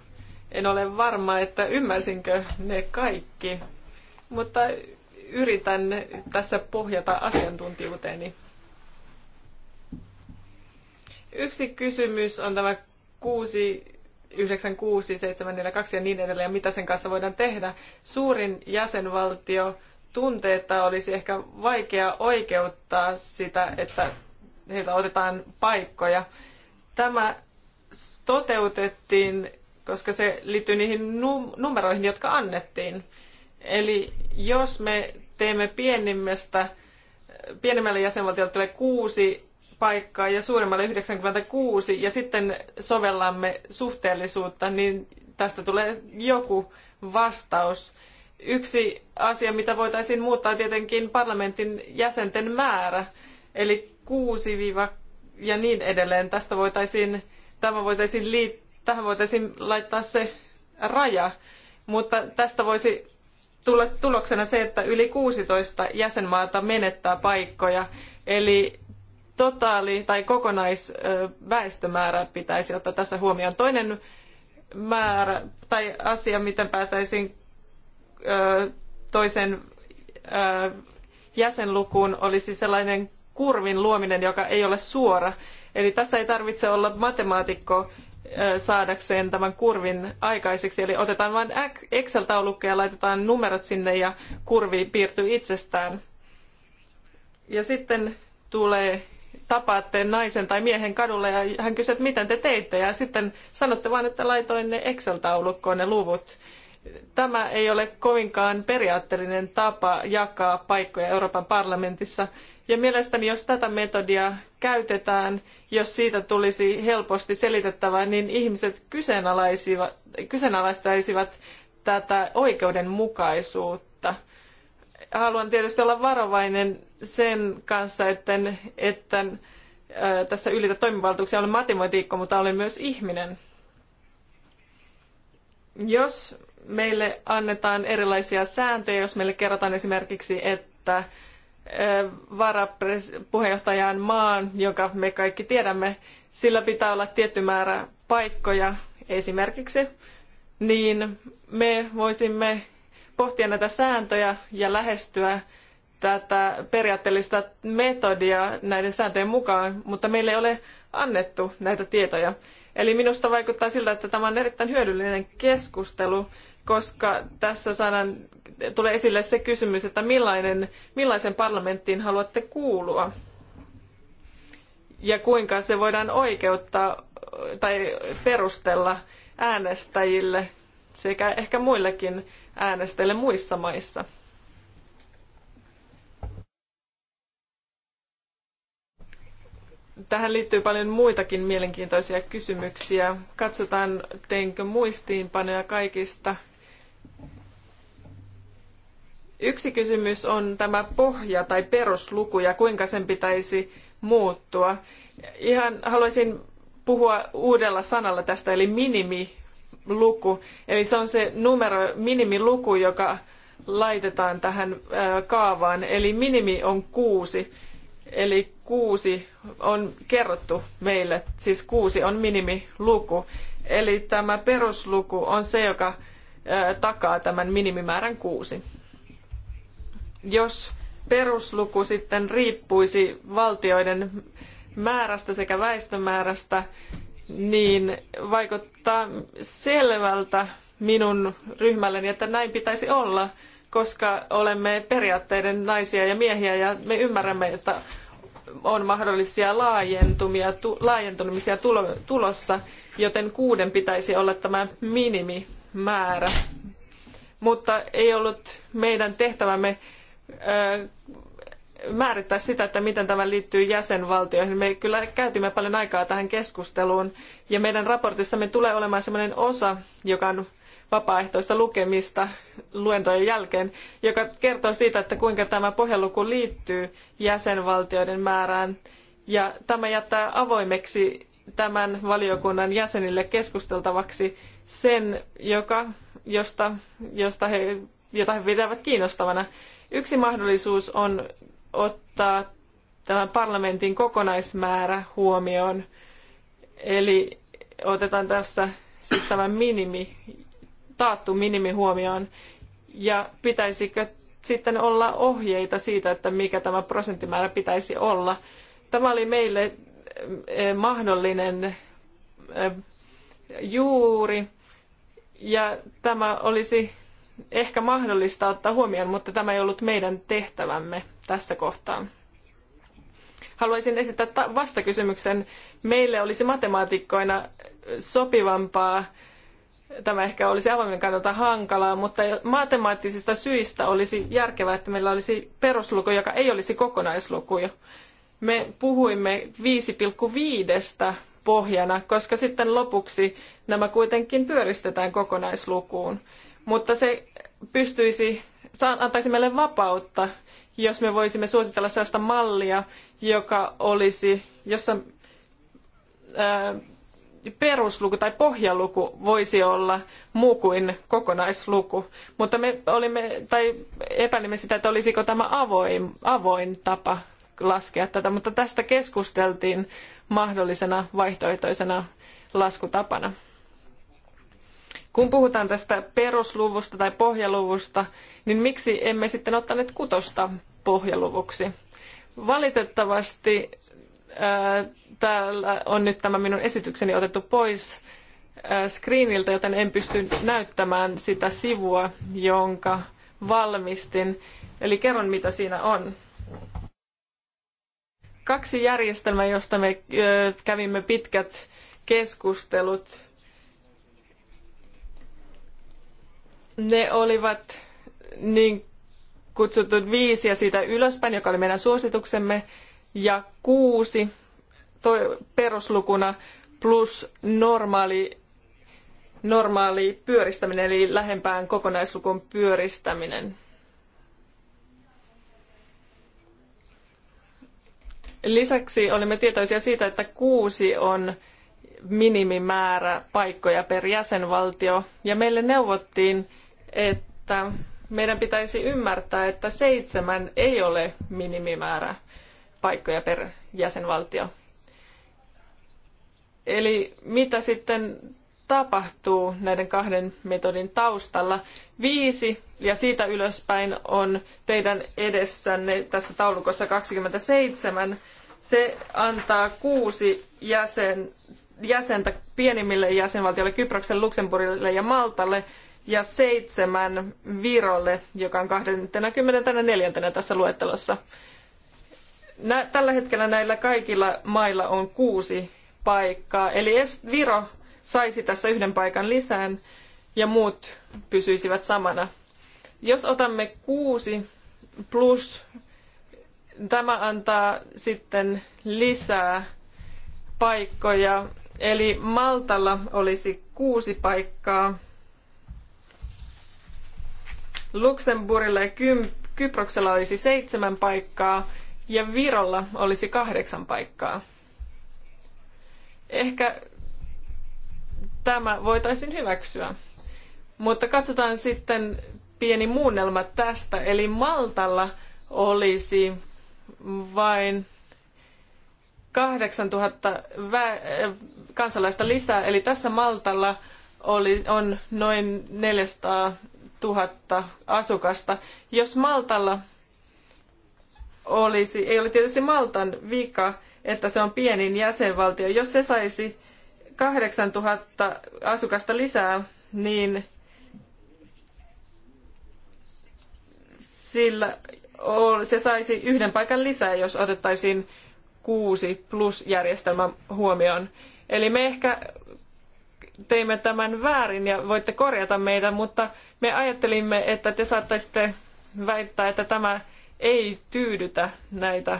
En ole varma, että ymmärsinkö ne kaikki, mutta yritän tässä pohjata asiantuntijuuteeni. Yksi kysymys on tämä kuusi 96, 742 ja niin edelleen, ja mitä sen kanssa voidaan tehdä. Suurin jäsenvaltio tuntee, että olisi ehkä vaikea oikeuttaa sitä, että heiltä otetaan paikkoja. Tämä toteutettiin, koska se liittyy niihin numeroihin, jotka annettiin. Eli jos me teemme pienimmästä, pienimmälle jäsenvaltiolle kuusi paikkaa ja suuremmalle 96 ja sitten sovellamme suhteellisuutta, niin tästä tulee joku vastaus. Yksi asia, mitä voitaisiin muuttaa tietenkin parlamentin jäsenten määrä, eli 6 ja niin edelleen. Tästä voitaisiin, tämä voitaisiin liittää, tähän voitaisiin laittaa se raja, mutta tästä voisi tulla tuloksena se, että yli 16 jäsenmaata menettää paikkoja. Eli totaali- tai kokonaisväestömäärä pitäisi ottaa tässä huomioon. Toinen määrä tai asia, miten päästäisiin toisen jäsenlukuun, olisi sellainen kurvin luominen, joka ei ole suora. Eli tässä ei tarvitse olla matemaatikko saadakseen tämän kurvin aikaiseksi. Eli otetaan vain Excel-taulukko ja laitetaan numerot sinne ja kurvi piirtyy itsestään. Ja sitten tulee tapaatte naisen tai miehen kadulla ja hän kysyy, että miten te teitte ja sitten sanotte vain, että laitoin ne Excel-taulukkoon ne luvut. Tämä ei ole kovinkaan periaatteellinen tapa jakaa paikkoja Euroopan parlamentissa. Ja mielestäni jos tätä metodia käytetään, jos siitä tulisi helposti selitettävää, niin ihmiset kyseenalaistaisivat tätä oikeudenmukaisuutta haluan tietysti olla varovainen sen kanssa, etten, että tässä ylitä toimivaltuuksia. Olen matematiikko, mutta olen myös ihminen. Jos meille annetaan erilaisia sääntöjä, jos meille kerrotaan esimerkiksi, että varapuheenjohtajan maan, jonka me kaikki tiedämme, sillä pitää olla tietty määrä paikkoja esimerkiksi, niin me voisimme pohtia näitä sääntöjä ja lähestyä tätä periaatteellista metodia näiden sääntöjen mukaan, mutta meille ei ole annettu näitä tietoja. Eli minusta vaikuttaa siltä, että tämä on erittäin hyödyllinen keskustelu, koska tässä saadaan, tulee esille se kysymys, että millainen, millaisen parlamenttiin haluatte kuulua ja kuinka se voidaan oikeuttaa tai perustella äänestäjille sekä ehkä muillekin äänestäjille muissa maissa. Tähän liittyy paljon muitakin mielenkiintoisia kysymyksiä. Katsotaan, teinkö muistiinpanoja kaikista. Yksi kysymys on tämä pohja tai perusluku ja kuinka sen pitäisi muuttua. Ihan haluaisin puhua uudella sanalla tästä, eli minimi luku. Eli se on se numero, minimiluku, joka laitetaan tähän kaavaan. Eli minimi on kuusi. Eli kuusi on kerrottu meille, siis kuusi on minimiluku. Eli tämä perusluku on se, joka takaa tämän minimimäärän kuusi. Jos perusluku sitten riippuisi valtioiden määrästä sekä väestömäärästä, niin vaikuttaa selvältä minun ryhmälleni, että näin pitäisi olla, koska olemme periaatteiden naisia ja miehiä ja me ymmärrämme, että on mahdollisia laajentumia, tu, laajentumisia tulo, tulossa, joten kuuden pitäisi olla tämä minimimäärä. Mutta ei ollut meidän tehtävämme määrittää sitä, että miten tämä liittyy jäsenvaltioihin. Me kyllä käytimme paljon aikaa tähän keskusteluun ja meidän raportissamme tulee olemaan sellainen osa, joka on vapaaehtoista lukemista luentojen jälkeen, joka kertoo siitä, että kuinka tämä pohjaluku liittyy jäsenvaltioiden määrään. Ja tämä jättää avoimeksi tämän valiokunnan jäsenille keskusteltavaksi sen, joka, josta, josta he, jota he pitävät kiinnostavana. Yksi mahdollisuus on ottaa tämän parlamentin kokonaismäärä huomioon. Eli otetaan tässä siis tämä minimi, taattu minimi huomioon. Ja pitäisikö sitten olla ohjeita siitä, että mikä tämä prosenttimäärä pitäisi olla. Tämä oli meille eh, mahdollinen eh, juuri, ja tämä olisi ehkä mahdollista ottaa huomioon, mutta tämä ei ollut meidän tehtävämme tässä kohtaa. Haluaisin esittää vastakysymyksen. Meille olisi matemaatikkoina sopivampaa, tämä ehkä olisi avoimen kannalta hankalaa, mutta matemaattisista syistä olisi järkevää, että meillä olisi perusluku, joka ei olisi kokonaisluku. Me puhuimme 5,5 pohjana, koska sitten lopuksi nämä kuitenkin pyöristetään kokonaislukuun. Mutta se pystyisi, antaisi meille vapautta jos me voisimme suositella sellaista mallia, joka olisi, jossa ää, perusluku tai pohjaluku voisi olla muu kuin kokonaisluku. Mutta me olimme, tai epäilimme sitä, että olisiko tämä avoin, avoin tapa laskea tätä, mutta tästä keskusteltiin mahdollisena vaihtoehtoisena laskutapana. Kun puhutaan tästä perusluvusta tai pohjaluvusta, niin miksi emme sitten ottaneet kutosta pohjaluvuksi? Valitettavasti ää, äh, täällä on nyt tämä minun esitykseni otettu pois ää, äh, screeniltä, joten en pysty näyttämään sitä sivua, jonka valmistin. Eli kerron, mitä siinä on kaksi järjestelmää, josta me äh, kävimme pitkät keskustelut. Ne olivat niin kutsutut viisi ja siitä ylöspäin, joka oli meidän suosituksemme, ja kuusi toi, peruslukuna plus normaali, normaali pyöristäminen, eli lähempään kokonaislukun pyöristäminen. Lisäksi olimme tietoisia siitä, että kuusi on minimimäärä paikkoja per jäsenvaltio, ja meille neuvottiin, että meidän pitäisi ymmärtää, että seitsemän ei ole minimimäärä paikkoja per jäsenvaltio. Eli mitä sitten tapahtuu näiden kahden metodin taustalla? Viisi ja siitä ylöspäin on teidän edessänne tässä taulukossa 27. Se antaa kuusi jäsen, jäsentä pienimmille jäsenvaltioille, Kyprokselle, Luxemburgille ja Maltalle, ja seitsemän Virolle, joka on 24. tässä luettelossa. tällä hetkellä näillä kaikilla mailla on kuusi paikkaa, eli Viro saisi tässä yhden paikan lisään ja muut pysyisivät samana. Jos otamme kuusi plus, tämä antaa sitten lisää paikkoja, eli Maltalla olisi kuusi paikkaa, Luxemburgilla ja Kyproksella olisi seitsemän paikkaa ja Virolla olisi kahdeksan paikkaa. Ehkä tämä voitaisiin hyväksyä. Mutta katsotaan sitten pieni muunnelma tästä. Eli Maltalla olisi vain 8000 vä- äh, kansalaista lisää, eli tässä Maltalla oli, on noin 400 000 asukasta. Jos Maltalla olisi, ei ole tietysti Maltan vika, että se on pienin jäsenvaltio. Jos se saisi 8000 asukasta lisää, niin sillä se saisi yhden paikan lisää, jos otettaisiin kuusi plus järjestelmä huomioon. Eli me ehkä teimme tämän väärin ja voitte korjata meitä, mutta me ajattelimme, että te saattaisitte väittää, että tämä ei tyydytä näitä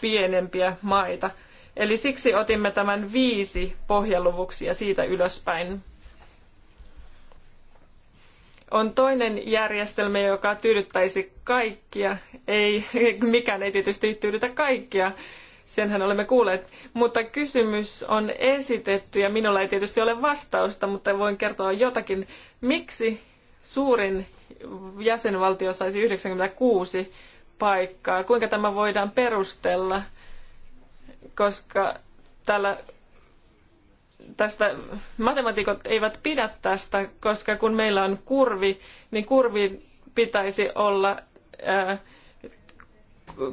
pienempiä maita. Eli siksi otimme tämän viisi pohjaluvuksi ja siitä ylöspäin. On toinen järjestelmä, joka tyydyttäisi kaikkia. Ei, mikään ei tietysti tyydytä kaikkia, senhän olemme kuulleet. Mutta kysymys on esitetty ja minulla ei tietysti ole vastausta, mutta voin kertoa jotakin. Miksi suurin jäsenvaltio saisi 96 paikkaa. Kuinka tämä voidaan perustella? Koska tällä tästä, matemaatikot eivät pidä tästä, koska kun meillä on kurvi, niin kurvin pitäisi olla, ää,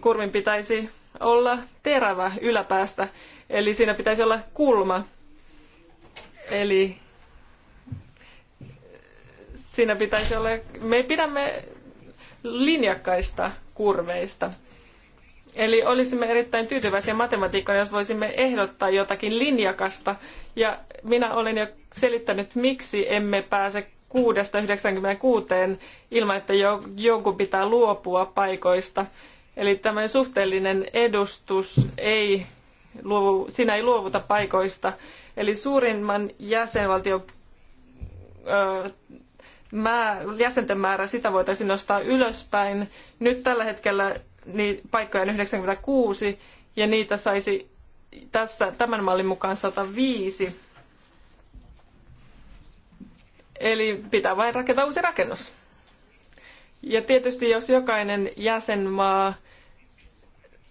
kurvin pitäisi olla terävä yläpäästä, eli siinä pitäisi olla kulma. Eli siinä pitäisi olla, me pidämme linjakkaista kurveista. Eli olisimme erittäin tyytyväisiä matematiikkaan, jos voisimme ehdottaa jotakin linjakasta. Ja minä olen jo selittänyt, miksi emme pääse 6-96 ilman, että jonkun pitää luopua paikoista. Eli tämä suhteellinen edustus ei luovu, siinä ei luovuta paikoista. Eli suurimman jäsenvaltion jäsenten määrä, sitä voitaisiin nostaa ylöspäin. Nyt tällä hetkellä niin paikkoja on 96 ja niitä saisi tässä, tämän mallin mukaan 105. Eli pitää vain rakentaa uusi rakennus. Ja tietysti jos jokainen jäsenmaa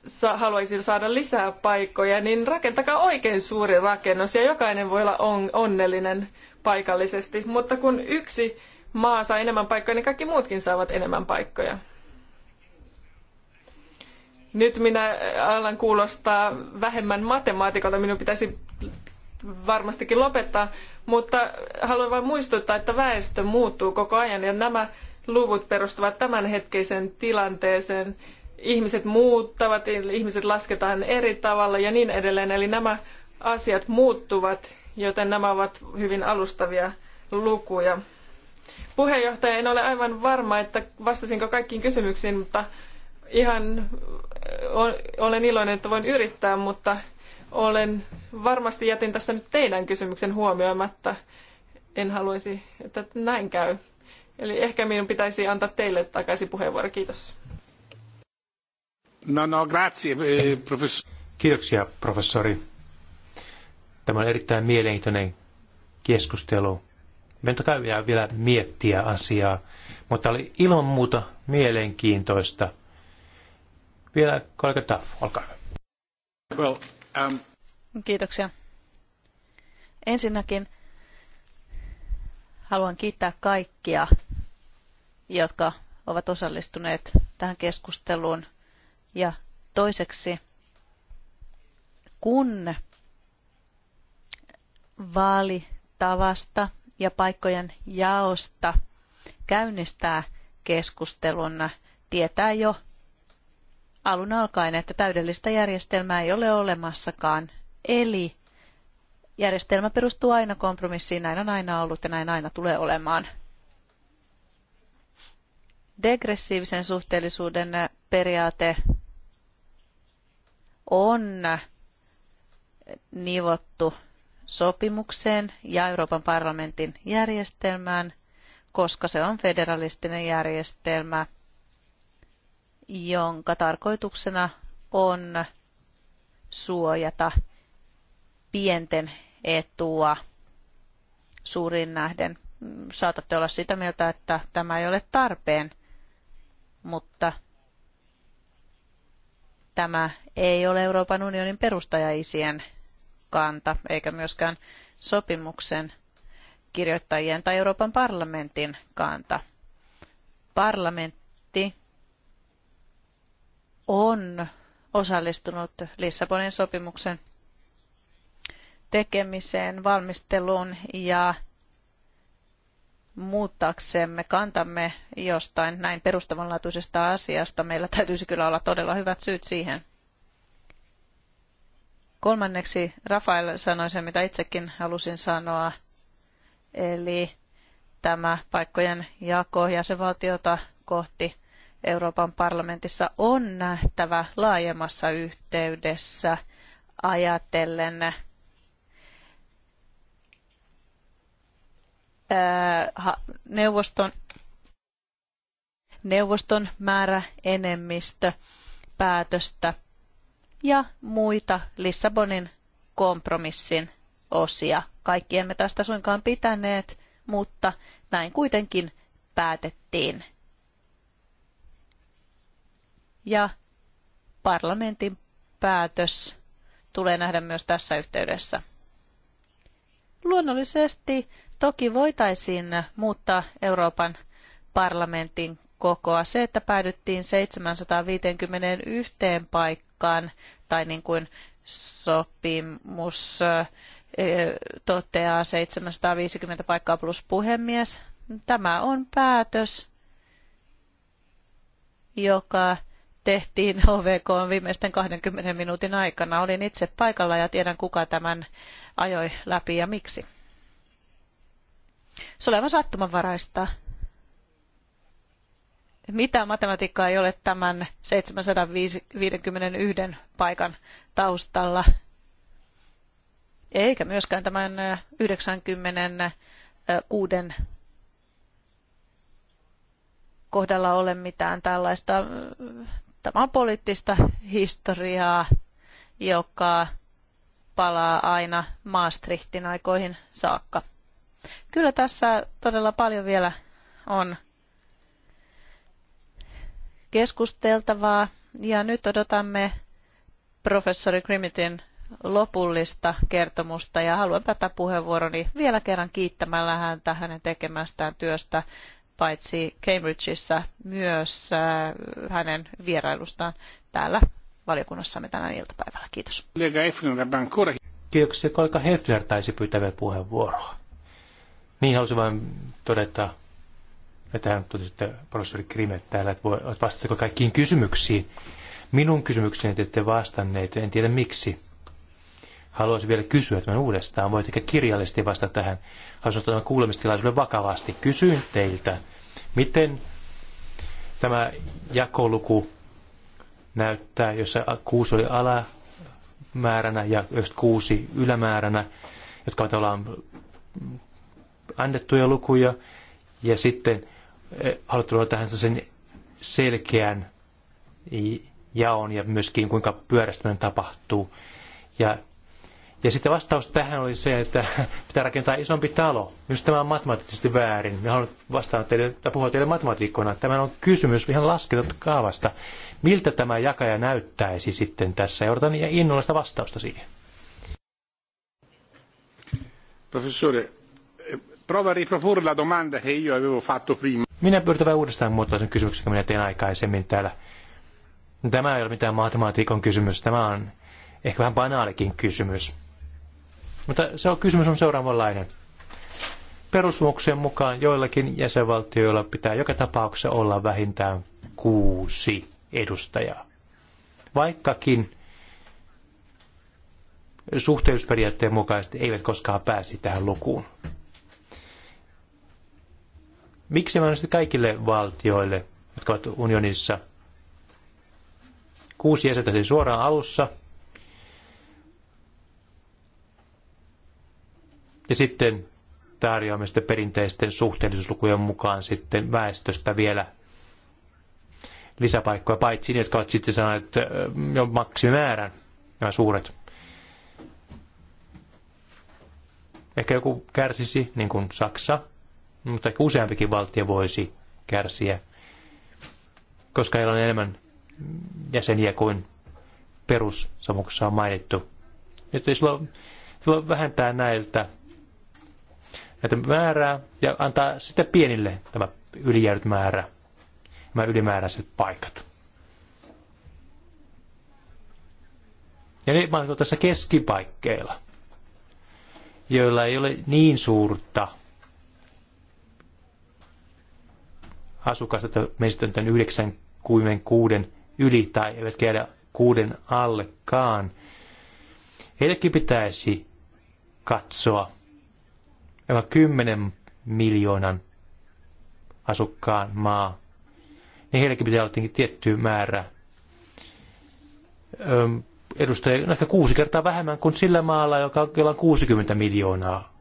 sa- haluaisi saada lisää paikkoja, niin rakentakaa oikein suuri rakennus ja jokainen voi olla on- onnellinen paikallisesti. Mutta kun yksi maa saa enemmän paikkoja, niin kaikki muutkin saavat enemmän paikkoja. Nyt minä alan kuulostaa vähemmän matemaatikolta, minun pitäisi varmastikin lopettaa, mutta haluan vain muistuttaa, että väestö muuttuu koko ajan ja nämä luvut perustuvat tämänhetkiseen tilanteeseen. Ihmiset muuttavat, ihmiset lasketaan eri tavalla ja niin edelleen. Eli nämä asiat muuttuvat, joten nämä ovat hyvin alustavia lukuja. Puheenjohtaja, en ole aivan varma, että vastasinko kaikkiin kysymyksiin, mutta ihan olen iloinen, että voin yrittää, mutta olen varmasti jätin tässä nyt teidän kysymyksen huomioimatta. En haluaisi, että näin käy. Eli ehkä minun pitäisi antaa teille takaisin puheenvuoro. Kiitos. No, no, grazie, eh, professori. Kiitoksia, professori. Tämä on erittäin mielenkiintoinen keskustelu me totta kai vielä miettiä asiaa, mutta oli ilman muuta mielenkiintoista. Vielä kollega Taff, olkaa hyvä. Well, um... Kiitoksia. Ensinnäkin haluan kiittää kaikkia, jotka ovat osallistuneet tähän keskusteluun. Ja toiseksi, kun vaalitavasta ja paikkojen jaosta käynnistää keskustelun, tietää jo alun alkaen, että täydellistä järjestelmää ei ole olemassakaan. Eli järjestelmä perustuu aina kompromissiin, näin on aina ollut ja näin aina tulee olemaan. Degressiivisen suhteellisuuden periaate on nivottu sopimukseen ja Euroopan parlamentin järjestelmään, koska se on federalistinen järjestelmä, jonka tarkoituksena on suojata pienten etua suurin nähden. Saatatte olla sitä mieltä, että tämä ei ole tarpeen, mutta tämä ei ole Euroopan unionin perustajaisien kanta, eikä myöskään sopimuksen kirjoittajien tai Euroopan parlamentin kanta. Parlamentti on osallistunut Lissabonin sopimuksen tekemiseen, valmisteluun ja muuttaaksemme kantamme jostain näin perustavanlaatuisesta asiasta, meillä täytyisi kyllä olla todella hyvät syyt siihen. Kolmanneksi Rafael sanoi sen, mitä itsekin halusin sanoa, eli tämä paikkojen jako jäsenvaltiota kohti Euroopan parlamentissa on nähtävä laajemmassa yhteydessä ajatellen äh, neuvoston, neuvoston määrä enemmistö päätöstä – ja muita Lissabonin kompromissin osia. Kaikki emme tästä suinkaan pitäneet, mutta näin kuitenkin päätettiin. Ja parlamentin päätös tulee nähdä myös tässä yhteydessä. Luonnollisesti toki voitaisiin muuttaa Euroopan parlamentin kokoa. Se, että päädyttiin 751 paikkaan, mukaan, tai niin kuin sopimus toteaa 750 paikkaa plus puhemies. Tämä on päätös, joka tehtiin OVK viimeisten 20 minuutin aikana. Olin itse paikalla ja tiedän, kuka tämän ajoi läpi ja miksi. Se oli aivan sattumanvaraista. Mitä matematiikkaa ei ole tämän 751 paikan taustalla, eikä myöskään tämän 96 kohdalla ole mitään tällaista. Tämä on poliittista historiaa, joka palaa aina Maastrichtin aikoihin saakka. Kyllä tässä todella paljon vielä on keskusteltavaa ja nyt odotamme professori Grimitin lopullista kertomusta ja haluan päättää puheenvuoroni vielä kerran kiittämällä häntä hänen tekemästään työstä paitsi Cambridgeissa myös äh, hänen vierailustaan täällä valiokunnassamme tänään iltapäivällä. Kiitos. Kiitoksia. Kolka Hefner taisi pyytää puheenvuoroa. Niin halusin vain todeta ja tähän että professori Krime täällä, että vastatteko kaikkiin kysymyksiin. Minun kysymykseni te ette vastanneet, en tiedä miksi. Haluaisin vielä kysyä tämän uudestaan, voit ehkä kirjallisesti vastata tähän. Haluaisin ottaa tämän kuulemistilaisuuden vakavasti. Kysyin teiltä, miten tämä jakoluku näyttää, jossa kuusi oli alamääränä ja kuusi ylämääränä, jotka ovat annettuja lukuja, ja sitten luoda tähän sen selkeän jaon ja myöskin kuinka pyörästyminen tapahtuu. Ja, ja sitten vastaus tähän oli se, että pitää rakentaa isompi talo. Minusta tämä on matemaattisesti väärin. Minä haluan vastaan teille, tai puhua teille matematiikkoina. Tämä on kysymys ihan kaavasta, Miltä tämä jakaja näyttäisi sitten tässä? Ja odotan innolla sitä vastausta siihen. Professori, Prova a riproporre la domanda che io avevo fatto prima. Minä pyritän uudestaan muotoisen kysymyksen, kun minä tein aikaisemmin täällä. Tämä ei ole mitään matematiikon kysymys, tämä on ehkä vähän banaalikin kysymys. Mutta se on, kysymys on seuraavanlainen. Perusmuoksien mukaan joillakin jäsenvaltioilla pitää joka tapauksessa olla vähintään kuusi edustajaa. Vaikkakin suhteellisuusperiaatteen mukaisesti eivät koskaan pääsi tähän lukuun. Miksi mä annan kaikille valtioille, jotka ovat unionissa? Kuusi jäsentä siis suoraan alussa. Ja sitten tarjoamme sitten perinteisten suhteellisuuslukujen mukaan sitten väestöstä vielä lisäpaikkoja, paitsi ne, jotka ovat sitten sanoneet että jo maksimäärän nämä suuret. Ehkä joku kärsisi, niin kuin Saksa, mutta ehkä useampikin valtio voisi kärsiä, koska heillä on enemmän jäseniä kuin perussamuksessa on mainittu. Joten silloin, silloin vähentää näiltä näitä määrää ja antaa sitten pienille tämä ylijäänyt määrä, nämä ylimääräiset paikat. Ja ne mahtuu tässä keskipaikkeilla, joilla ei ole niin suurta asukasta, että meistä on 96 yli tai eivät käydä kuuden allekaan. Heillekin pitäisi katsoa. aivan 10 miljoonan asukkaan maa, niin heillekin pitää olla tietty määrä on no ehkä kuusi kertaa vähemmän kuin sillä maalla, joka, on 60 miljoonaa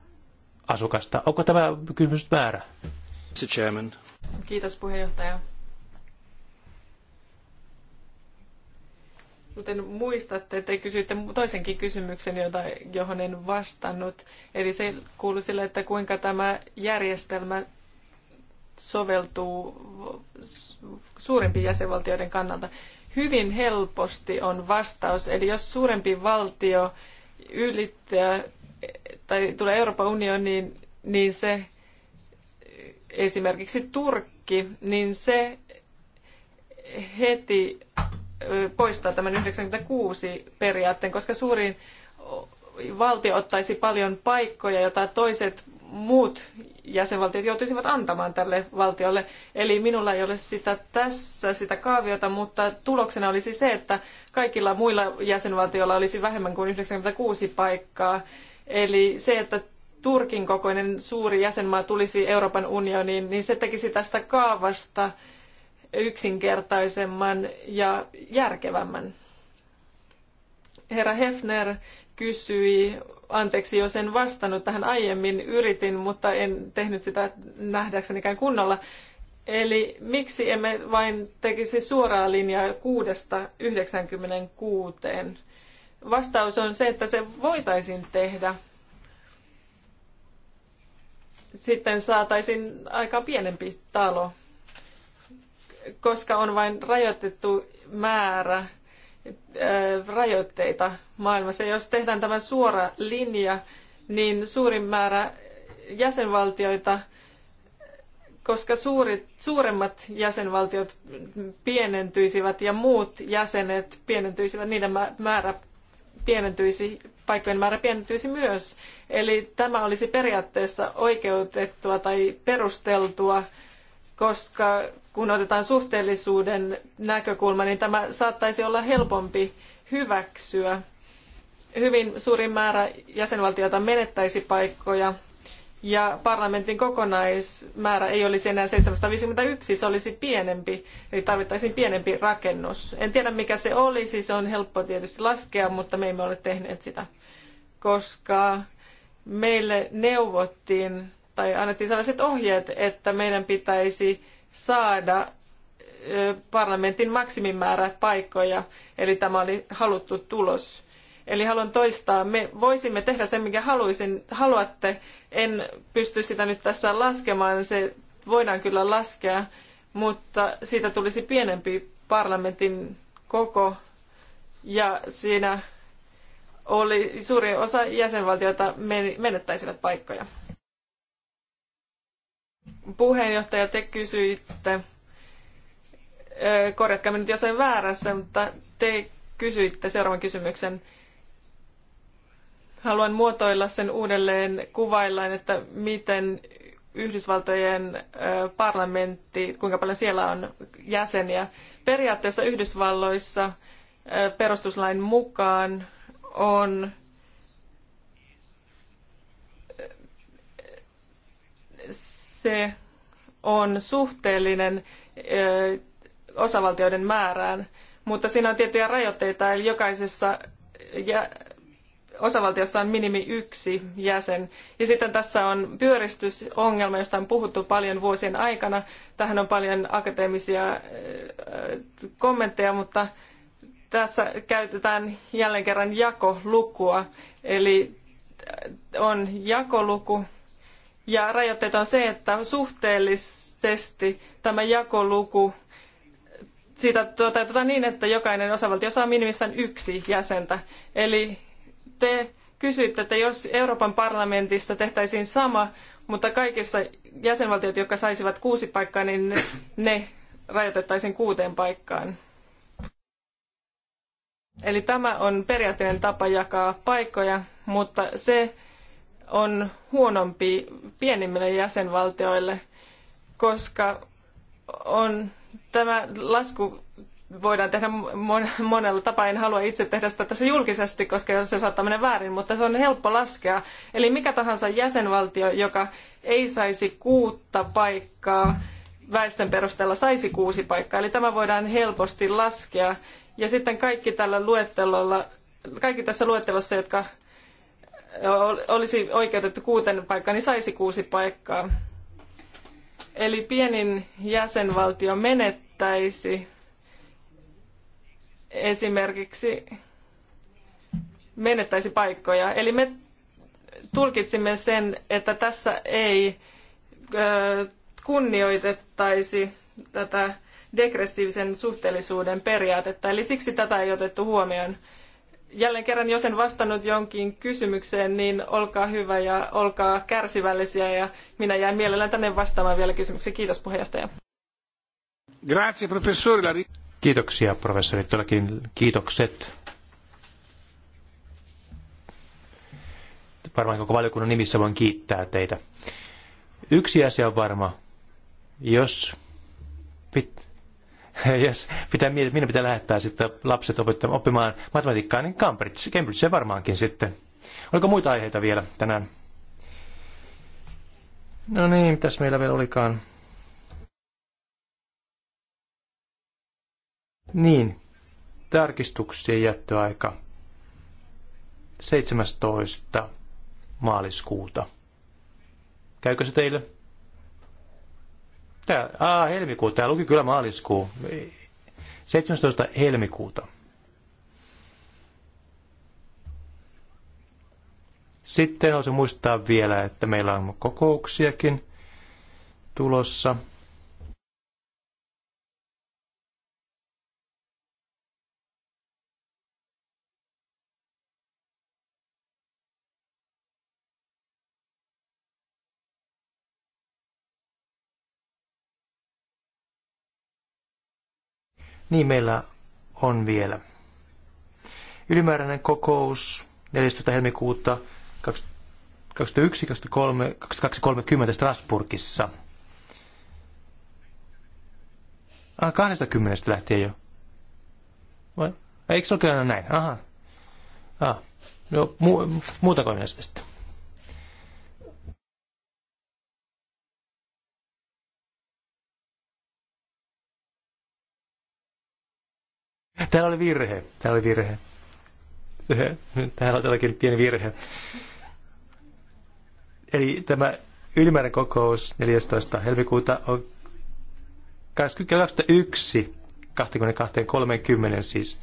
asukasta. Onko tämä kysymys määrä? Mr. Chairman. Kiitos puheenjohtaja. Kuten muistatte, te kysyitte toisenkin kysymyksen, jota, johon en vastannut. Eli se kuului sille, että kuinka tämä järjestelmä soveltuu suurempien jäsenvaltioiden kannalta. Hyvin helposti on vastaus. Eli jos suurempi valtio ylittää tai tulee Euroopan unioniin, niin se esimerkiksi Turkki, niin se heti poistaa tämän 96 periaatteen, koska suurin valtio ottaisi paljon paikkoja, joita toiset muut jäsenvaltiot joutuisivat antamaan tälle valtiolle. Eli minulla ei ole sitä tässä, sitä kaaviota, mutta tuloksena olisi se, että kaikilla muilla jäsenvaltioilla olisi vähemmän kuin 96 paikkaa. Eli se, että Turkin kokoinen suuri jäsenmaa tulisi Euroopan unioniin, niin se tekisi tästä kaavasta yksinkertaisemman ja järkevämmän. Herra Hefner kysyi, anteeksi jos en vastannut tähän aiemmin, yritin, mutta en tehnyt sitä nähdäkseni ikään kunnolla. Eli miksi emme vain tekisi suoraa linjaa kuudesta Vastaus on se, että se voitaisiin tehdä, sitten saataisiin aika pienempi talo, koska on vain rajoitettu määrä äh, rajoitteita maailmassa. jos tehdään tämä suora linja, niin suurin määrä jäsenvaltioita, koska suurit, suuremmat jäsenvaltiot pienentyisivät ja muut jäsenet pienentyisivät, niiden määrä pienentyisi, paikkojen määrä pienentyisi myös. Eli tämä olisi periaatteessa oikeutettua tai perusteltua, koska kun otetaan suhteellisuuden näkökulma, niin tämä saattaisi olla helpompi hyväksyä. Hyvin suuri määrä jäsenvaltioita menettäisi paikkoja ja parlamentin kokonaismäärä ei olisi enää 751, se olisi pienempi, eli tarvittaisiin pienempi rakennus. En tiedä mikä se olisi, se on helppo tietysti laskea, mutta me emme ole tehneet sitä, koska meille neuvottiin tai annettiin sellaiset ohjeet, että meidän pitäisi saada parlamentin maksimimäärä paikkoja, eli tämä oli haluttu tulos. Eli haluan toistaa, me voisimme tehdä sen, mikä haluaisin, haluatte. En pysty sitä nyt tässä laskemaan, se voidaan kyllä laskea, mutta siitä tulisi pienempi parlamentin koko ja siinä oli suuri osa jäsenvaltioita menettäisivät paikkoja. Puheenjohtaja, te kysyitte, korjatkaa nyt jos väärässä, mutta te kysyitte seuraavan kysymyksen. Haluan muotoilla sen uudelleen kuvaillen, että miten Yhdysvaltojen parlamentti, kuinka paljon siellä on jäseniä. Periaatteessa Yhdysvalloissa perustuslain mukaan on se on suhteellinen osavaltioiden määrään, mutta siinä on tiettyjä rajoitteita, eli jokaisessa osavaltiossa on minimi yksi jäsen. Ja sitten tässä on pyöristysongelma, josta on puhuttu paljon vuosien aikana. Tähän on paljon akateemisia kommentteja, mutta tässä käytetään jälleen kerran jakolukua, eli on jakoluku. Ja rajoitteet on se, että suhteellisesti tämä jakoluku, siitä toteutetaan niin, että jokainen osavaltio saa minimissään yksi jäsentä. Eli te kysyitte, että jos Euroopan parlamentissa tehtäisiin sama, mutta kaikissa jäsenvaltiot, jotka saisivat kuusi paikkaa, niin ne, ne rajoitettaisiin kuuteen paikkaan. Eli tämä on periaatteellinen tapa jakaa paikkoja, mutta se on huonompi pienimmille jäsenvaltioille, koska on tämä lasku voidaan tehdä monella tapaa. En halua itse tehdä sitä tässä julkisesti, koska se saattaa mennä väärin, mutta se on helppo laskea. Eli mikä tahansa jäsenvaltio, joka ei saisi kuutta paikkaa väestön perusteella, saisi kuusi paikkaa. Eli tämä voidaan helposti laskea ja sitten kaikki tällä luettelolla, kaikki tässä luettelossa, jotka olisi oikeutettu kuuteen paikkaan, niin saisi kuusi paikkaa. Eli pienin jäsenvaltio menettäisi esimerkiksi menettäisi paikkoja. Eli me tulkitsimme sen, että tässä ei kunnioitettaisi tätä degressiivisen suhteellisuuden periaatetta, eli siksi tätä ei otettu huomioon. Jälleen kerran, jos en vastannut jonkin kysymykseen, niin olkaa hyvä ja olkaa kärsivällisiä ja minä jäin mielellään tänne vastaamaan vielä kysymyksiä. Kiitos puheenjohtaja. Grazie, professori. Kiitoksia professori, todellakin kiitokset. Varmaan koko valiokunnan nimissä voin kiittää teitä. Yksi asia on varma, jos pit, jos pitää, minä pitää lähettää sitten lapset opettamaan, oppimaan matematiikkaa, niin Cambridge, Cambridge varmaankin sitten. Oliko muita aiheita vielä tänään? No niin, mitäs meillä vielä olikaan? Niin, tarkistuksien jättöaika 17. maaliskuuta. Käykö se teille? Tää, aa, helmikuu, tää luki kyllä maaliskuu. 17. helmikuuta. Sitten olisi muistaa vielä, että meillä on kokouksiakin tulossa. Niin meillä on vielä. Ylimääräinen kokous 14. helmikuuta 2021, 2023, 22.30 Strasburgissa. 20 lähtien jo. Vai? Eikö se ole näin? Aha. Ah. No, mu- muuta minä sitten? Täällä oli virhe. Täällä oli virhe. Täällä on tälläkin pieni virhe. Eli tämä ylimääräinen kokous 14. helmikuuta on 21 22.30 siis.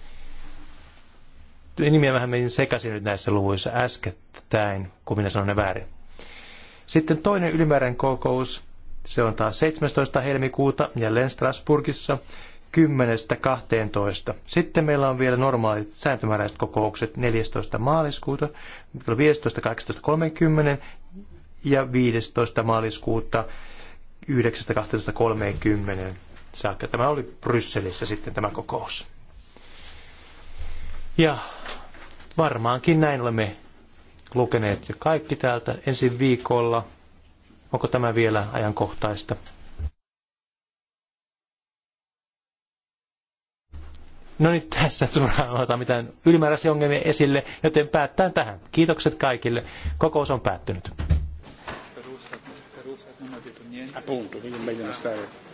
Nimiä vähän menin sekaisin nyt näissä luvuissa äskettäin, kun minä sanon ne väärin. Sitten toinen ylimääräinen kokous, se on taas 17. helmikuuta, jälleen Strasburgissa, 10-12. Sitten meillä on vielä normaalit sääntömääräiset kokoukset 14. maaliskuuta, 15. 18.30 ja 15. maaliskuuta 19-30. saakka. Tämä oli Brysselissä sitten tämä kokous. Ja varmaankin näin olemme lukeneet jo kaikki täältä ensi viikolla. Onko tämä vielä ajankohtaista? No niin, tässä turhaan ota mitään ylimääräisiä ongelmia esille, joten päättään tähän. Kiitokset kaikille. Kokous on päättynyt. Appunto, quindi